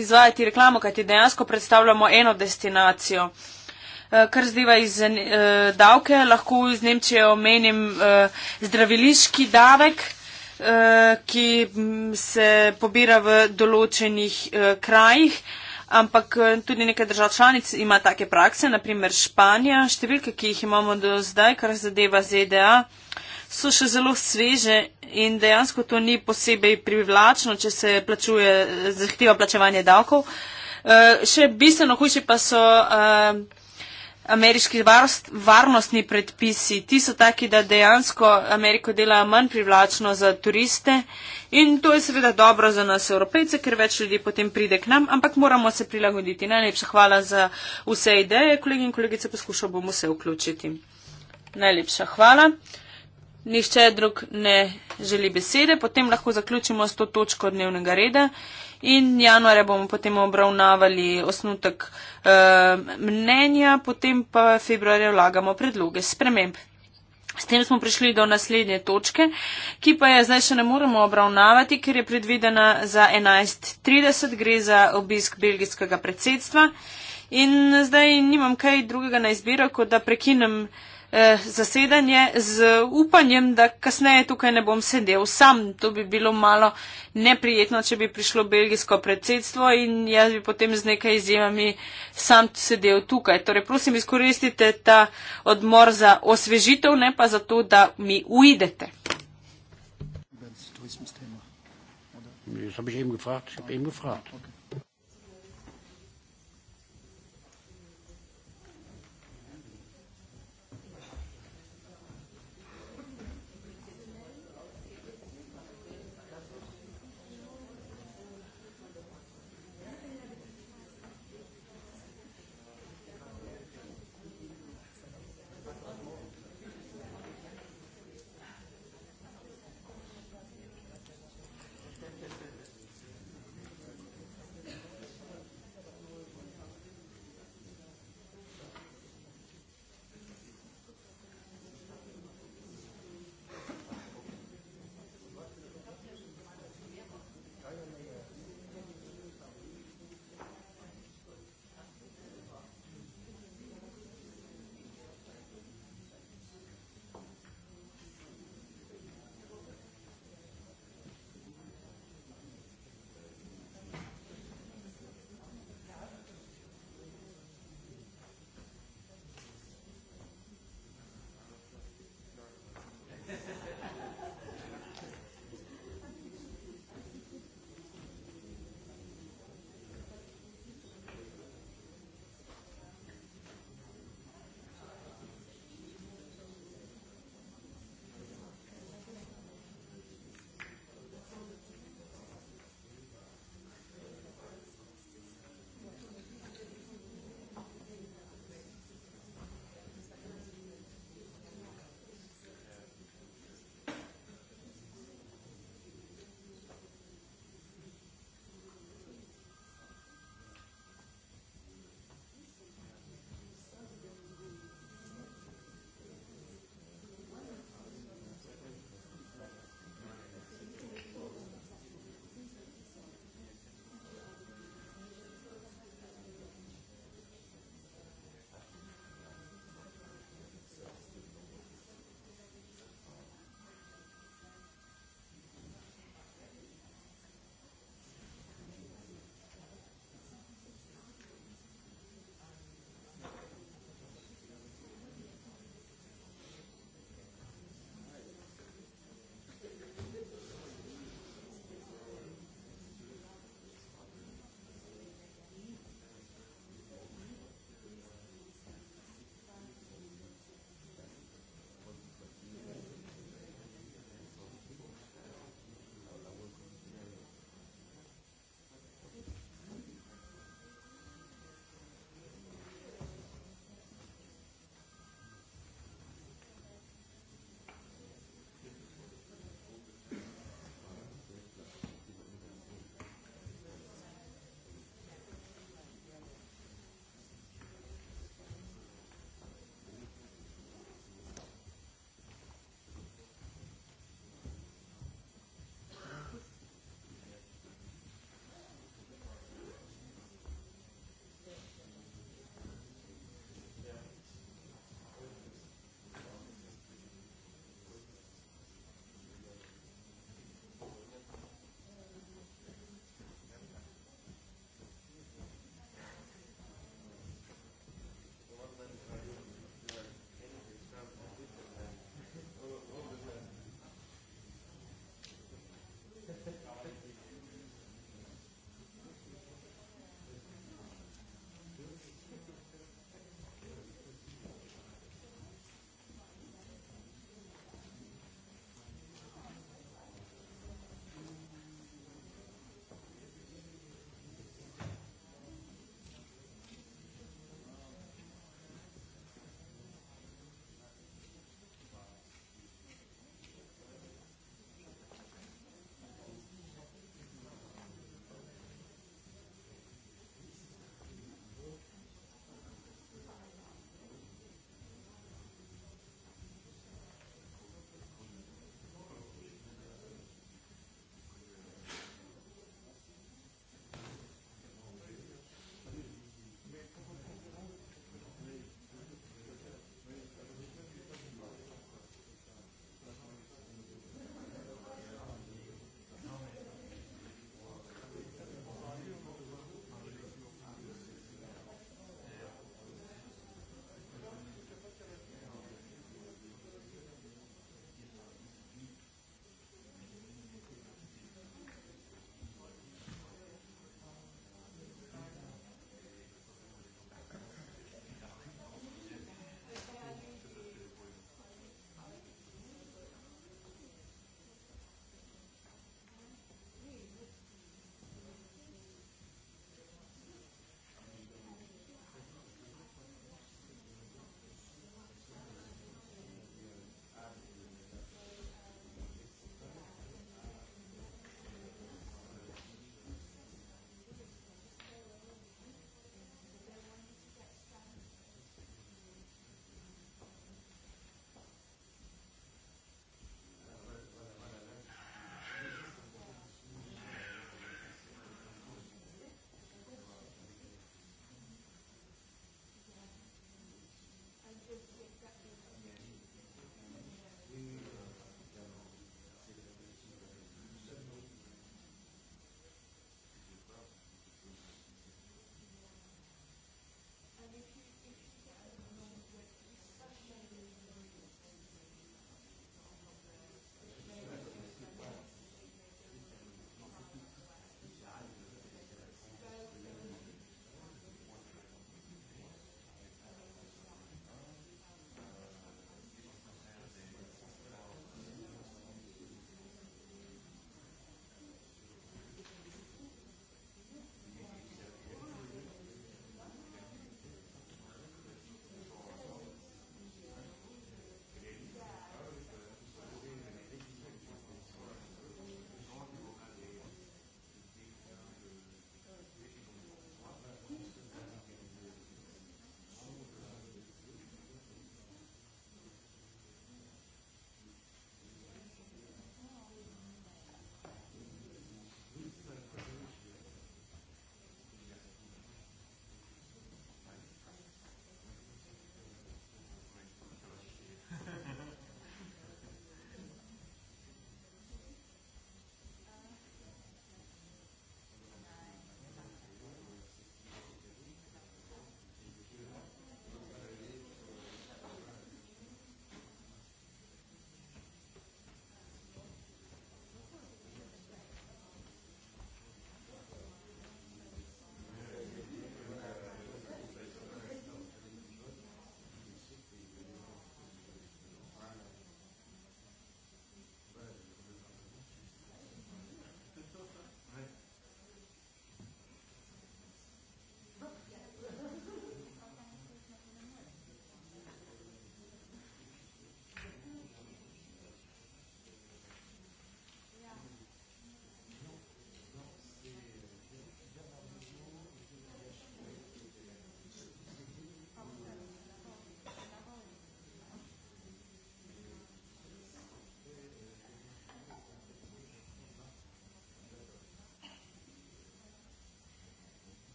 izvajati reklamo, kajti dejansko predstavljamo eno destinacijo. Kar zdiva iz davke, lahko iz Nemčije omenim zdraviliški davek ki mm, se pobira v določenih krajih ampak eh, tudi nekaj držav članic ima take prakse, naprimer Španija, številke, ki jih imamo do zdaj, kar zadeva ZDA, so še zelo sveže in dejansko to ni posebej privlačno, če se plačuje, zahteva plačevanje davkov. Eh, še bistveno hujše pa so eh, ameriški varst, varnostni predpisi, ti so taki, da dejansko Ameriko delajo manj privlačno za turiste in to je seveda dobro za nas evropejce, ker več ljudi potem pride k nam, ampak moramo se prilagoditi. Najlepša hvala za vse ideje, kolegi in kolegice, poskušal bomo se vključiti. Najlepša hvala. Nihče drug ne želi besede, potem lahko zaključimo s to točko dnevnega reda in januarja bomo potem obravnavali osnutek e, mnenja, potem pa februarja vlagamo predloge sprememb. S tem smo prišli do naslednje točke, ki pa je zdaj še ne moremo obravnavati, ker je predvidena za 11.30, gre za obisk belgijskega predsedstva. In zdaj nimam kaj drugega na izbiro, kot da prekinem. Eh, zasedanje z upanjem, da kasneje tukaj ne bom sedel sam. To bi bilo malo neprijetno, če bi prišlo belgijsko predsedstvo in jaz bi potem z nekaj izjemami sam sedel tukaj. Torej, prosim, izkoristite ta odmor za osvežitev, ne pa za to, da mi ujdete. Ich habe ich eben gefragt. Ich habe eben gefragt. Okay.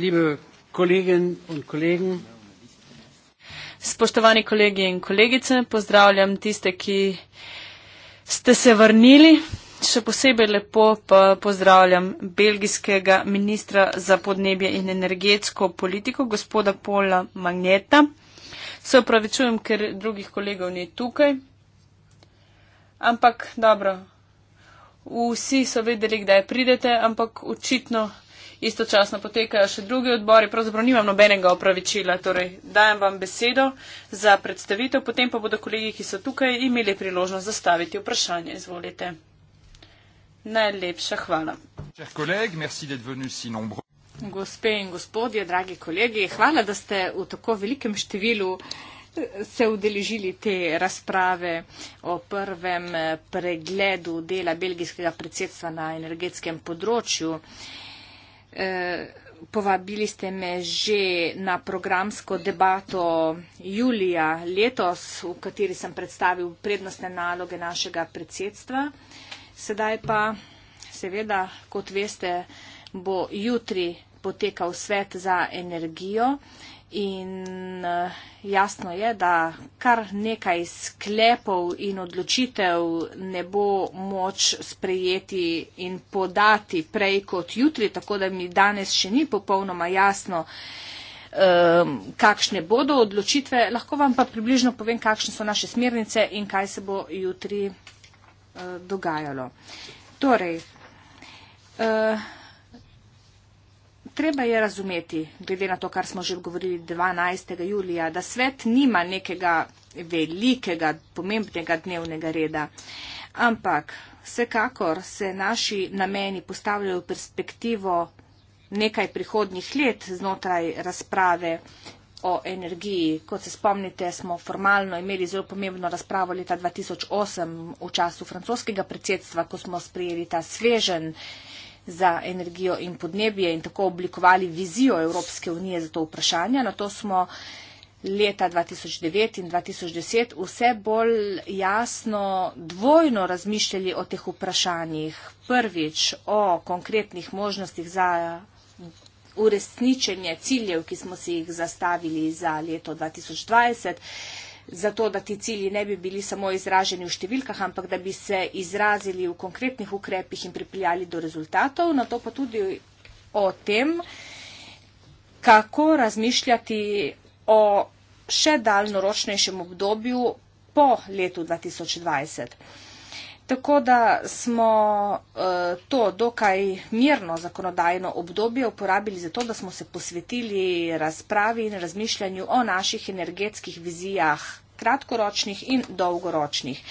liebe Kolleginnen und Kollegen. Spoštovani kolegi in kolegice, pozdravljam tiste, ki ste se vrnili. Še posebej lepo pa pozdravljam belgijskega ministra za podnebje in energetsko politiko, gospoda Pola Magneta. Se opravičujem, ker drugih kolegov ni tukaj. Ampak dobro, vsi so vedeli, kdaj pridete, ampak očitno istočasno potekajo še drugi odbori. Pravzaprav nimam nobenega opravičila, torej dajem vam besedo za predstavitev, potem pa bodo kolegi, ki so tukaj, imeli priložnost zastaviti vprašanje. Izvolite. Najlepša hvala. Gospe in gospodje, dragi kolegi, hvala, da ste v tako velikem številu eh, se udeležili te razprave o prvem eh, pregledu dela belgijskega predsedstva na energetskem področju. Uh, Eh, povabili ste me že na programsko debato julija letos, v kateri sem predstavil prednostne naloge našega predsedstva. Sedaj pa, seveda, kot veste, bo jutri potekal svet za energijo. In eh, jasno je, da kar nekaj sklepov in odločitev ne bo moč sprejeti in podati prej kot jutri, tako da mi danes še ni popolnoma jasno, ehm, kakšne bodo odločitve. Lahko vam pa približno povem, kakšne so naše smernice in kaj se bo jutri eh, dogajalo. Torej, eh, treba je razumeti, glede na to, kar smo že govorili 12. julija, da svet nima nekega velikega, pomembnega dnevnega reda, ampak vsekakor se naši nameni postavljajo v perspektivo nekaj prihodnjih let znotraj razprave o energiji. Kot se spomnite, smo formalno imeli zelo pomembno razpravo leta 2008 v času francoskega predsedstva, ko smo sprejeli ta svežen za energijo in podnebje in tako oblikovali vizijo Evropske unije za to vprašanje. Na to smo leta 2009 in 2010 vse bolj jasno dvojno razmišljali o teh vprašanjih. Prvič o konkretnih možnostih za uresničenje ciljev, ki smo si jih zastavili za leto 2020 zato da ti cilji ne bi bili samo izraženi v številkah, ampak da bi se izrazili v konkretnih ukrepih in pripeljali do rezultatov, na to pa tudi o tem, kako razmišljati o še daljnoročnejšem obdobju po letu 2020. Tako da smo eh, to dokaj mirno zakonodajno obdobje uporabili za to, da smo se posvetili razpravi in razmišljanju o naših energetskih vizijah kratkoročnih in dolgoročnih.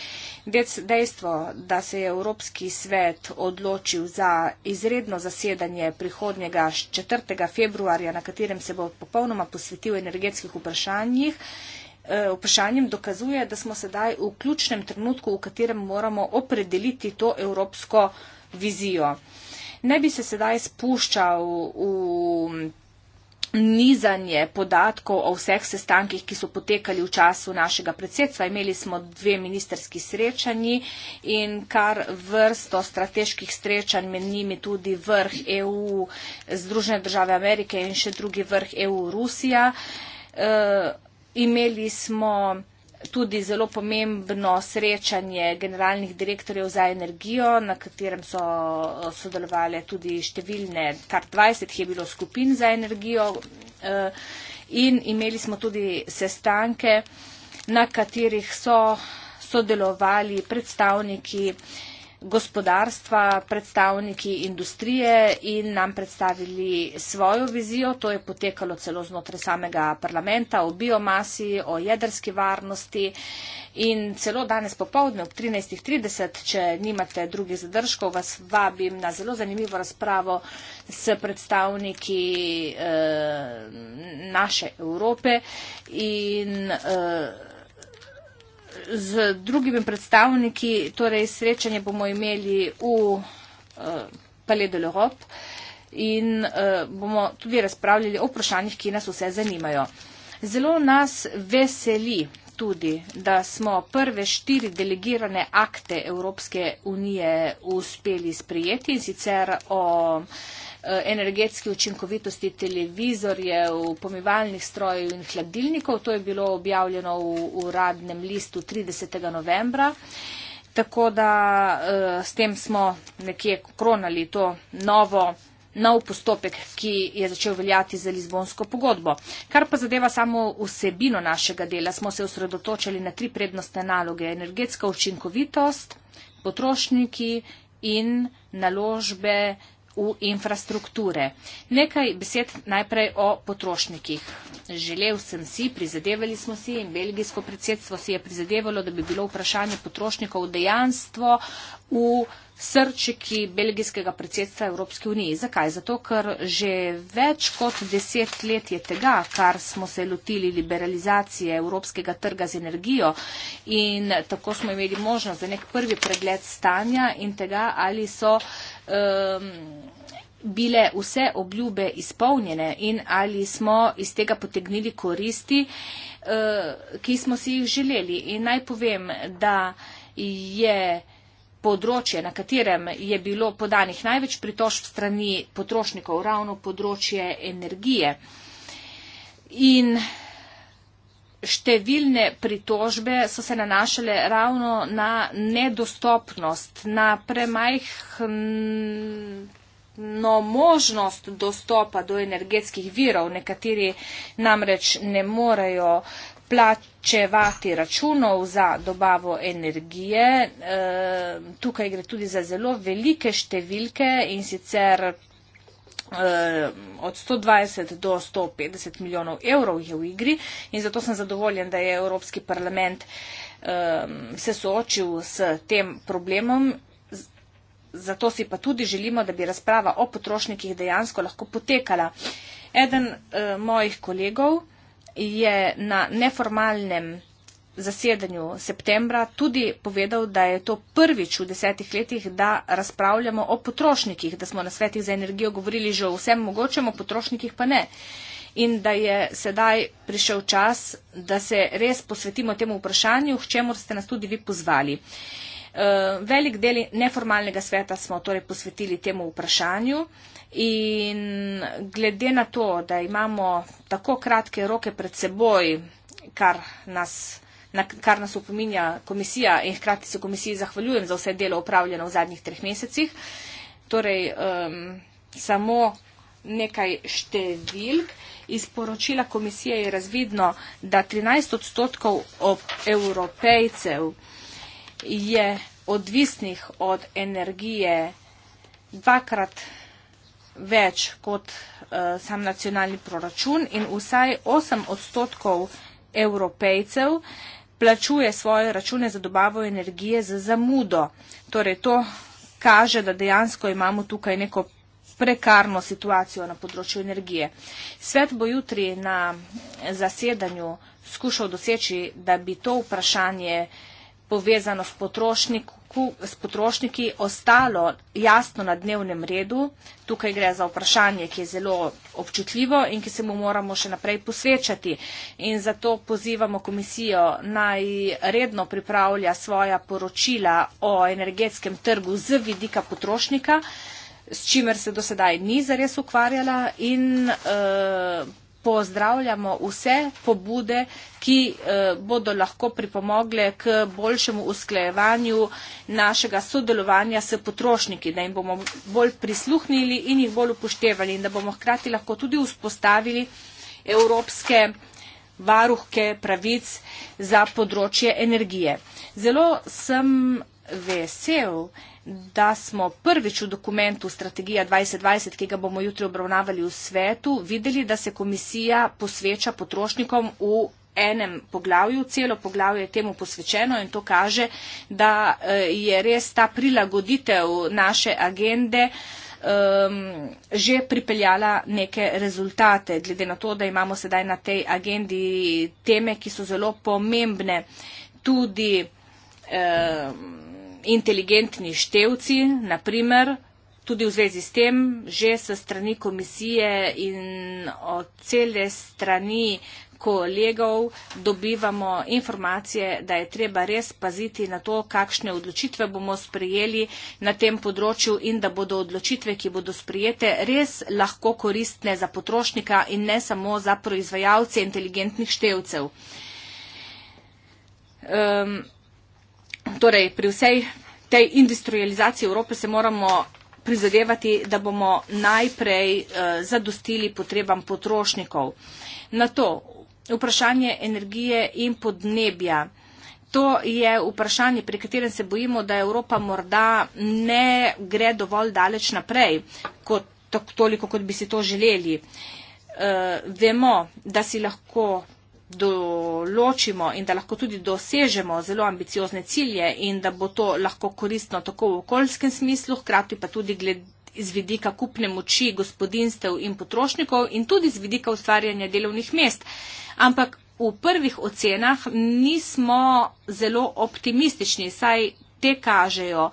Dejstvo, da se je Evropski svet odločil za izredno zasedanje prihodnjega 4. februarja, na katerem se bo popolnoma posvetil energetskih vprašanjih, Eh, vprašanjem dokazuje, da smo sedaj v ključnem trenutku, v katerem moramo opredeliti to evropsko vizijo. Ne bi se sedaj spuščal v nizanje podatkov o vseh sestankih, ki so potekali v času našega predsedstva. Imeli smo dve ministerski srečanji in kar vrsto strateških srečanj med njimi tudi vrh EU, Združene države Amerike in še drugi vrh EU-Rusija. Uh, eh, Imeli smo tudi zelo pomembno srečanje generalnih direktorjev za energijo, na katerem so eh, sodelovali tudi številne, kar 20 je bilo skupin za energijo. Eh, in imeli smo tudi sestanke, na katerih so sodelovali predstavniki eh, gospodarstva, predstavniki industrije in nam predstavili svojo vizijo. To je potekalo celo znotraj samega parlamenta o biomasi, o jedrski varnosti in celo danes popovdne ob 13.30, če nimate drugih zadržkov, vas vabim na zelo zanimivo razpravo s predstavniki eh, naše Evrope in eh, z drugimi predstavniki, torej srečanje bomo imeli v eh, Palais de l'Europe in eh, bomo tudi razpravljali o vprašanjih, ki nas vse zanimajo. Zelo nas veseli tudi, da smo prve štiri delegirane akte Evropske unije uspeli sprijeti in sicer o Eh, energetski učinkovitosti televizorjev, pomivalnih strojev in hladilnikov. To je bilo objavljeno v uradnem listu 30. novembra. Tako da eh, s tem smo nekje kronali to novo nov postopek, ki je začel veljati za Lizbonsko pogodbo. Kar pa zadeva samo vsebino našega dela, smo se osredotočili na tri prednostne naloge. Energetska učinkovitost, potrošniki in naložbe v infrastrukture. Nekaj besed najprej o potrošnikih. Želel sem si, prizadevali smo si in belgijsko predsedstvo si je prizadevalo, da bi bilo vprašanje potrošnikov dejansko v srčiki belgijskega predsedstva Evropske unije. Zakaj? Zato, ker že več kot deset let je tega, kar smo se lotili liberalizacije evropskega trga z energijo in tako smo imeli možnost za nek prvi pregled stanja in tega, ali so um, bile vse obljube izpolnjene in ali smo iz tega potegnili koristi, uh, ki smo si jih želeli. In naj povem, da je področje, na katerem je bilo podanih največ pritožb strani potrošnikov, ravno področje energije. In številne pritožbe so se nanašale ravno na nedostopnost, na premajhno možnost dostopa do energetskih virov. Nekateri namreč ne morejo plačevati računov za dobavo energije. Ehm, tukaj gre tudi za zelo velike številke in sicer ehm, od 120 do 150 milijonov evrov je v igri in zato sem zadovoljen, da je Evropski parlament ehm, se soočil s tem problemom. Zato si pa tudi želimo, da bi razprava o potrošnikih dejansko lahko potekala. Eden mojih kolegov, je na neformalnem zasedanju septembra tudi povedal, da je to prvič v desetih letih, da razpravljamo o potrošnikih, da smo na svetih za energijo govorili že o vsem mogočem, o potrošnikih pa ne. In da je sedaj prišel čas, da se res posvetimo temu vprašanju, k čemu ste nas tudi vi pozvali. Uh, Eh, velik del neformalnega sveta smo torej posvetili temu vprašanju in glede na to, da imamo tako kratke roke pred seboj, kar nas na kar nas upominja komisija in hkrati se komisiji zahvaljujem za vse delo upravljeno v zadnjih treh mesecih. Torej, um, samo nekaj številk. Iz poročila komisije je razvidno, da 13 odstotkov od evropejcev je odvisnih od energije dvakrat več kot uh, sam nacionalni proračun in vsaj 8 odstotkov evropejcev plačuje svoje račune za dobavo energije z zamudo. Torej to kaže, da dejansko imamo tukaj neko prekarno situacijo na področju energije. Svet bo jutri na zasedanju skušal doseči, da bi to vprašanje uh, povezano s, s potrošniki, ostalo jasno na dnevnem redu. Tukaj gre za vprašanje, ki je zelo občutljivo in ki se mu moramo še naprej posvečati. In zato pozivamo komisijo naj redno pripravlja svoja poročila o energetskem trgu z vidika potrošnika, s čimer se do sedaj ni zares ukvarjala in uh, pozdravljamo vse pobude, ki eh, bodo lahko pripomogle k boljšemu usklejevanju našega sodelovanja s potrošniki, da jim bomo bolj prisluhnili in jih bolj upoštevali in da bomo hkrati lahko tudi vzpostavili evropske varuhke pravic za področje energije. Zelo sem vesel, da smo prvič v dokumentu Strategija 2020, ki ga bomo jutri obravnavali v svetu, videli, da se komisija posveča potrošnikom v enem poglavju, celo poglavje je temu posvečeno in to kaže, da eh, je res ta prilagoditev naše agende um, že pripeljala neke rezultate, glede na to, da imamo sedaj na tej agendi teme, ki so zelo pomembne tudi um, inteligentni števci, naprimer, tudi v zvezi s tem, že s strani komisije in od cele strani kolegov dobivamo informacije, da je treba res paziti na to, kakšne odločitve bomo sprejeli na tem področju in da bodo odločitve, ki bodo sprejete, res lahko koristne za potrošnika in ne samo za proizvajalce inteligentnih števcev. Um, Torej, pri vsej tej industrializaciji Evrope se moramo prizadevati, da bomo najprej uh, zadostili potrebam potrošnikov. Na to vprašanje energije in podnebja. To je vprašanje, pri katerem se bojimo, da Evropa morda ne gre dovolj daleč naprej, kot, toliko kot bi si to želeli. Uh, vemo, da si lahko določimo in da lahko tudi dosežemo zelo ambiciozne cilje in da bo to lahko koristno tako v okoljskem smislu, hkrati pa tudi gled, iz vidika kupne moči gospodinstev in potrošnikov in tudi iz vidika ustvarjanja delovnih mest. Ampak v prvih ocenah nismo zelo optimistični, saj te kažejo,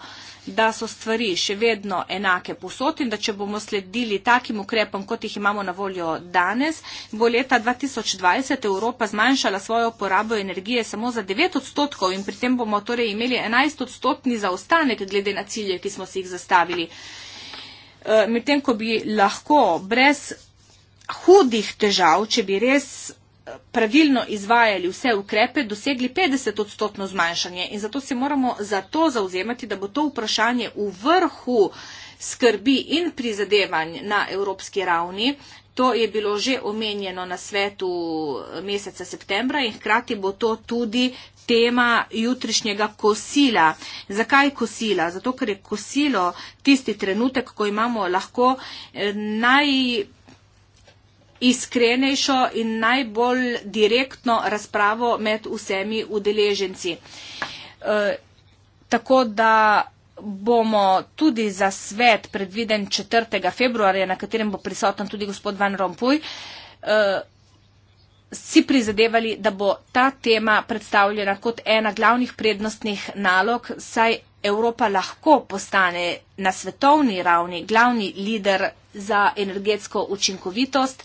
da so stvari še vedno enake posod in da če bomo sledili takim ukrepom, kot jih imamo na voljo danes, bo leta 2020 Evropa zmanjšala svojo porabo energije samo za 9 odstotkov in pri tem bomo torej imeli 11 odstotni zaostanek glede na cilje, ki smo si jih zastavili. E, medtem, ko bi lahko brez hudih težav, če bi res pravilno izvajali vse ukrepe, dosegli 50 odstotno zmanjšanje. In zato se moramo za to zauzemati, da bo to vprašanje v vrhu skrbi in prizadevanj na evropski ravni. To je bilo že omenjeno na svetu meseca septembra in hkrati bo to tudi tema jutrišnjega kosila. Zakaj kosila? Zato, ker je kosilo tisti trenutek, ko imamo lahko eh, naj iskrenejšo in najbolj direktno razpravo med vsemi udeleženci. E, tako da bomo tudi za svet predviden 4. februarja, na katerem bo prisoten tudi gospod Van Rompuy, e, si prizadevali, da bo ta tema predstavljena kot ena glavnih prednostnih nalog, saj Evropa lahko postane na svetovni ravni glavni lider za energetsko učinkovitost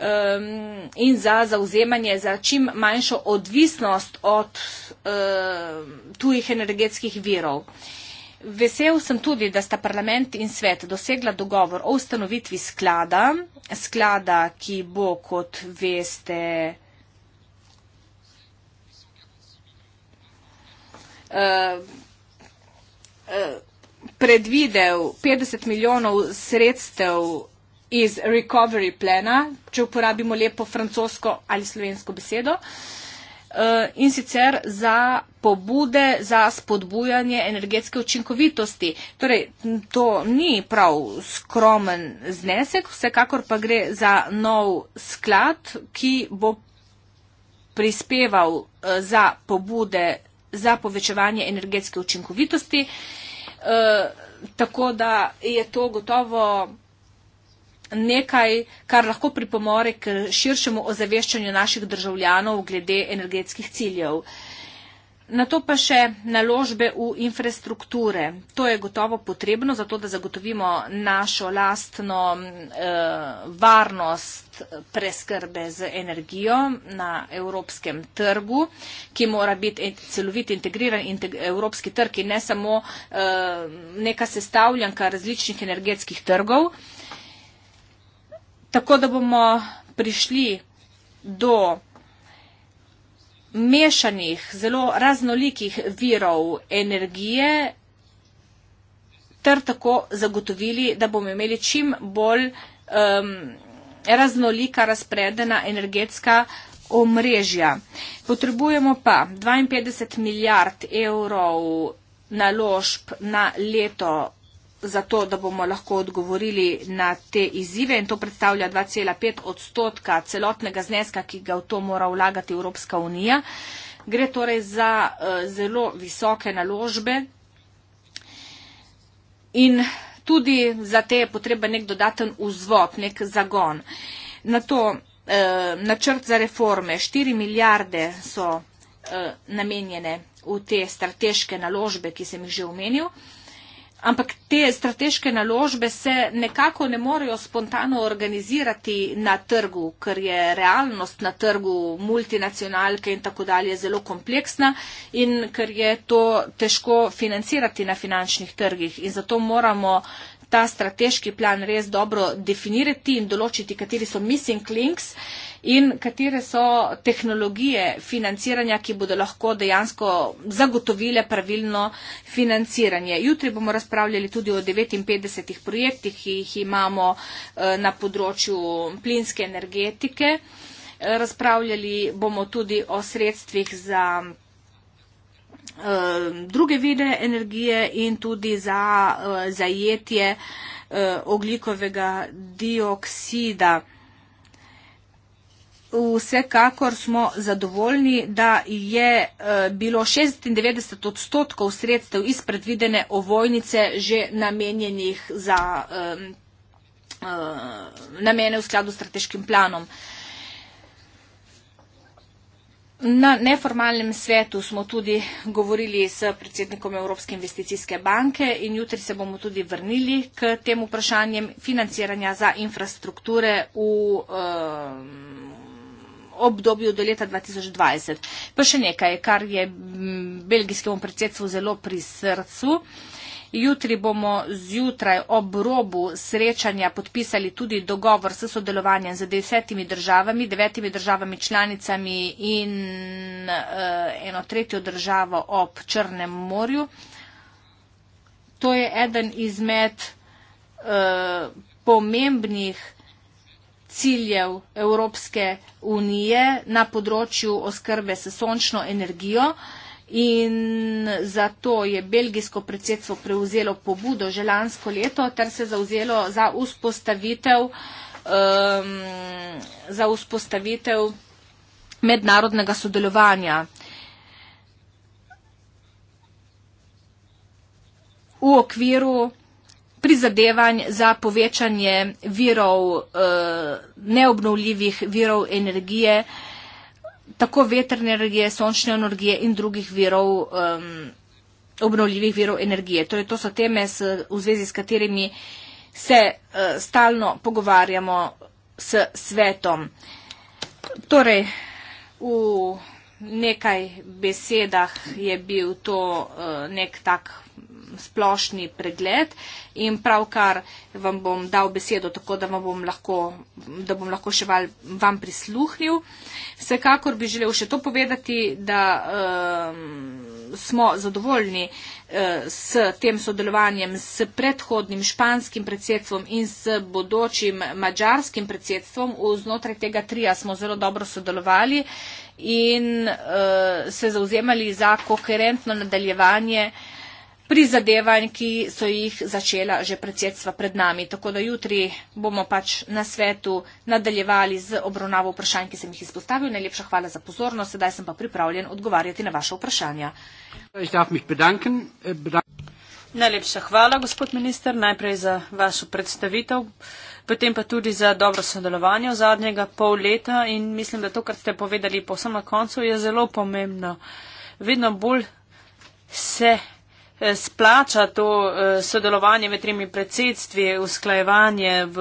um, in za zauzemanje za čim manjšo odvisnost od um, tujih energetskih virov. Vesel sem tudi, da sta parlament in svet dosegla dogovor o ustanovitvi sklada, sklada, ki bo, kot veste, uh, uh, predvidel 50 milijonov sredstev iz recovery plana, če uporabimo lepo francosko ali slovensko besedo, eh, in sicer za pobude za spodbujanje energetske učinkovitosti. Torej, to ni prav skromen znesek, vsekakor pa gre za nov sklad, ki bo prispeval eh, za pobude za povečevanje energetske učinkovitosti. Eh, tako da je to gotovo nekaj, kar lahko pripomore k širšemu ozaveščanju naših državljanov glede energetskih ciljev. Uh, Na to pa še naložbe v infrastrukture. To je gotovo potrebno, zato da zagotovimo našo lastno eh, varnost preskrbe z energijo na evropskem trgu, ki mora biti celovit integriran integ evropski trg in ne samo eh, neka sestavljanka različnih energetskih trgov. Tako da bomo prišli do mešanih, zelo raznolikih virov energije ter tako zagotovili, da bomo imeli čim bolj um, raznolika razpredena energetska omrežja. Potrebujemo pa 52 milijard evrov naložb na leto zato, da bomo lahko odgovorili na te izzive in to predstavlja 2,5 odstotka celotnega zneska, ki ga v to mora vlagati Evropska unija. Gre torej za eh, zelo visoke naložbe in tudi za te je potreben nek dodaten vzvod, nek zagon. Na to eh, načrt za reforme, 4 milijarde so eh, namenjene v te strateške naložbe, ki sem jih že omenil ampak te strateške naložbe se nekako ne morejo spontano organizirati na trgu, ker je realnost na trgu multinacionalke in tako dalje zelo kompleksna in ker je to težko financirati na finančnih trgih. In zato moramo ta strateški plan res dobro definirati in določiti, kateri so missing links in katere so tehnologije financiranja, ki bodo lahko dejansko zagotovile pravilno financiranje. Jutri bomo razpravljali tudi o 59 projektih, ki jih imamo eh, na področju plinske energetike. Eh, razpravljali bomo tudi o sredstvih za eh, druge vide energije in tudi za zajetje ogljikovega dioksida. Vsekakor smo zadovoljni, da je eh, bilo 96 odstotkov sredstev iz predvidene ovojnice že namenjenih za eh, namene v skladu s strateškim planom. Na neformalnem svetu smo tudi govorili s predsednikom Evropske investicijske banke in jutri se bomo tudi vrnili k tem vprašanjem financiranja za infrastrukture v um, obdobju do leta 2020. Pa še nekaj, kar je belgijskemu predsedstvu zelo pri srcu. Jutri bomo zjutraj ob robu srečanja podpisali tudi dogovor s sodelovanjem z desetimi državami, devetimi državami članicami in uh, eno tretjo državo ob Črnem morju. To je eden izmed uh, pomembnih ciljev Evropske unije na področju oskrbe s sončno energijo. In zato je belgijsko predsedstvo prevzelo pobudo že lansko leto ter se zauzelo za vzpostavitev, um, za vzpostavitev mednarodnega sodelovanja. V okviru prizadevanj za povečanje virov, eh, neobnovljivih virov energije, tako veterne energije, sončne energije in drugih virov, eh, obnovljivih virov energije. Torej, to so teme, v zvezi s katerimi se eh, stalno pogovarjamo s svetom. Torej, v nekaj besedah je bil to nek tak splošni pregled in pravkar vam bom dal besedo, tako da vam bom lahko, da bom lahko še val, vam prisluhnil. Vsekakor bi želel še to povedati, da uh, smo zadovoljni uh, s tem sodelovanjem s predhodnim španskim predsedstvom in s bodočim mađarskim predsedstvom. Vznotraj tega trija smo zelo dobro sodelovali in uh, se zauzemali za koherentno nadaljevanje uh, prizadevanj, ki so jih začela že predsedstva pred nami. Tako da jutri bomo pač na svetu nadaljevali z obravnavo vprašanj, ki sem jih izpostavil. Najlepša hvala za pozornost, sedaj sem pa pripravljen odgovarjati na vaše vprašanja. Äh, Najlepša hvala, gospod minister, najprej za vašo predstavitev, potem pa tudi za dobro sodelovanje v zadnjega pol leta in mislim, da to, kar ste povedali povsem na koncu, je zelo pomembno. Vedno bolj se Eh, splača to eh, sodelovanje med tremi predsedstvi, usklajevanje v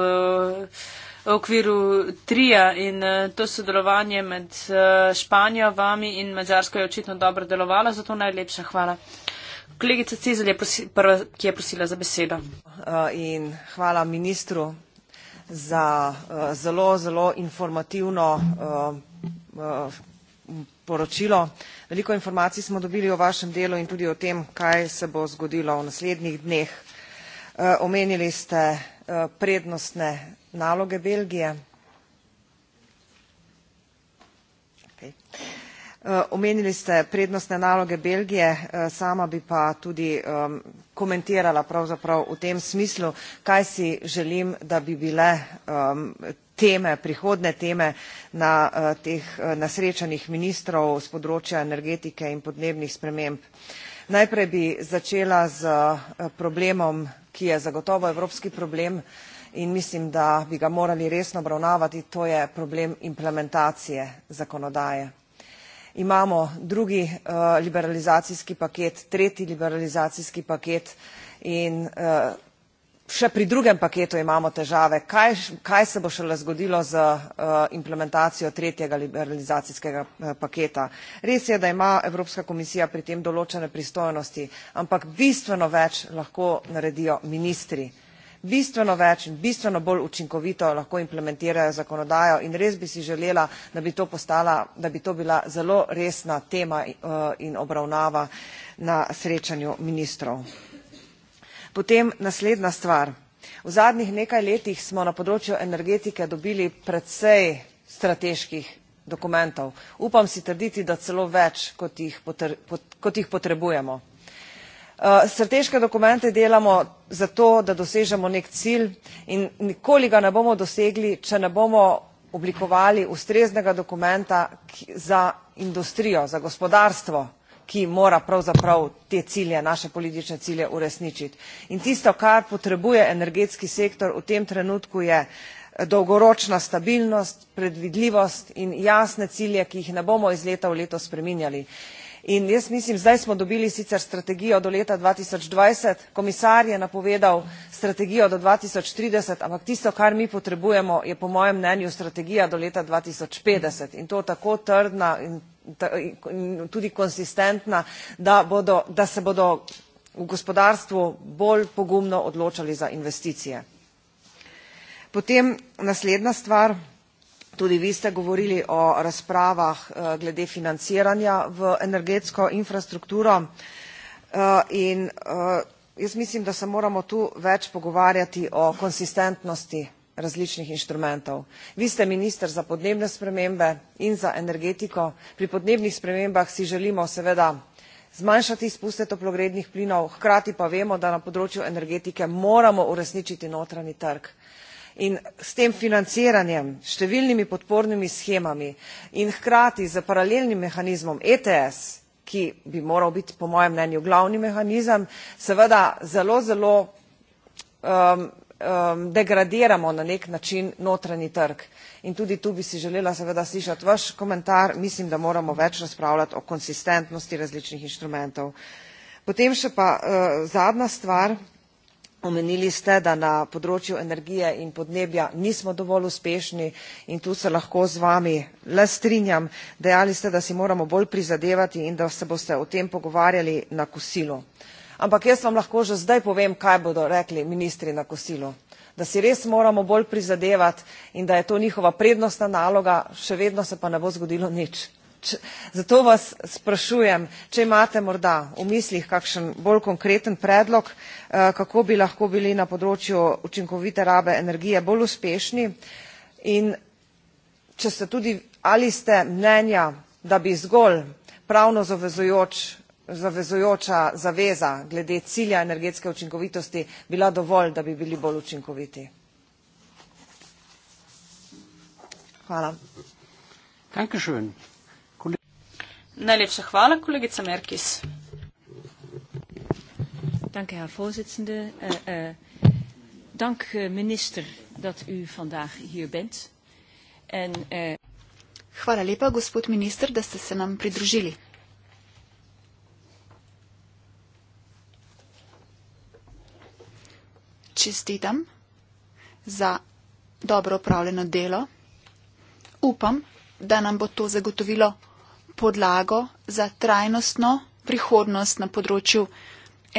okviru trija in eh, to sodelovanje med Španijo, vami in Mačarsko je očitno dobro delovalo, zato najlepša hvala. Kolegica Cezelj je prva, ki je prosila za besedo. In hvala ministru za zelo, zelo informativno poročilo. Veliko informacij smo dobili o vašem delu in tudi o tem, kaj se bo zgodilo v naslednjih dneh. Eh, eh, eh, omenili ste prednostne naloge Belgije. Omenili ste prednostne naloge Belgije, sama bi pa tudi ehm, komentirala pravzaprav v tem smislu, kaj si želim, da bi bile ehm, teme, prihodne teme na eh, teh eh, nasrečanih ministrov z področja energetike in podnebnih sprememb. Najprej bi začela z eh, problemom, ki je zagotovo evropski problem in mislim, da bi ga morali resno obravnavati, to je problem implementacije zakonodaje. Imamo drugi uh, liberalizacijski paket, tretji liberalizacijski paket in uh, še pri drugem paketu imamo težave. Kaj, kaj se bo šele zgodilo z uh, implementacijo tretjega liberalizacijskega uh, paketa? Res je, da ima Evropska komisija pri tem določene pristojnosti, ampak bistveno več lahko naredijo ministri. Bistveno več in bistveno bolj učinkovito lahko implementirajo zakonodajo in res bi si želela, da bi to, postala, da bi to bila zelo resna tema uh, in obravnava na srečanju ministrov. Potem naslednja stvar. V zadnjih nekaj letih smo na področju energetike dobili predvsej strateških dokumentov. Upam si trditi, da celo več, kot jih, potr kot jih potrebujemo. Eh, strateške dokumente delamo zato, da dosežemo nek cilj in nikoli ga ne bomo dosegli, če ne bomo oblikovali ustreznega dokumenta za industrijo, za gospodarstvo, ki mora pravzaprav te cilje, naše politične cilje uresničiti. In tisto, kar potrebuje energetski sektor v tem trenutku je eh, dolgoročna stabilnost, predvidljivost in jasne cilje, ki jih ne bomo iz leta v leto spreminjali in jaz mislim zdaj smo dobili sicer strategijo do leta dva tisoč dvajset komisar je napovedal strategijo do dva tisoč trideset ampak tisto kar mi potrebujemo je po mojem mnenju strategija do leta dva tisoč petdeset in to tako trdna in tudi konsistentna da bodo da se bodo v gospodarstvu bolj pogumno odločali za investicije potem naslednja stvar Tudi vi ste govorili o razpravah eh, glede financiranja v energetsko infrastrukturo eh, in eh, jaz mislim, da se moramo tu več pogovarjati o konsistentnosti različnih inštrumentov. Vi ste minister za podnebne spremembe in za energetiko. Pri podnebnih spremembah si želimo seveda zmanjšati izpuste toplogrednih plinov, hkrati pa vemo, da na področju energetike moramo uresničiti notranji trg in s tem financiranjem, številnimi podpornimi schemami in hkrati z paralelnim mehanizmom ETS, ki bi moral biti po mojem mnenju glavni mehanizem, seveda zelo, zelo um, um, degradiramo na nek način notranji trg. In tudi tu bi si želela seveda slišati vaš komentar. Mislim, da moramo več razpravljati o konsistentnosti različnih inštrumentov. Potem še pa uh, zadnja stvar. Omenili ste, da na področju energije in podnebja nismo dovolj uspešni in tu se lahko z vami le strinjam. Dejali ste, da si moramo bolj prizadevati in da se boste o tem pogovarjali na kosilo. Ampak jaz vam lahko že zdaj povem, kaj bodo rekli ministri na kosilo. Da si res moramo bolj prizadevati in da je to njihova prednostna naloga, še vedno se pa ne bo zgodilo nič. Zato vas sprašujem, če imate morda v mislih kakšen bolj konkreten predlog, eh, kako bi lahko bili na področju učinkovite rabe energije bolj uspešni in če ste tudi, ali ste mnenja, da bi zgolj pravno zavezujoč, zavezujoča zaveza glede cilja energetske učinkovitosti bila dovolj, da bi bili bolj učinkoviti. Hvala. Dankeschön. Najlepša hvala, kolegica Merkis. Danke, herr Vorsitzende. Uh, uh, dank, uh, minister, dat u vandaag hier bent. En, uh, hvala lepa, gospod minister, da ste se nam pridružili. Čestitam za dobro upravljeno delo. Upam, da nam bo to zagotovilo podlago za trajnostno prihodnost na področju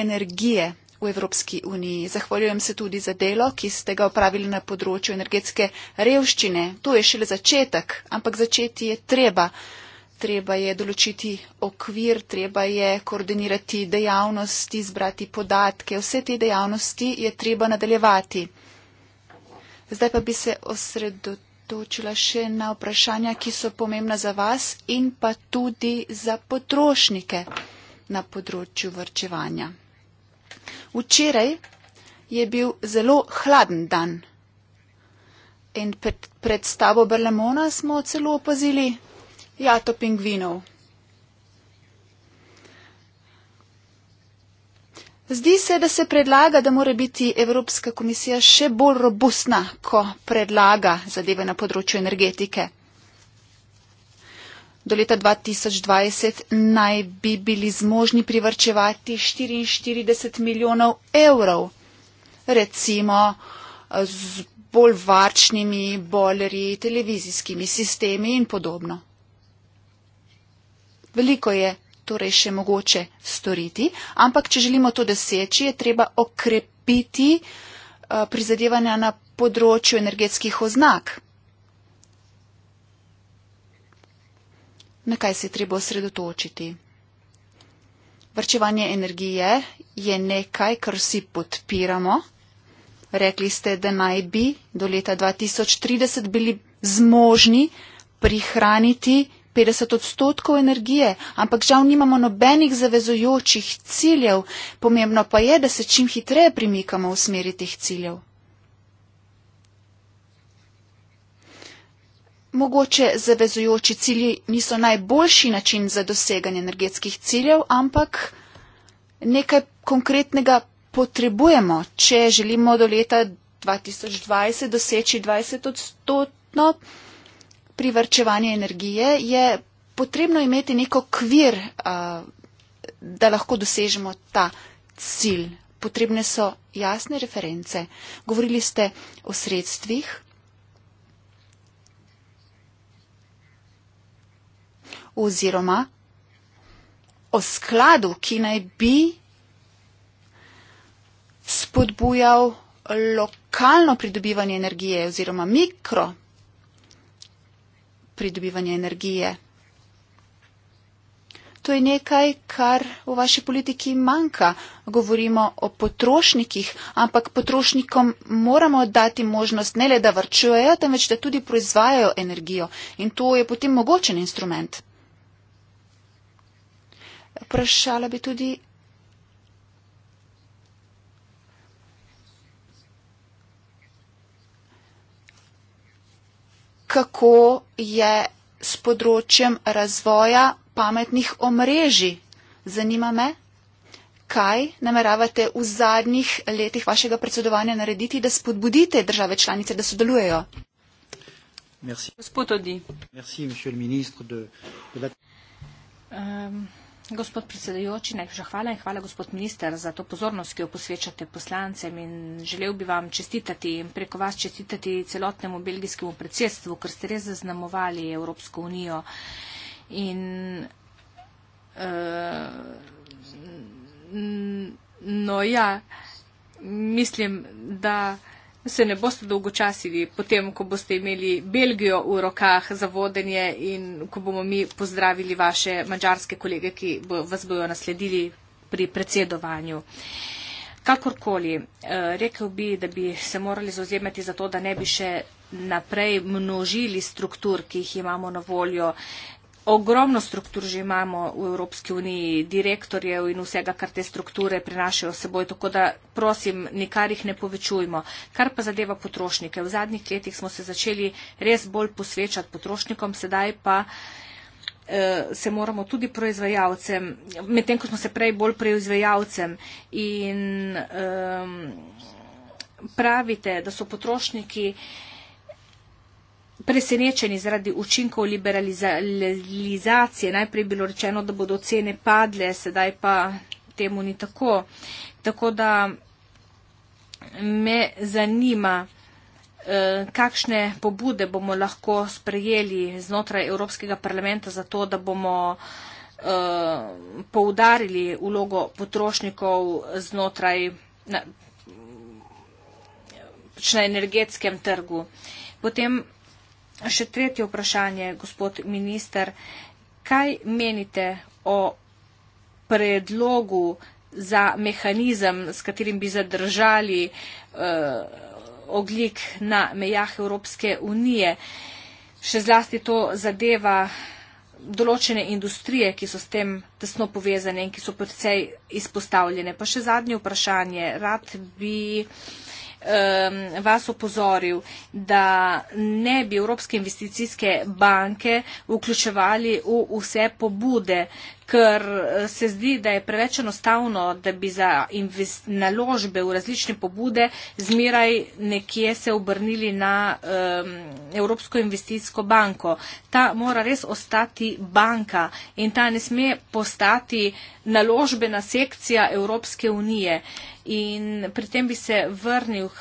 energije v Evropski uniji. Zahvaljujem se tudi za delo, ki ste ga opravili na področju energetske revščine. To je šele začetek, ampak začeti je treba. Treba je določiti okvir, treba je koordinirati dejavnosti, zbrati podatke. Vse te dejavnosti je treba nadaljevati. Zdaj pa bi se osredotočili osredotočila še na vprašanja, ki so pomembna za vas in pa tudi za potrošnike na področju vrčevanja. Včeraj je bil zelo hladen dan in pred, pred stavo Berlemona smo celo opazili jato pingvinov. Zdi se, da se predlaga, da mora biti Evropska komisija še bolj robustna, ko predlaga zadeve na področju energetike. Do leta 2020 naj bi bili zmožni privrčevati 44 milijonov evrov, recimo z bolj varčnimi bolerji, televizijskimi sistemi in podobno. Veliko je torej še mogoče storiti, ampak če želimo to doseči, je treba okrepiti eh, prizadevanja na področju energetskih oznak. Na kaj se je treba osredotočiti? Vrčevanje energije je nekaj, kar vsi podpiramo. Rekli ste, da naj bi do leta 2030 bili zmožni prihraniti 50 odstotkov energije, ampak žal nimamo nobenih zavezujočih ciljev. Pomembno pa je, da se čim hitreje primikamo v smeri teh ciljev. Mogoče zavezujoči cilji niso najboljši način za doseganje energetskih ciljev, ampak nekaj konkretnega potrebujemo, če želimo do leta 2020 doseči 20 odstotkov pri varčevanju energije, je potrebno imeti neko kvir, eh, da lahko dosežemo ta cilj. Potrebne so jasne reference. Govorili ste o sredstvih, oziroma o skladu, ki naj bi spodbujal lokalno pridobivanje energije oziroma mikro pridobivanje energije. To je nekaj, kar v vaši politiki manjka. Govorimo o potrošnikih, ampak potrošnikom moramo dati možnost ne le, da vrčujejo, temveč, da tudi proizvajajo energijo. In to je potem mogočen instrument. Vprašala bi tudi, kako je s področjem razvoja pametnih omrežij. Zanima me, kaj nameravate v zadnjih letih vašega predsedovanja narediti, da spodbudite države članice, da sodelujejo. Merci. Gospod Odi. Merci, Gospod predsedujoči, najprej hvala in hvala gospod minister za to pozornost, ki jo posvečate poslancem in želel bi vam čestitati in preko vas čestitati celotnemu belgijskemu predsedstvu, ker ste res zaznamovali Evropsko unijo. In, uh, no ja, mislim, da se ne boste dolgočasili, potem, ko boste imeli Belgijo v rokah za vodenje in ko bomo mi pozdravili vaše mađarske kolege, ki bo, vas bojo nasledili pri predsedovanju. Kakorkoli, eh, rekel bi, da bi se morali zauzemati za to, da ne bi še naprej množili struktur, ki jih imamo na voljo, ogromno struktur že imamo v Evropski uniji, direktorjev in vsega, kar te strukture prinašajo s seboj, tako da prosim, nikar jih ne povečujmo. Kar pa zadeva potrošnike, v zadnjih letih smo se začeli res bolj posvečati potrošnikom, sedaj pa eh, se moramo tudi proizvajalcem, medtem ko smo se prej bolj proizvajalcem in um, pravite, da so potrošniki uh, presenečeni zaradi učinkov liberalizacije. Najprej je bilo rečeno, da bodo cene padle, sedaj pa temu ni tako. Tako da me zanima, eh, kakšne pobude bomo lahko sprejeli znotraj Evropskega parlamenta za to, da bomo eh, poudarili vlogo potrošnikov znotraj na, pač na energetskem trgu. Potem Še tretje vprašanje, gospod minister. Kaj menite o predlogu za mehanizem, s katerim bi zadržali eh, oglik na mejah Evropske unije? Še zlasti to zadeva določene industrije, ki so s tem tesno povezane in ki so predvsej izpostavljene. Pa še zadnje vprašanje. Rad bi eh, um, vas opozoril, da ne bi Evropske investicijske banke vključevali v vse pobude, ker eh, se zdi, da je preveč enostavno, da bi za naložbe v različne pobude zmeraj nekje se obrnili na um, Evropsko investicijsko banko. Ta mora res ostati banka in ta ne sme postati naložbena sekcija Evropske unije. Uh, In pri tem bi se vrnil k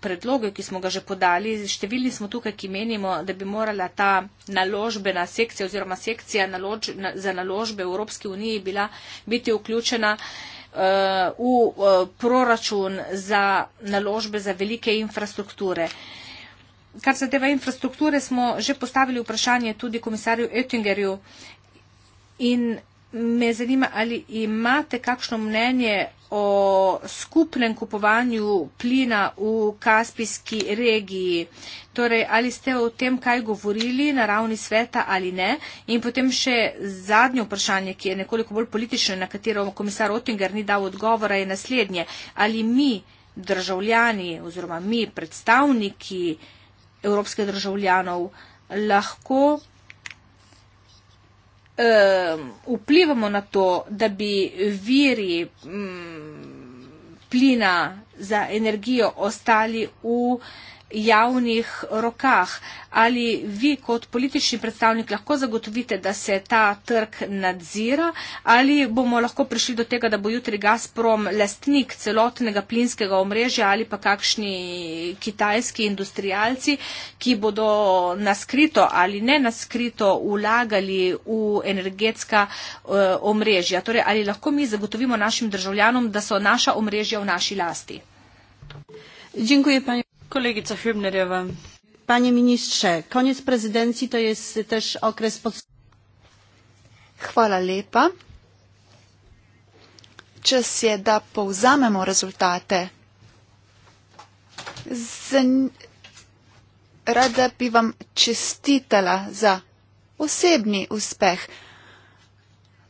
predlogu, ki smo ga že podali. Številni smo tukaj, ki menimo, da bi morala ta naložbena sekcija oziroma sekcija nalož, na, za naložbe v Evropski uniji bila biti vključena uh, v uh, proračun za naložbe za velike infrastrukture. Kar se deva infrastrukture, smo že postavili vprašanje tudi komisarju Oettingerju. In me zanima, ali imate kakšno mnenje o skupnem kupovanju plina v Kaspijski regiji. Torej, ali ste o tem kaj govorili na ravni sveta ali ne? In potem še zadnje vprašanje, ki je nekoliko bolj politično, na katero komisar Ottinger ni dal odgovora, je naslednje. Ali mi, državljani oziroma mi, predstavniki evropskih državljanov, lahko vplivamo na to, da bi viri m, mm, plina za energijo ostali v javnih rokah. Ali vi kot politični predstavnik lahko zagotovite, da se ta trg nadzira ali bomo lahko prišli do tega, da bo jutri Gazprom lastnik celotnega plinskega omrežja ali pa kakšni kitajski industrijalci, ki bodo naskrito ali ne naskrito vlagali v energetska uh, omrežja. Torej, ali lahko mi zagotovimo našim državljanom, da so naša omrežja v naši lasti? Dziękuję Pani kolegica Hübnerjeva. Panie ministrze, koniec prezydencji to jest też okres pod... Hvala lepa. Čas je, da povzamemo rezultate. Z... Rada bi vam čestitala za osebni uspeh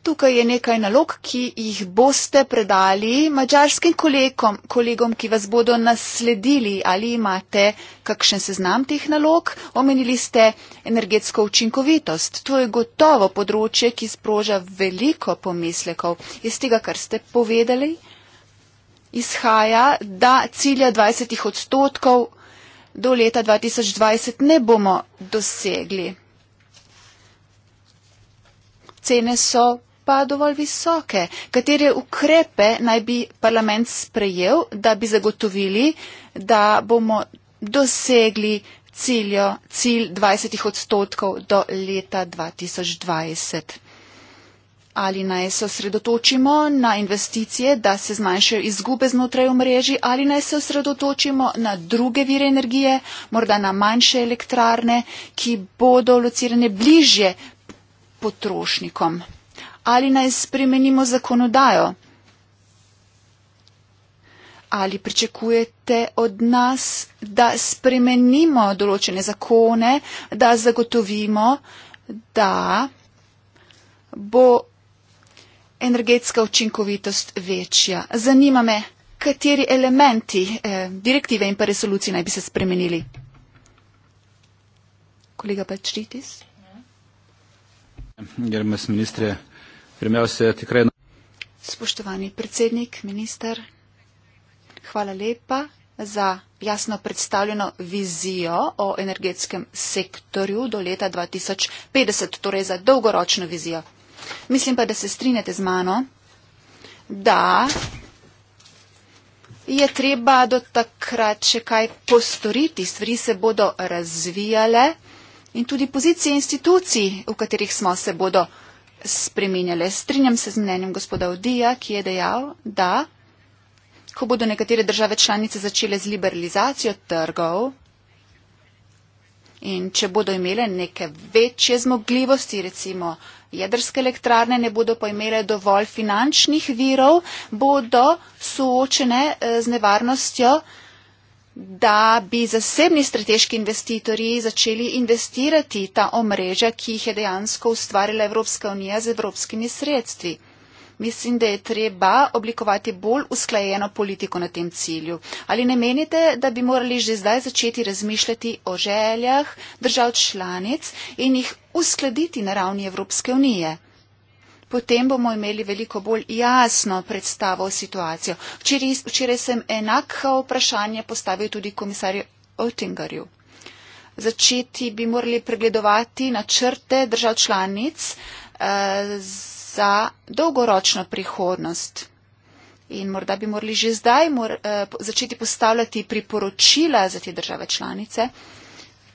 tukaj je nekaj nalog, ki jih boste predali mačarskim kolegom, kolegom, ki vas bodo nasledili. Ali imate kakšen seznam teh nalog? Omenili ste energetsko učinkovitost. To je gotovo področje, ki sproža veliko pomislekov. Iz tega, kar ste povedali, izhaja, da cilja 20 odstotkov do leta 2020 ne bomo dosegli. Cene so pa dovolj visoke? Katere ukrepe naj bi parlament sprejel, da bi zagotovili, da bomo dosegli ciljo, cilj 20 odstotkov do leta 2020? Ali naj se osredotočimo na investicije, da se zmanjšajo izgube znotraj omrežji, ali naj se osredotočimo na druge vire energije, morda na manjše elektrarne, ki bodo locirane bližje potrošnikom ali naj spremenimo zakonodajo? Ali pričakujete od nas, da spremenimo določene zakone, da zagotovimo, da bo energetska učinkovitost večja? Zanima me, kateri elementi eh, direktive in pa resolucije naj bi se spremenili. Kolega Pačritis. Ja, mislim, ministre. Pirmiausia, tikrai. Spoštovani predsednik, minister, hvala lepa za jasno predstavljeno vizijo o energetskem sektorju do leta 2050, torej za dolgoročno vizijo. Mislim pa, da se strinjate z mano, da je treba do takrat še kaj postoriti, stvari se bodo razvijale in tudi pozicije institucij, v katerih smo se bodo razvijale spremenjale. Strinjam se z mnenjem gospoda Odija, ki je dejal, da ko bodo nekatere države članice začele z liberalizacijo trgov in če bodo imele neke večje zmogljivosti, recimo jedrske elektrarne, ne bodo pa imele dovolj finančnih virov, bodo soočene eh, z nevarnostjo, da bi zasebni strateški investitorji začeli investirati ta omrežja, ki jih je dejansko ustvarila Evropska unija z evropskimi sredstvi. Mislim, da je treba oblikovati bolj usklajeno politiko na tem cilju. Ali ne menite, da bi morali že zdaj začeti razmišljati o željah držav članic in jih uskladiti na ravni Evropske unije? potem bomo imeli veliko bolj jasno predstavo o situacijo. Včeraj, včeraj sem enako vprašanje postavil tudi komisarju Oettingerju. Začeti bi morali pregledovati načrte držav članic eh, za dolgoročno prihodnost. In morda bi morali že zdaj mor, eh, začeti postavljati priporočila za te države članice, eh,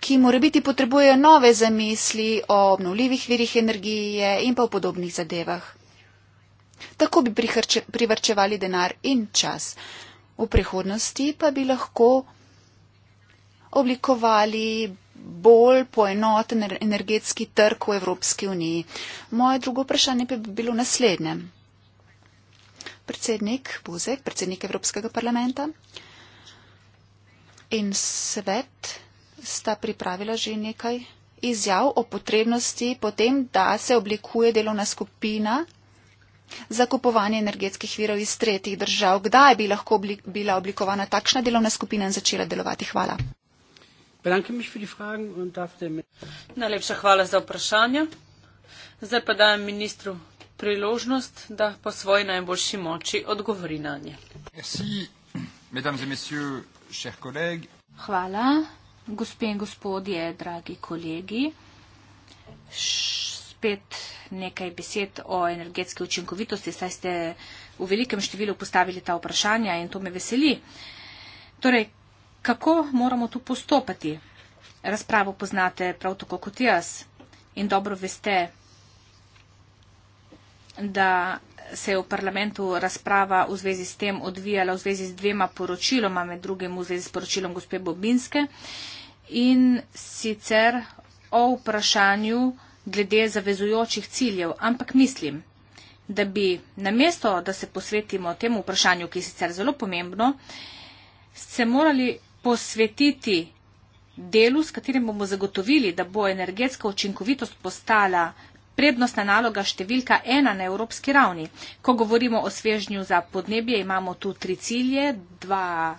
ki morebiti potrebujejo nove zamisli o obnovljivih virih energije in pa o podobnih zadevah. Tako bi priharče, privrčevali denar in čas. V prihodnosti pa bi lahko oblikovali bolj poenoten energetski trg v Evropski uniji. Moje drugo vprašanje pa bi bilo naslednje. Predsednik Buzek, predsednik Evropskega parlamenta in svet sta pripravila že nekaj izjav o potrebnosti potem, da se oblikuje delovna skupina za kupovanje energetskih virov iz tretjih držav. Kdaj bi lahko oblik bila oblikovana takšna delovna skupina in začela delovati? Hvala. Najlepša hvala za vprašanje. Zdaj pa dajem ministru priložnost, da po svoji najboljši moči odgovori na nje. Hvala, Gospe in gospodje, dragi kolegi, spet nekaj besed o energetski učinkovitosti, saj ste v velikem številu postavili ta vprašanja in to me veseli. Torej, kako moramo tu postopati? Razpravo poznate prav tako kot jaz in dobro veste, da se je v parlamentu razprava v zvezi s tem odvijala v zvezi z dvema poročiloma, med drugim v zvezi s poročilom gospe Bobinske in sicer o vprašanju glede zavezujočih ciljev. Ampak mislim, da bi namesto, da se posvetimo temu vprašanju, ki je sicer zelo pomembno, se morali posvetiti delu, s katerim bomo zagotovili, da bo energetska učinkovitost postala prednostna naloga številka ena na evropski ravni. Ko govorimo o svežnju za podnebje, imamo tu tri cilje, dva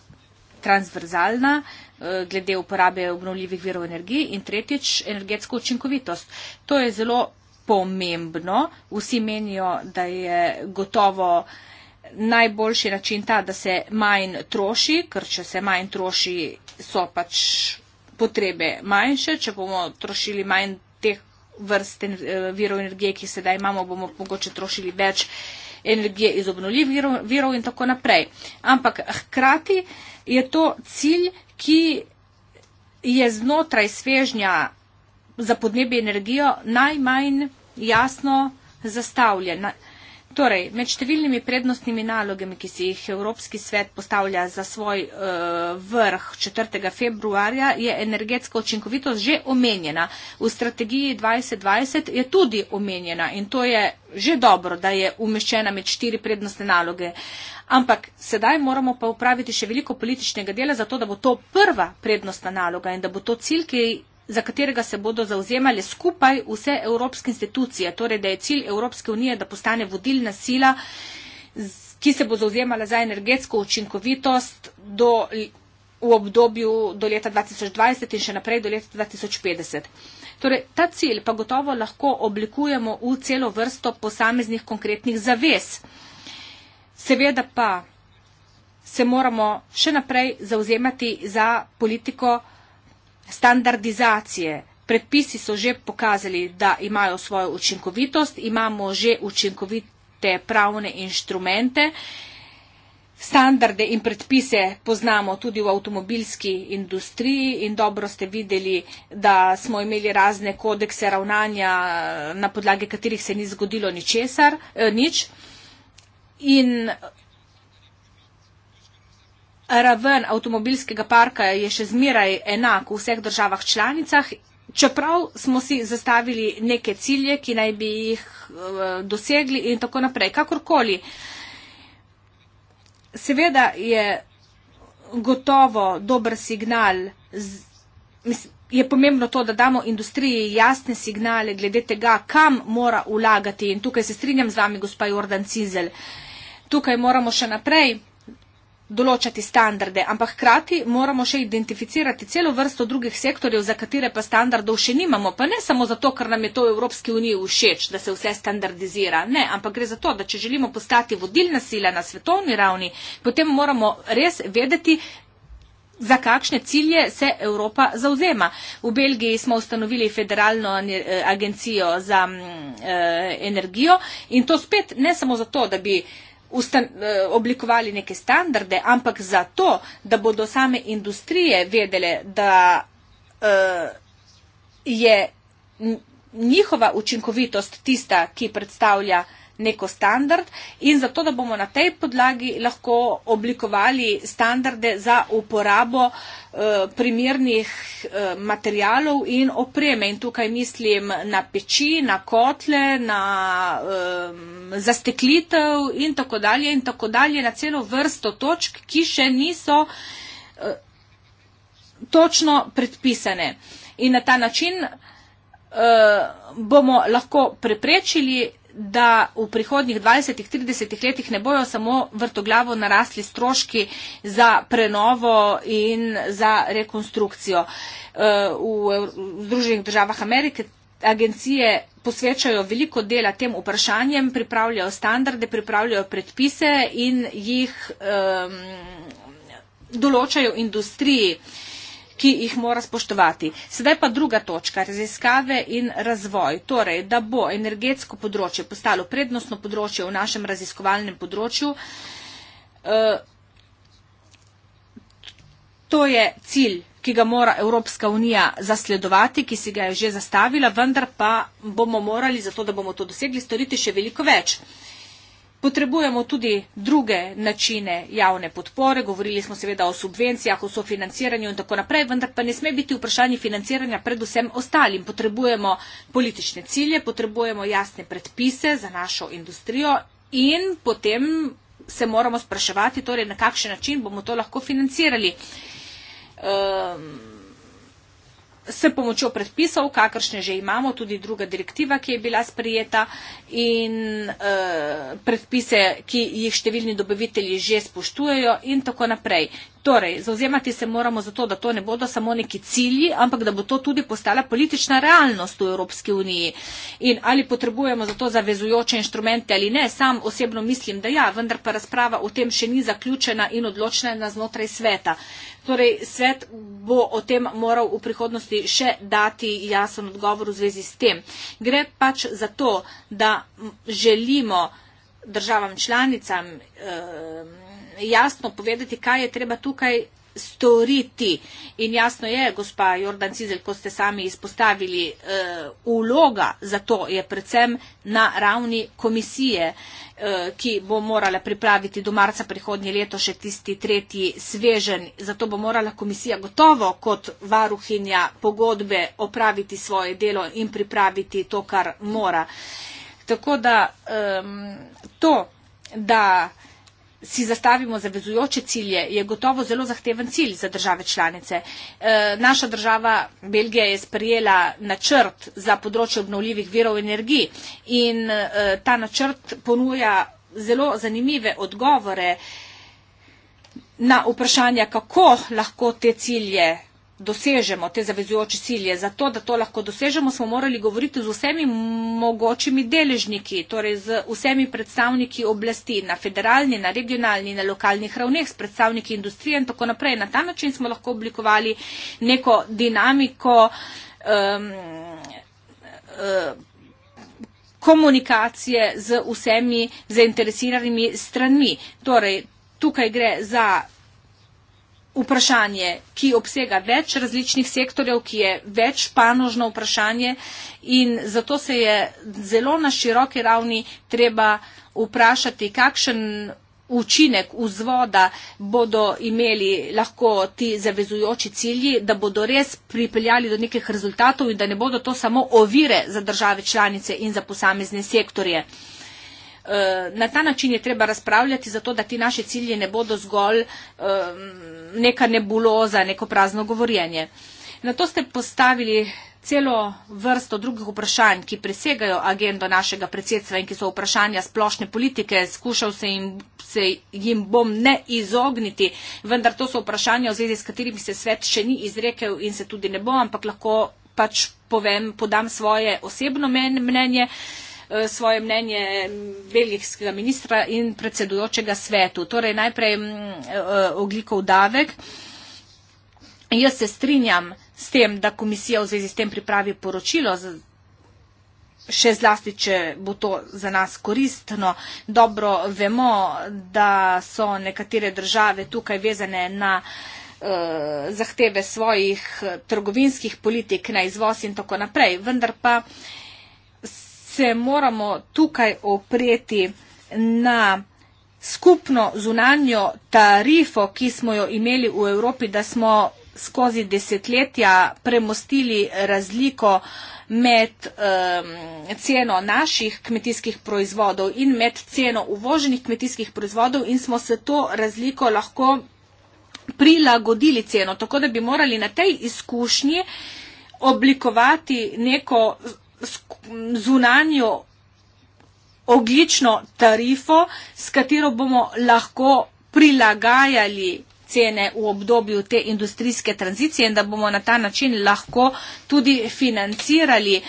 transverzalna eh, glede uporabe obnovljivih virov energije in tretjič energetsko učinkovitost. To je zelo pomembno. Vsi menijo, da je gotovo najboljši način ta, da se manj troši, ker če se manj troši, so pač potrebe manjše. Če bomo trošili manj, vrste eh, virov energije, ki sedaj imamo, bomo mogoče trošili več energije iz obnovljivih virov, virov in tako naprej. Ampak hkrati je to cilj, ki je znotraj svežnja za podnebje energijo najmanj jasno zastavljen. Torej, med številnimi prednostnimi nalogami, ki si jih Evropski svet postavlja za svoj uh, vrh 4. februarja, je energetska učinkovitost že omenjena. V strategiji 2020 je tudi omenjena in to je že dobro, da je umeščena med štiri prednostne naloge. Ampak sedaj moramo pa upraviti še veliko političnega dela, zato da bo to prva prednostna naloga in da bo to cilj, ki za katerega se bodo zauzemali skupaj vse evropske institucije, torej da je cilj Evropske unije, da postane vodilna sila, ki se bo zauzemala za energetsko učinkovitost do, v obdobju do leta 2020 in še naprej do leta 2050. Torej, ta cilj pa gotovo lahko oblikujemo v celo vrsto posameznih konkretnih zavez. Seveda pa se moramo še naprej zauzemati za politiko, standardizacije. Predpisi so že pokazali, da imajo svojo učinkovitost, imamo že učinkovite pravne inštrumente. Standarde in predpise poznamo tudi v avtomobilski industriji in dobro ste videli, da smo imeli razne kodekse ravnanja, na podlagi katerih se ni zgodilo ničesar, eh, nič. In raven avtomobilskega parka je še zmeraj enak v vseh državah članicah. Čeprav smo si zastavili neke cilje, ki naj bi jih eh, dosegli in tako naprej, kakorkoli. Seveda je gotovo dober signal, je pomembno to, da damo industriji jasne signale glede tega, kam mora ulagati. In tukaj se strinjam z vami, gospod Jordan Cizel. Tukaj moramo še naprej določati standarde, ampak hkrati moramo še identificirati celo vrsto drugih sektorjev, za katere pa standardov še nimamo. Pa ne samo zato, ker nam je to v Evropski uniji všeč, da se vse standardizira. Ne, ampak gre za to, da če želimo postati vodilna sila na svetovni ravni, potem moramo res vedeti, za kakšne cilje se Evropa zauzema. V Belgiji smo ustanovili federalno agencijo za mm, eh, energijo in to spet ne samo zato, da bi ustan, eh, oblikovali neke standarde, ampak zato, da bodo same industrije vedele, da uh, je njihova učinkovitost tista, ki predstavlja uh, neko standard in zato, da bomo na tej podlagi lahko oblikovali standarde za uporabo eh, primernih eh, materijalov in opreme. In tukaj mislim na peči, na kotle, na um, zasteklitev in tako dalje in tako dalje, na celo vrsto točk, ki še niso uh, točno predpisane. In na ta način uh, bomo lahko preprečili da v prihodnjih 20-30 letih ne bojo samo vrtoglavo narasli stroški za prenovo in za rekonstrukcijo. Eh, v Združenih državah Amerike agencije posvečajo veliko dela tem vprašanjem, pripravljajo standarde, pripravljajo predpise in jih um, določajo industriji. Uh, ki jih mora spoštovati. Sedaj pa druga točka, raziskave in razvoj. Torej, da bo energetsko področje postalo prednostno področje v našem raziskovalnem področju, eh, to je cilj ki ga mora Evropska unija zasledovati, ki si ga je že zastavila, vendar pa bomo morali, zato da bomo to dosegli, storiti še veliko več. Potrebujemo tudi druge načine javne podpore, govorili smo seveda o subvencijah, o sofinanciranju in tako naprej, vendar pa ne sme biti vprašanje financiranja predvsem ostalim. Potrebujemo politične cilje, potrebujemo jasne predpise za našo industrijo in potem se moramo spraševati, torej na kakšen način bomo to lahko financirali. Um, s pomočjo predpisov, kakršne že imamo, tudi druga direktiva, ki je bila sprijeta in e, predpise, ki jih številni dobavitelji že spoštujejo in tako naprej. Torej, zauzemati se moramo za to, da to ne bodo samo neki cilji, ampak da bo to tudi postala politična realnost v Evropski uniji. In ali potrebujemo za to zavezujoče inštrumente ali ne, sam osebno mislim, da ja, vendar pa razprava o tem še ni zaključena in odločena znotraj sveta. Torej, svet bo o tem moral v prihodnosti še dati jasen odgovor v zvezi s tem. Gre pač za to, da želimo državam članicam. Eh, jasno povedati, kaj je treba tukaj storiti. In jasno je, gospa Jordan Cizel, ko ste sami izpostavili, uh, eh, uloga za to je predvsem na ravni komisije, uh, ki bo morala pripraviti do marca prihodnje leto še tisti tretji svežen. Zato bo morala komisija gotovo kot varuhinja pogodbe opraviti svoje delo in pripraviti to, kar mora. Tako da um, to, da si zastavimo zavezujoče cilje, je gotovo zelo zahteven cilj za države članice. E, naša država Belgija je sprejela načrt za področje obnovljivih virov energij in e, ta načrt ponuja zelo zanimive odgovore na vprašanja, kako lahko te cilje dosežemo te zavezujoče cilje. Zato, da to lahko dosežemo, smo morali govoriti z vsemi mogočimi deležniki, torej z vsemi predstavniki oblasti na federalni, na regionalni, na lokalnih ravneh, s predstavniki industrije in tako naprej. Na ta način smo lahko oblikovali neko dinamiko um, uh, komunikacije z vsemi zainteresiranimi stranmi. Torej, tukaj gre za vprašanje, ki obsega več različnih sektorjev, ki je več panožno vprašanje in zato se je zelo na široki ravni treba vprašati, kakšen učinek vzvoda bodo imeli lahko ti zavezujoči cilji, da bodo res pripeljali do nekih rezultatov in da ne bodo to samo ovire za države članice in za posamezne sektorje. Eh, na ta način je treba razpravljati, zato da ti naši cilji ne bodo zgolj um, neka nebuloza, neko prazno govorjenje. Na to ste postavili celo vrsto drugih vprašanj, ki presegajo agendo našega predsedstva in ki so vprašanja splošne politike. Skušal se jim, se jim bom ne izogniti, vendar to so vprašanja, v zvezi s katerimi se svet še ni izrekel in se tudi ne bo, ampak lahko pač povem, podam svoje osebno men, mnenje. Uh, Eh, svoje mnenje mm, belgijskega ministra in predsedujočega svetu. Torej najprej mm, eh, oglikov davek. Jaz se strinjam s tem, da komisija v zvezi s tem pripravi poročilo, še zlasti, če bo to za nas koristno. Dobro vemo, da so nekatere države tukaj vezane na eh, zahteve svojih eh, trgovinskih politik, na izvoz in tako naprej. Vendar pa eh, se moramo tukaj opreti na skupno zunanjo tarifo, ki smo jo imeli v Evropi, da smo skozi desetletja premostili razliko med um, ceno naših kmetijskih proizvodov in med ceno uvoženih kmetijskih proizvodov in smo se to razliko lahko prilagodili ceno. Tako da bi morali na tej izkušnji oblikovati neko zunanjo oglično tarifo, s katero bomo lahko prilagajali cene v obdobju te industrijske tranzicije in da bomo na ta način lahko tudi financirali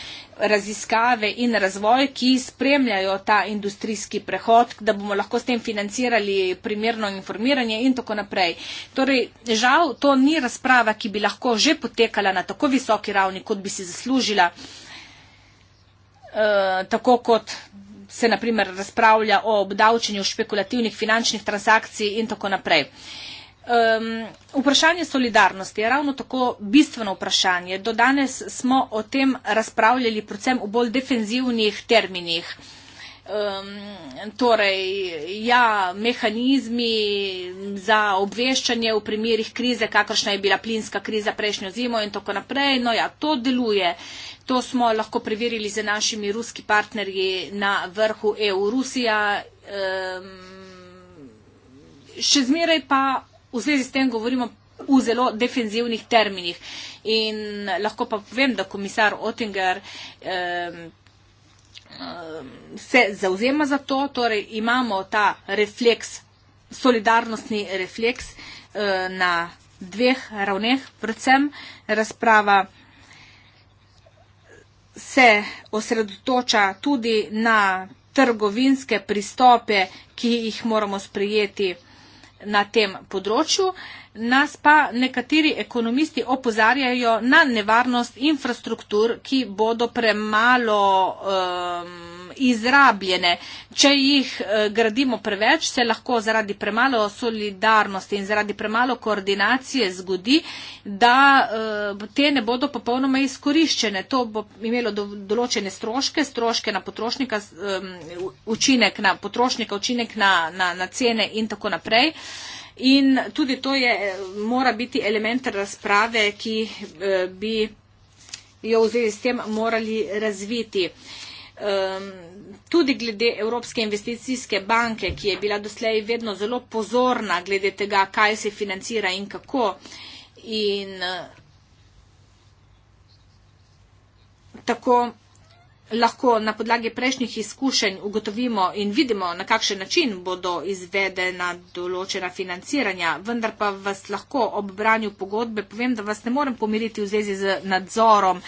raziskave in razvoj, ki spremljajo ta industrijski prehod, da bomo lahko s tem financirali primerno informiranje in tako naprej. Torej, žal, to ni razprava, ki bi lahko že potekala na tako visoki ravni, kot bi si zaslužila. Eh, tako kot se naprimer razpravlja o obdavčenju špekulativnih finančnih transakcij in tako naprej. Um, vprašanje solidarnosti je ravno tako bistveno vprašanje. Do danes smo o tem razpravljali predvsem v bolj defenzivnih terminih. Um, torej, ja, mehanizmi za obveščanje v primerih krize, kakršna je bila plinska kriza prejšnjo zimo in tako naprej, no ja, to deluje. To smo lahko preverili z našimi ruski partnerji na vrhu EU-Rusija. Um, še zmeraj pa v zvezi s tem govorimo v zelo defenzivnih terminih. In lahko pa povem, da komisar Ottinger um, se zauzema za to, torej imamo ta refleks, solidarnostni refleks uh, na dveh ravneh, predvsem razprava se osredotoča tudi na trgovinske pristope, ki jih moramo sprijeti na tem področju. Nas pa nekateri ekonomisti opozarjajo na nevarnost infrastruktur, ki bodo premalo um, izrabljene. Če jih eh, gradimo preveč, se lahko zaradi premalo solidarnosti in zaradi premalo koordinacije zgodi, da eh, te ne bodo popolnoma izkoriščene. To bo imelo določene stroške, stroške na potrošnika, učinek na potrošnika, učinek na, na, na cene in tako naprej. In tudi to je, eh, mora biti element razprave, ki bi jo v zvezi s tem morali razviti. Uh, Um, tudi glede Evropske investicijske banke, ki je bila doslej vedno zelo pozorna glede tega, kaj se financira in kako. In uh, tako lahko na podlagi prejšnjih izkušenj ugotovimo in vidimo, na kakšen način bodo izvedena določena financiranja. Vendar pa vas lahko ob branju pogodbe povem, da vas ne morem pomiriti v zvezi z nadzorom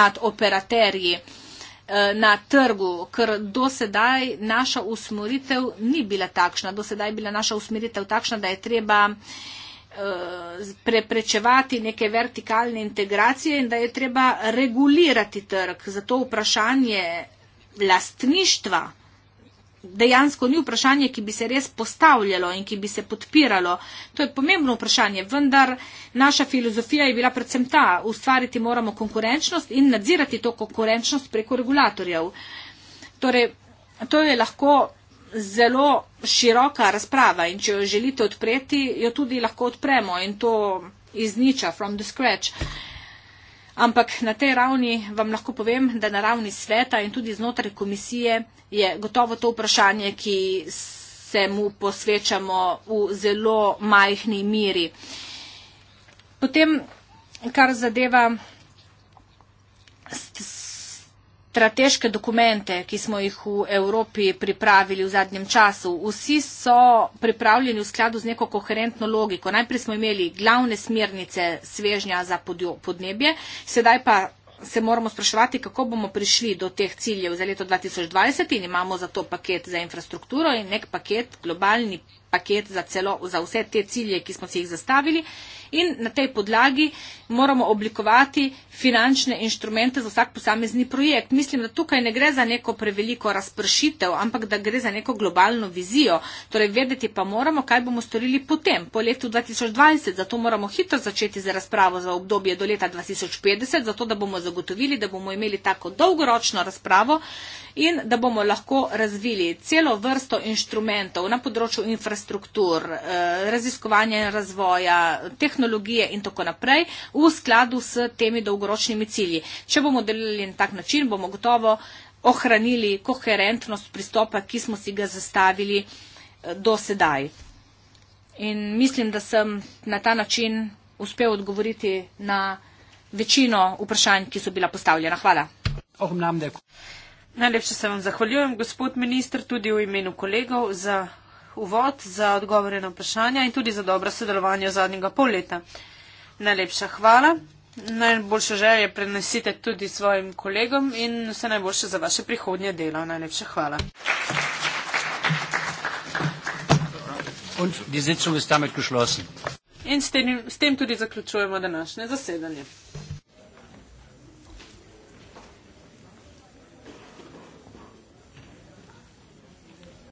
nad operaterji. Uh, Eh, na trgu, ker dosedaj naša usmeritev ni bila takšna. Dosedaj je bila naša usmeritev takšna, da je treba eh, preprečevati neke vertikalne integracije in da je treba regulirati trg. Zato vprašanje lastništva dejansko ni vprašanje, ki bi se res postavljalo in ki bi se podpiralo. To je pomembno vprašanje, vendar naša filozofija je bila predvsem ta, ustvariti moramo konkurenčnost in nadzirati to konkurenčnost preko regulatorjev. Torej, to je lahko zelo široka razprava in če jo želite odpreti, jo tudi lahko odpremo in to iz niča, from the scratch. Uh, Ampak na tej ravni vam lahko povem, da na ravni sveta in tudi znotraj komisije je gotovo to vprašanje, ki se mu posvečamo v zelo majhni miri. Potem, kar zadeva strateške dokumente, ki smo jih v Evropi pripravili v zadnjem času. Vsi so pripravljeni v skladu z neko koherentno logiko. Najprej smo imeli glavne smernice svežnja za podnebje, sedaj pa se moramo spraševati, kako bomo prišli do teh ciljev za leto 2020 in imamo za to paket za infrastrukturo in nek paket, globalni paket za, celo, za vse te cilje, ki smo si jih zastavili. In na tej podlagi moramo oblikovati finančne inštrumente za vsak posamezni projekt. Mislim, da tukaj ne gre za neko preveliko razpršitev, ampak da gre za neko globalno vizijo. Torej, vedeti pa moramo, kaj bomo storili potem, po letu 2020. Zato moramo hitro začeti z razpravo za obdobje do leta 2050, zato da bomo zagotovili, da bomo imeli tako dolgoročno razpravo in da bomo lahko razvili celo vrsto inštrumentov na področju infrastruktur, eh, raziskovanja in razvoja, tehnologije in tako naprej v skladu s temi dolgoročnimi dolgoročnimi cilji. Če bomo delali na tak način, bomo gotovo ohranili koherentnost pristopa, ki smo si ga zastavili eh, do sedaj. In mislim, da sem na ta način uspel odgovoriti na večino vprašanj, ki so bila postavljena. Hvala. Najlepše se vam zahvaljujem, gospod minister, tudi v imenu kolegov za uvod, za odgovore na vprašanja in tudi za dobro sodelovanje v zadnjega pol leta. Najlepša hvala najboljše želje prenesite tudi svojim kolegom in vse najboljše za vaše prihodnje delo. Najlepša hvala. In s tem, s tem tudi zaključujemo današnje zasedanje.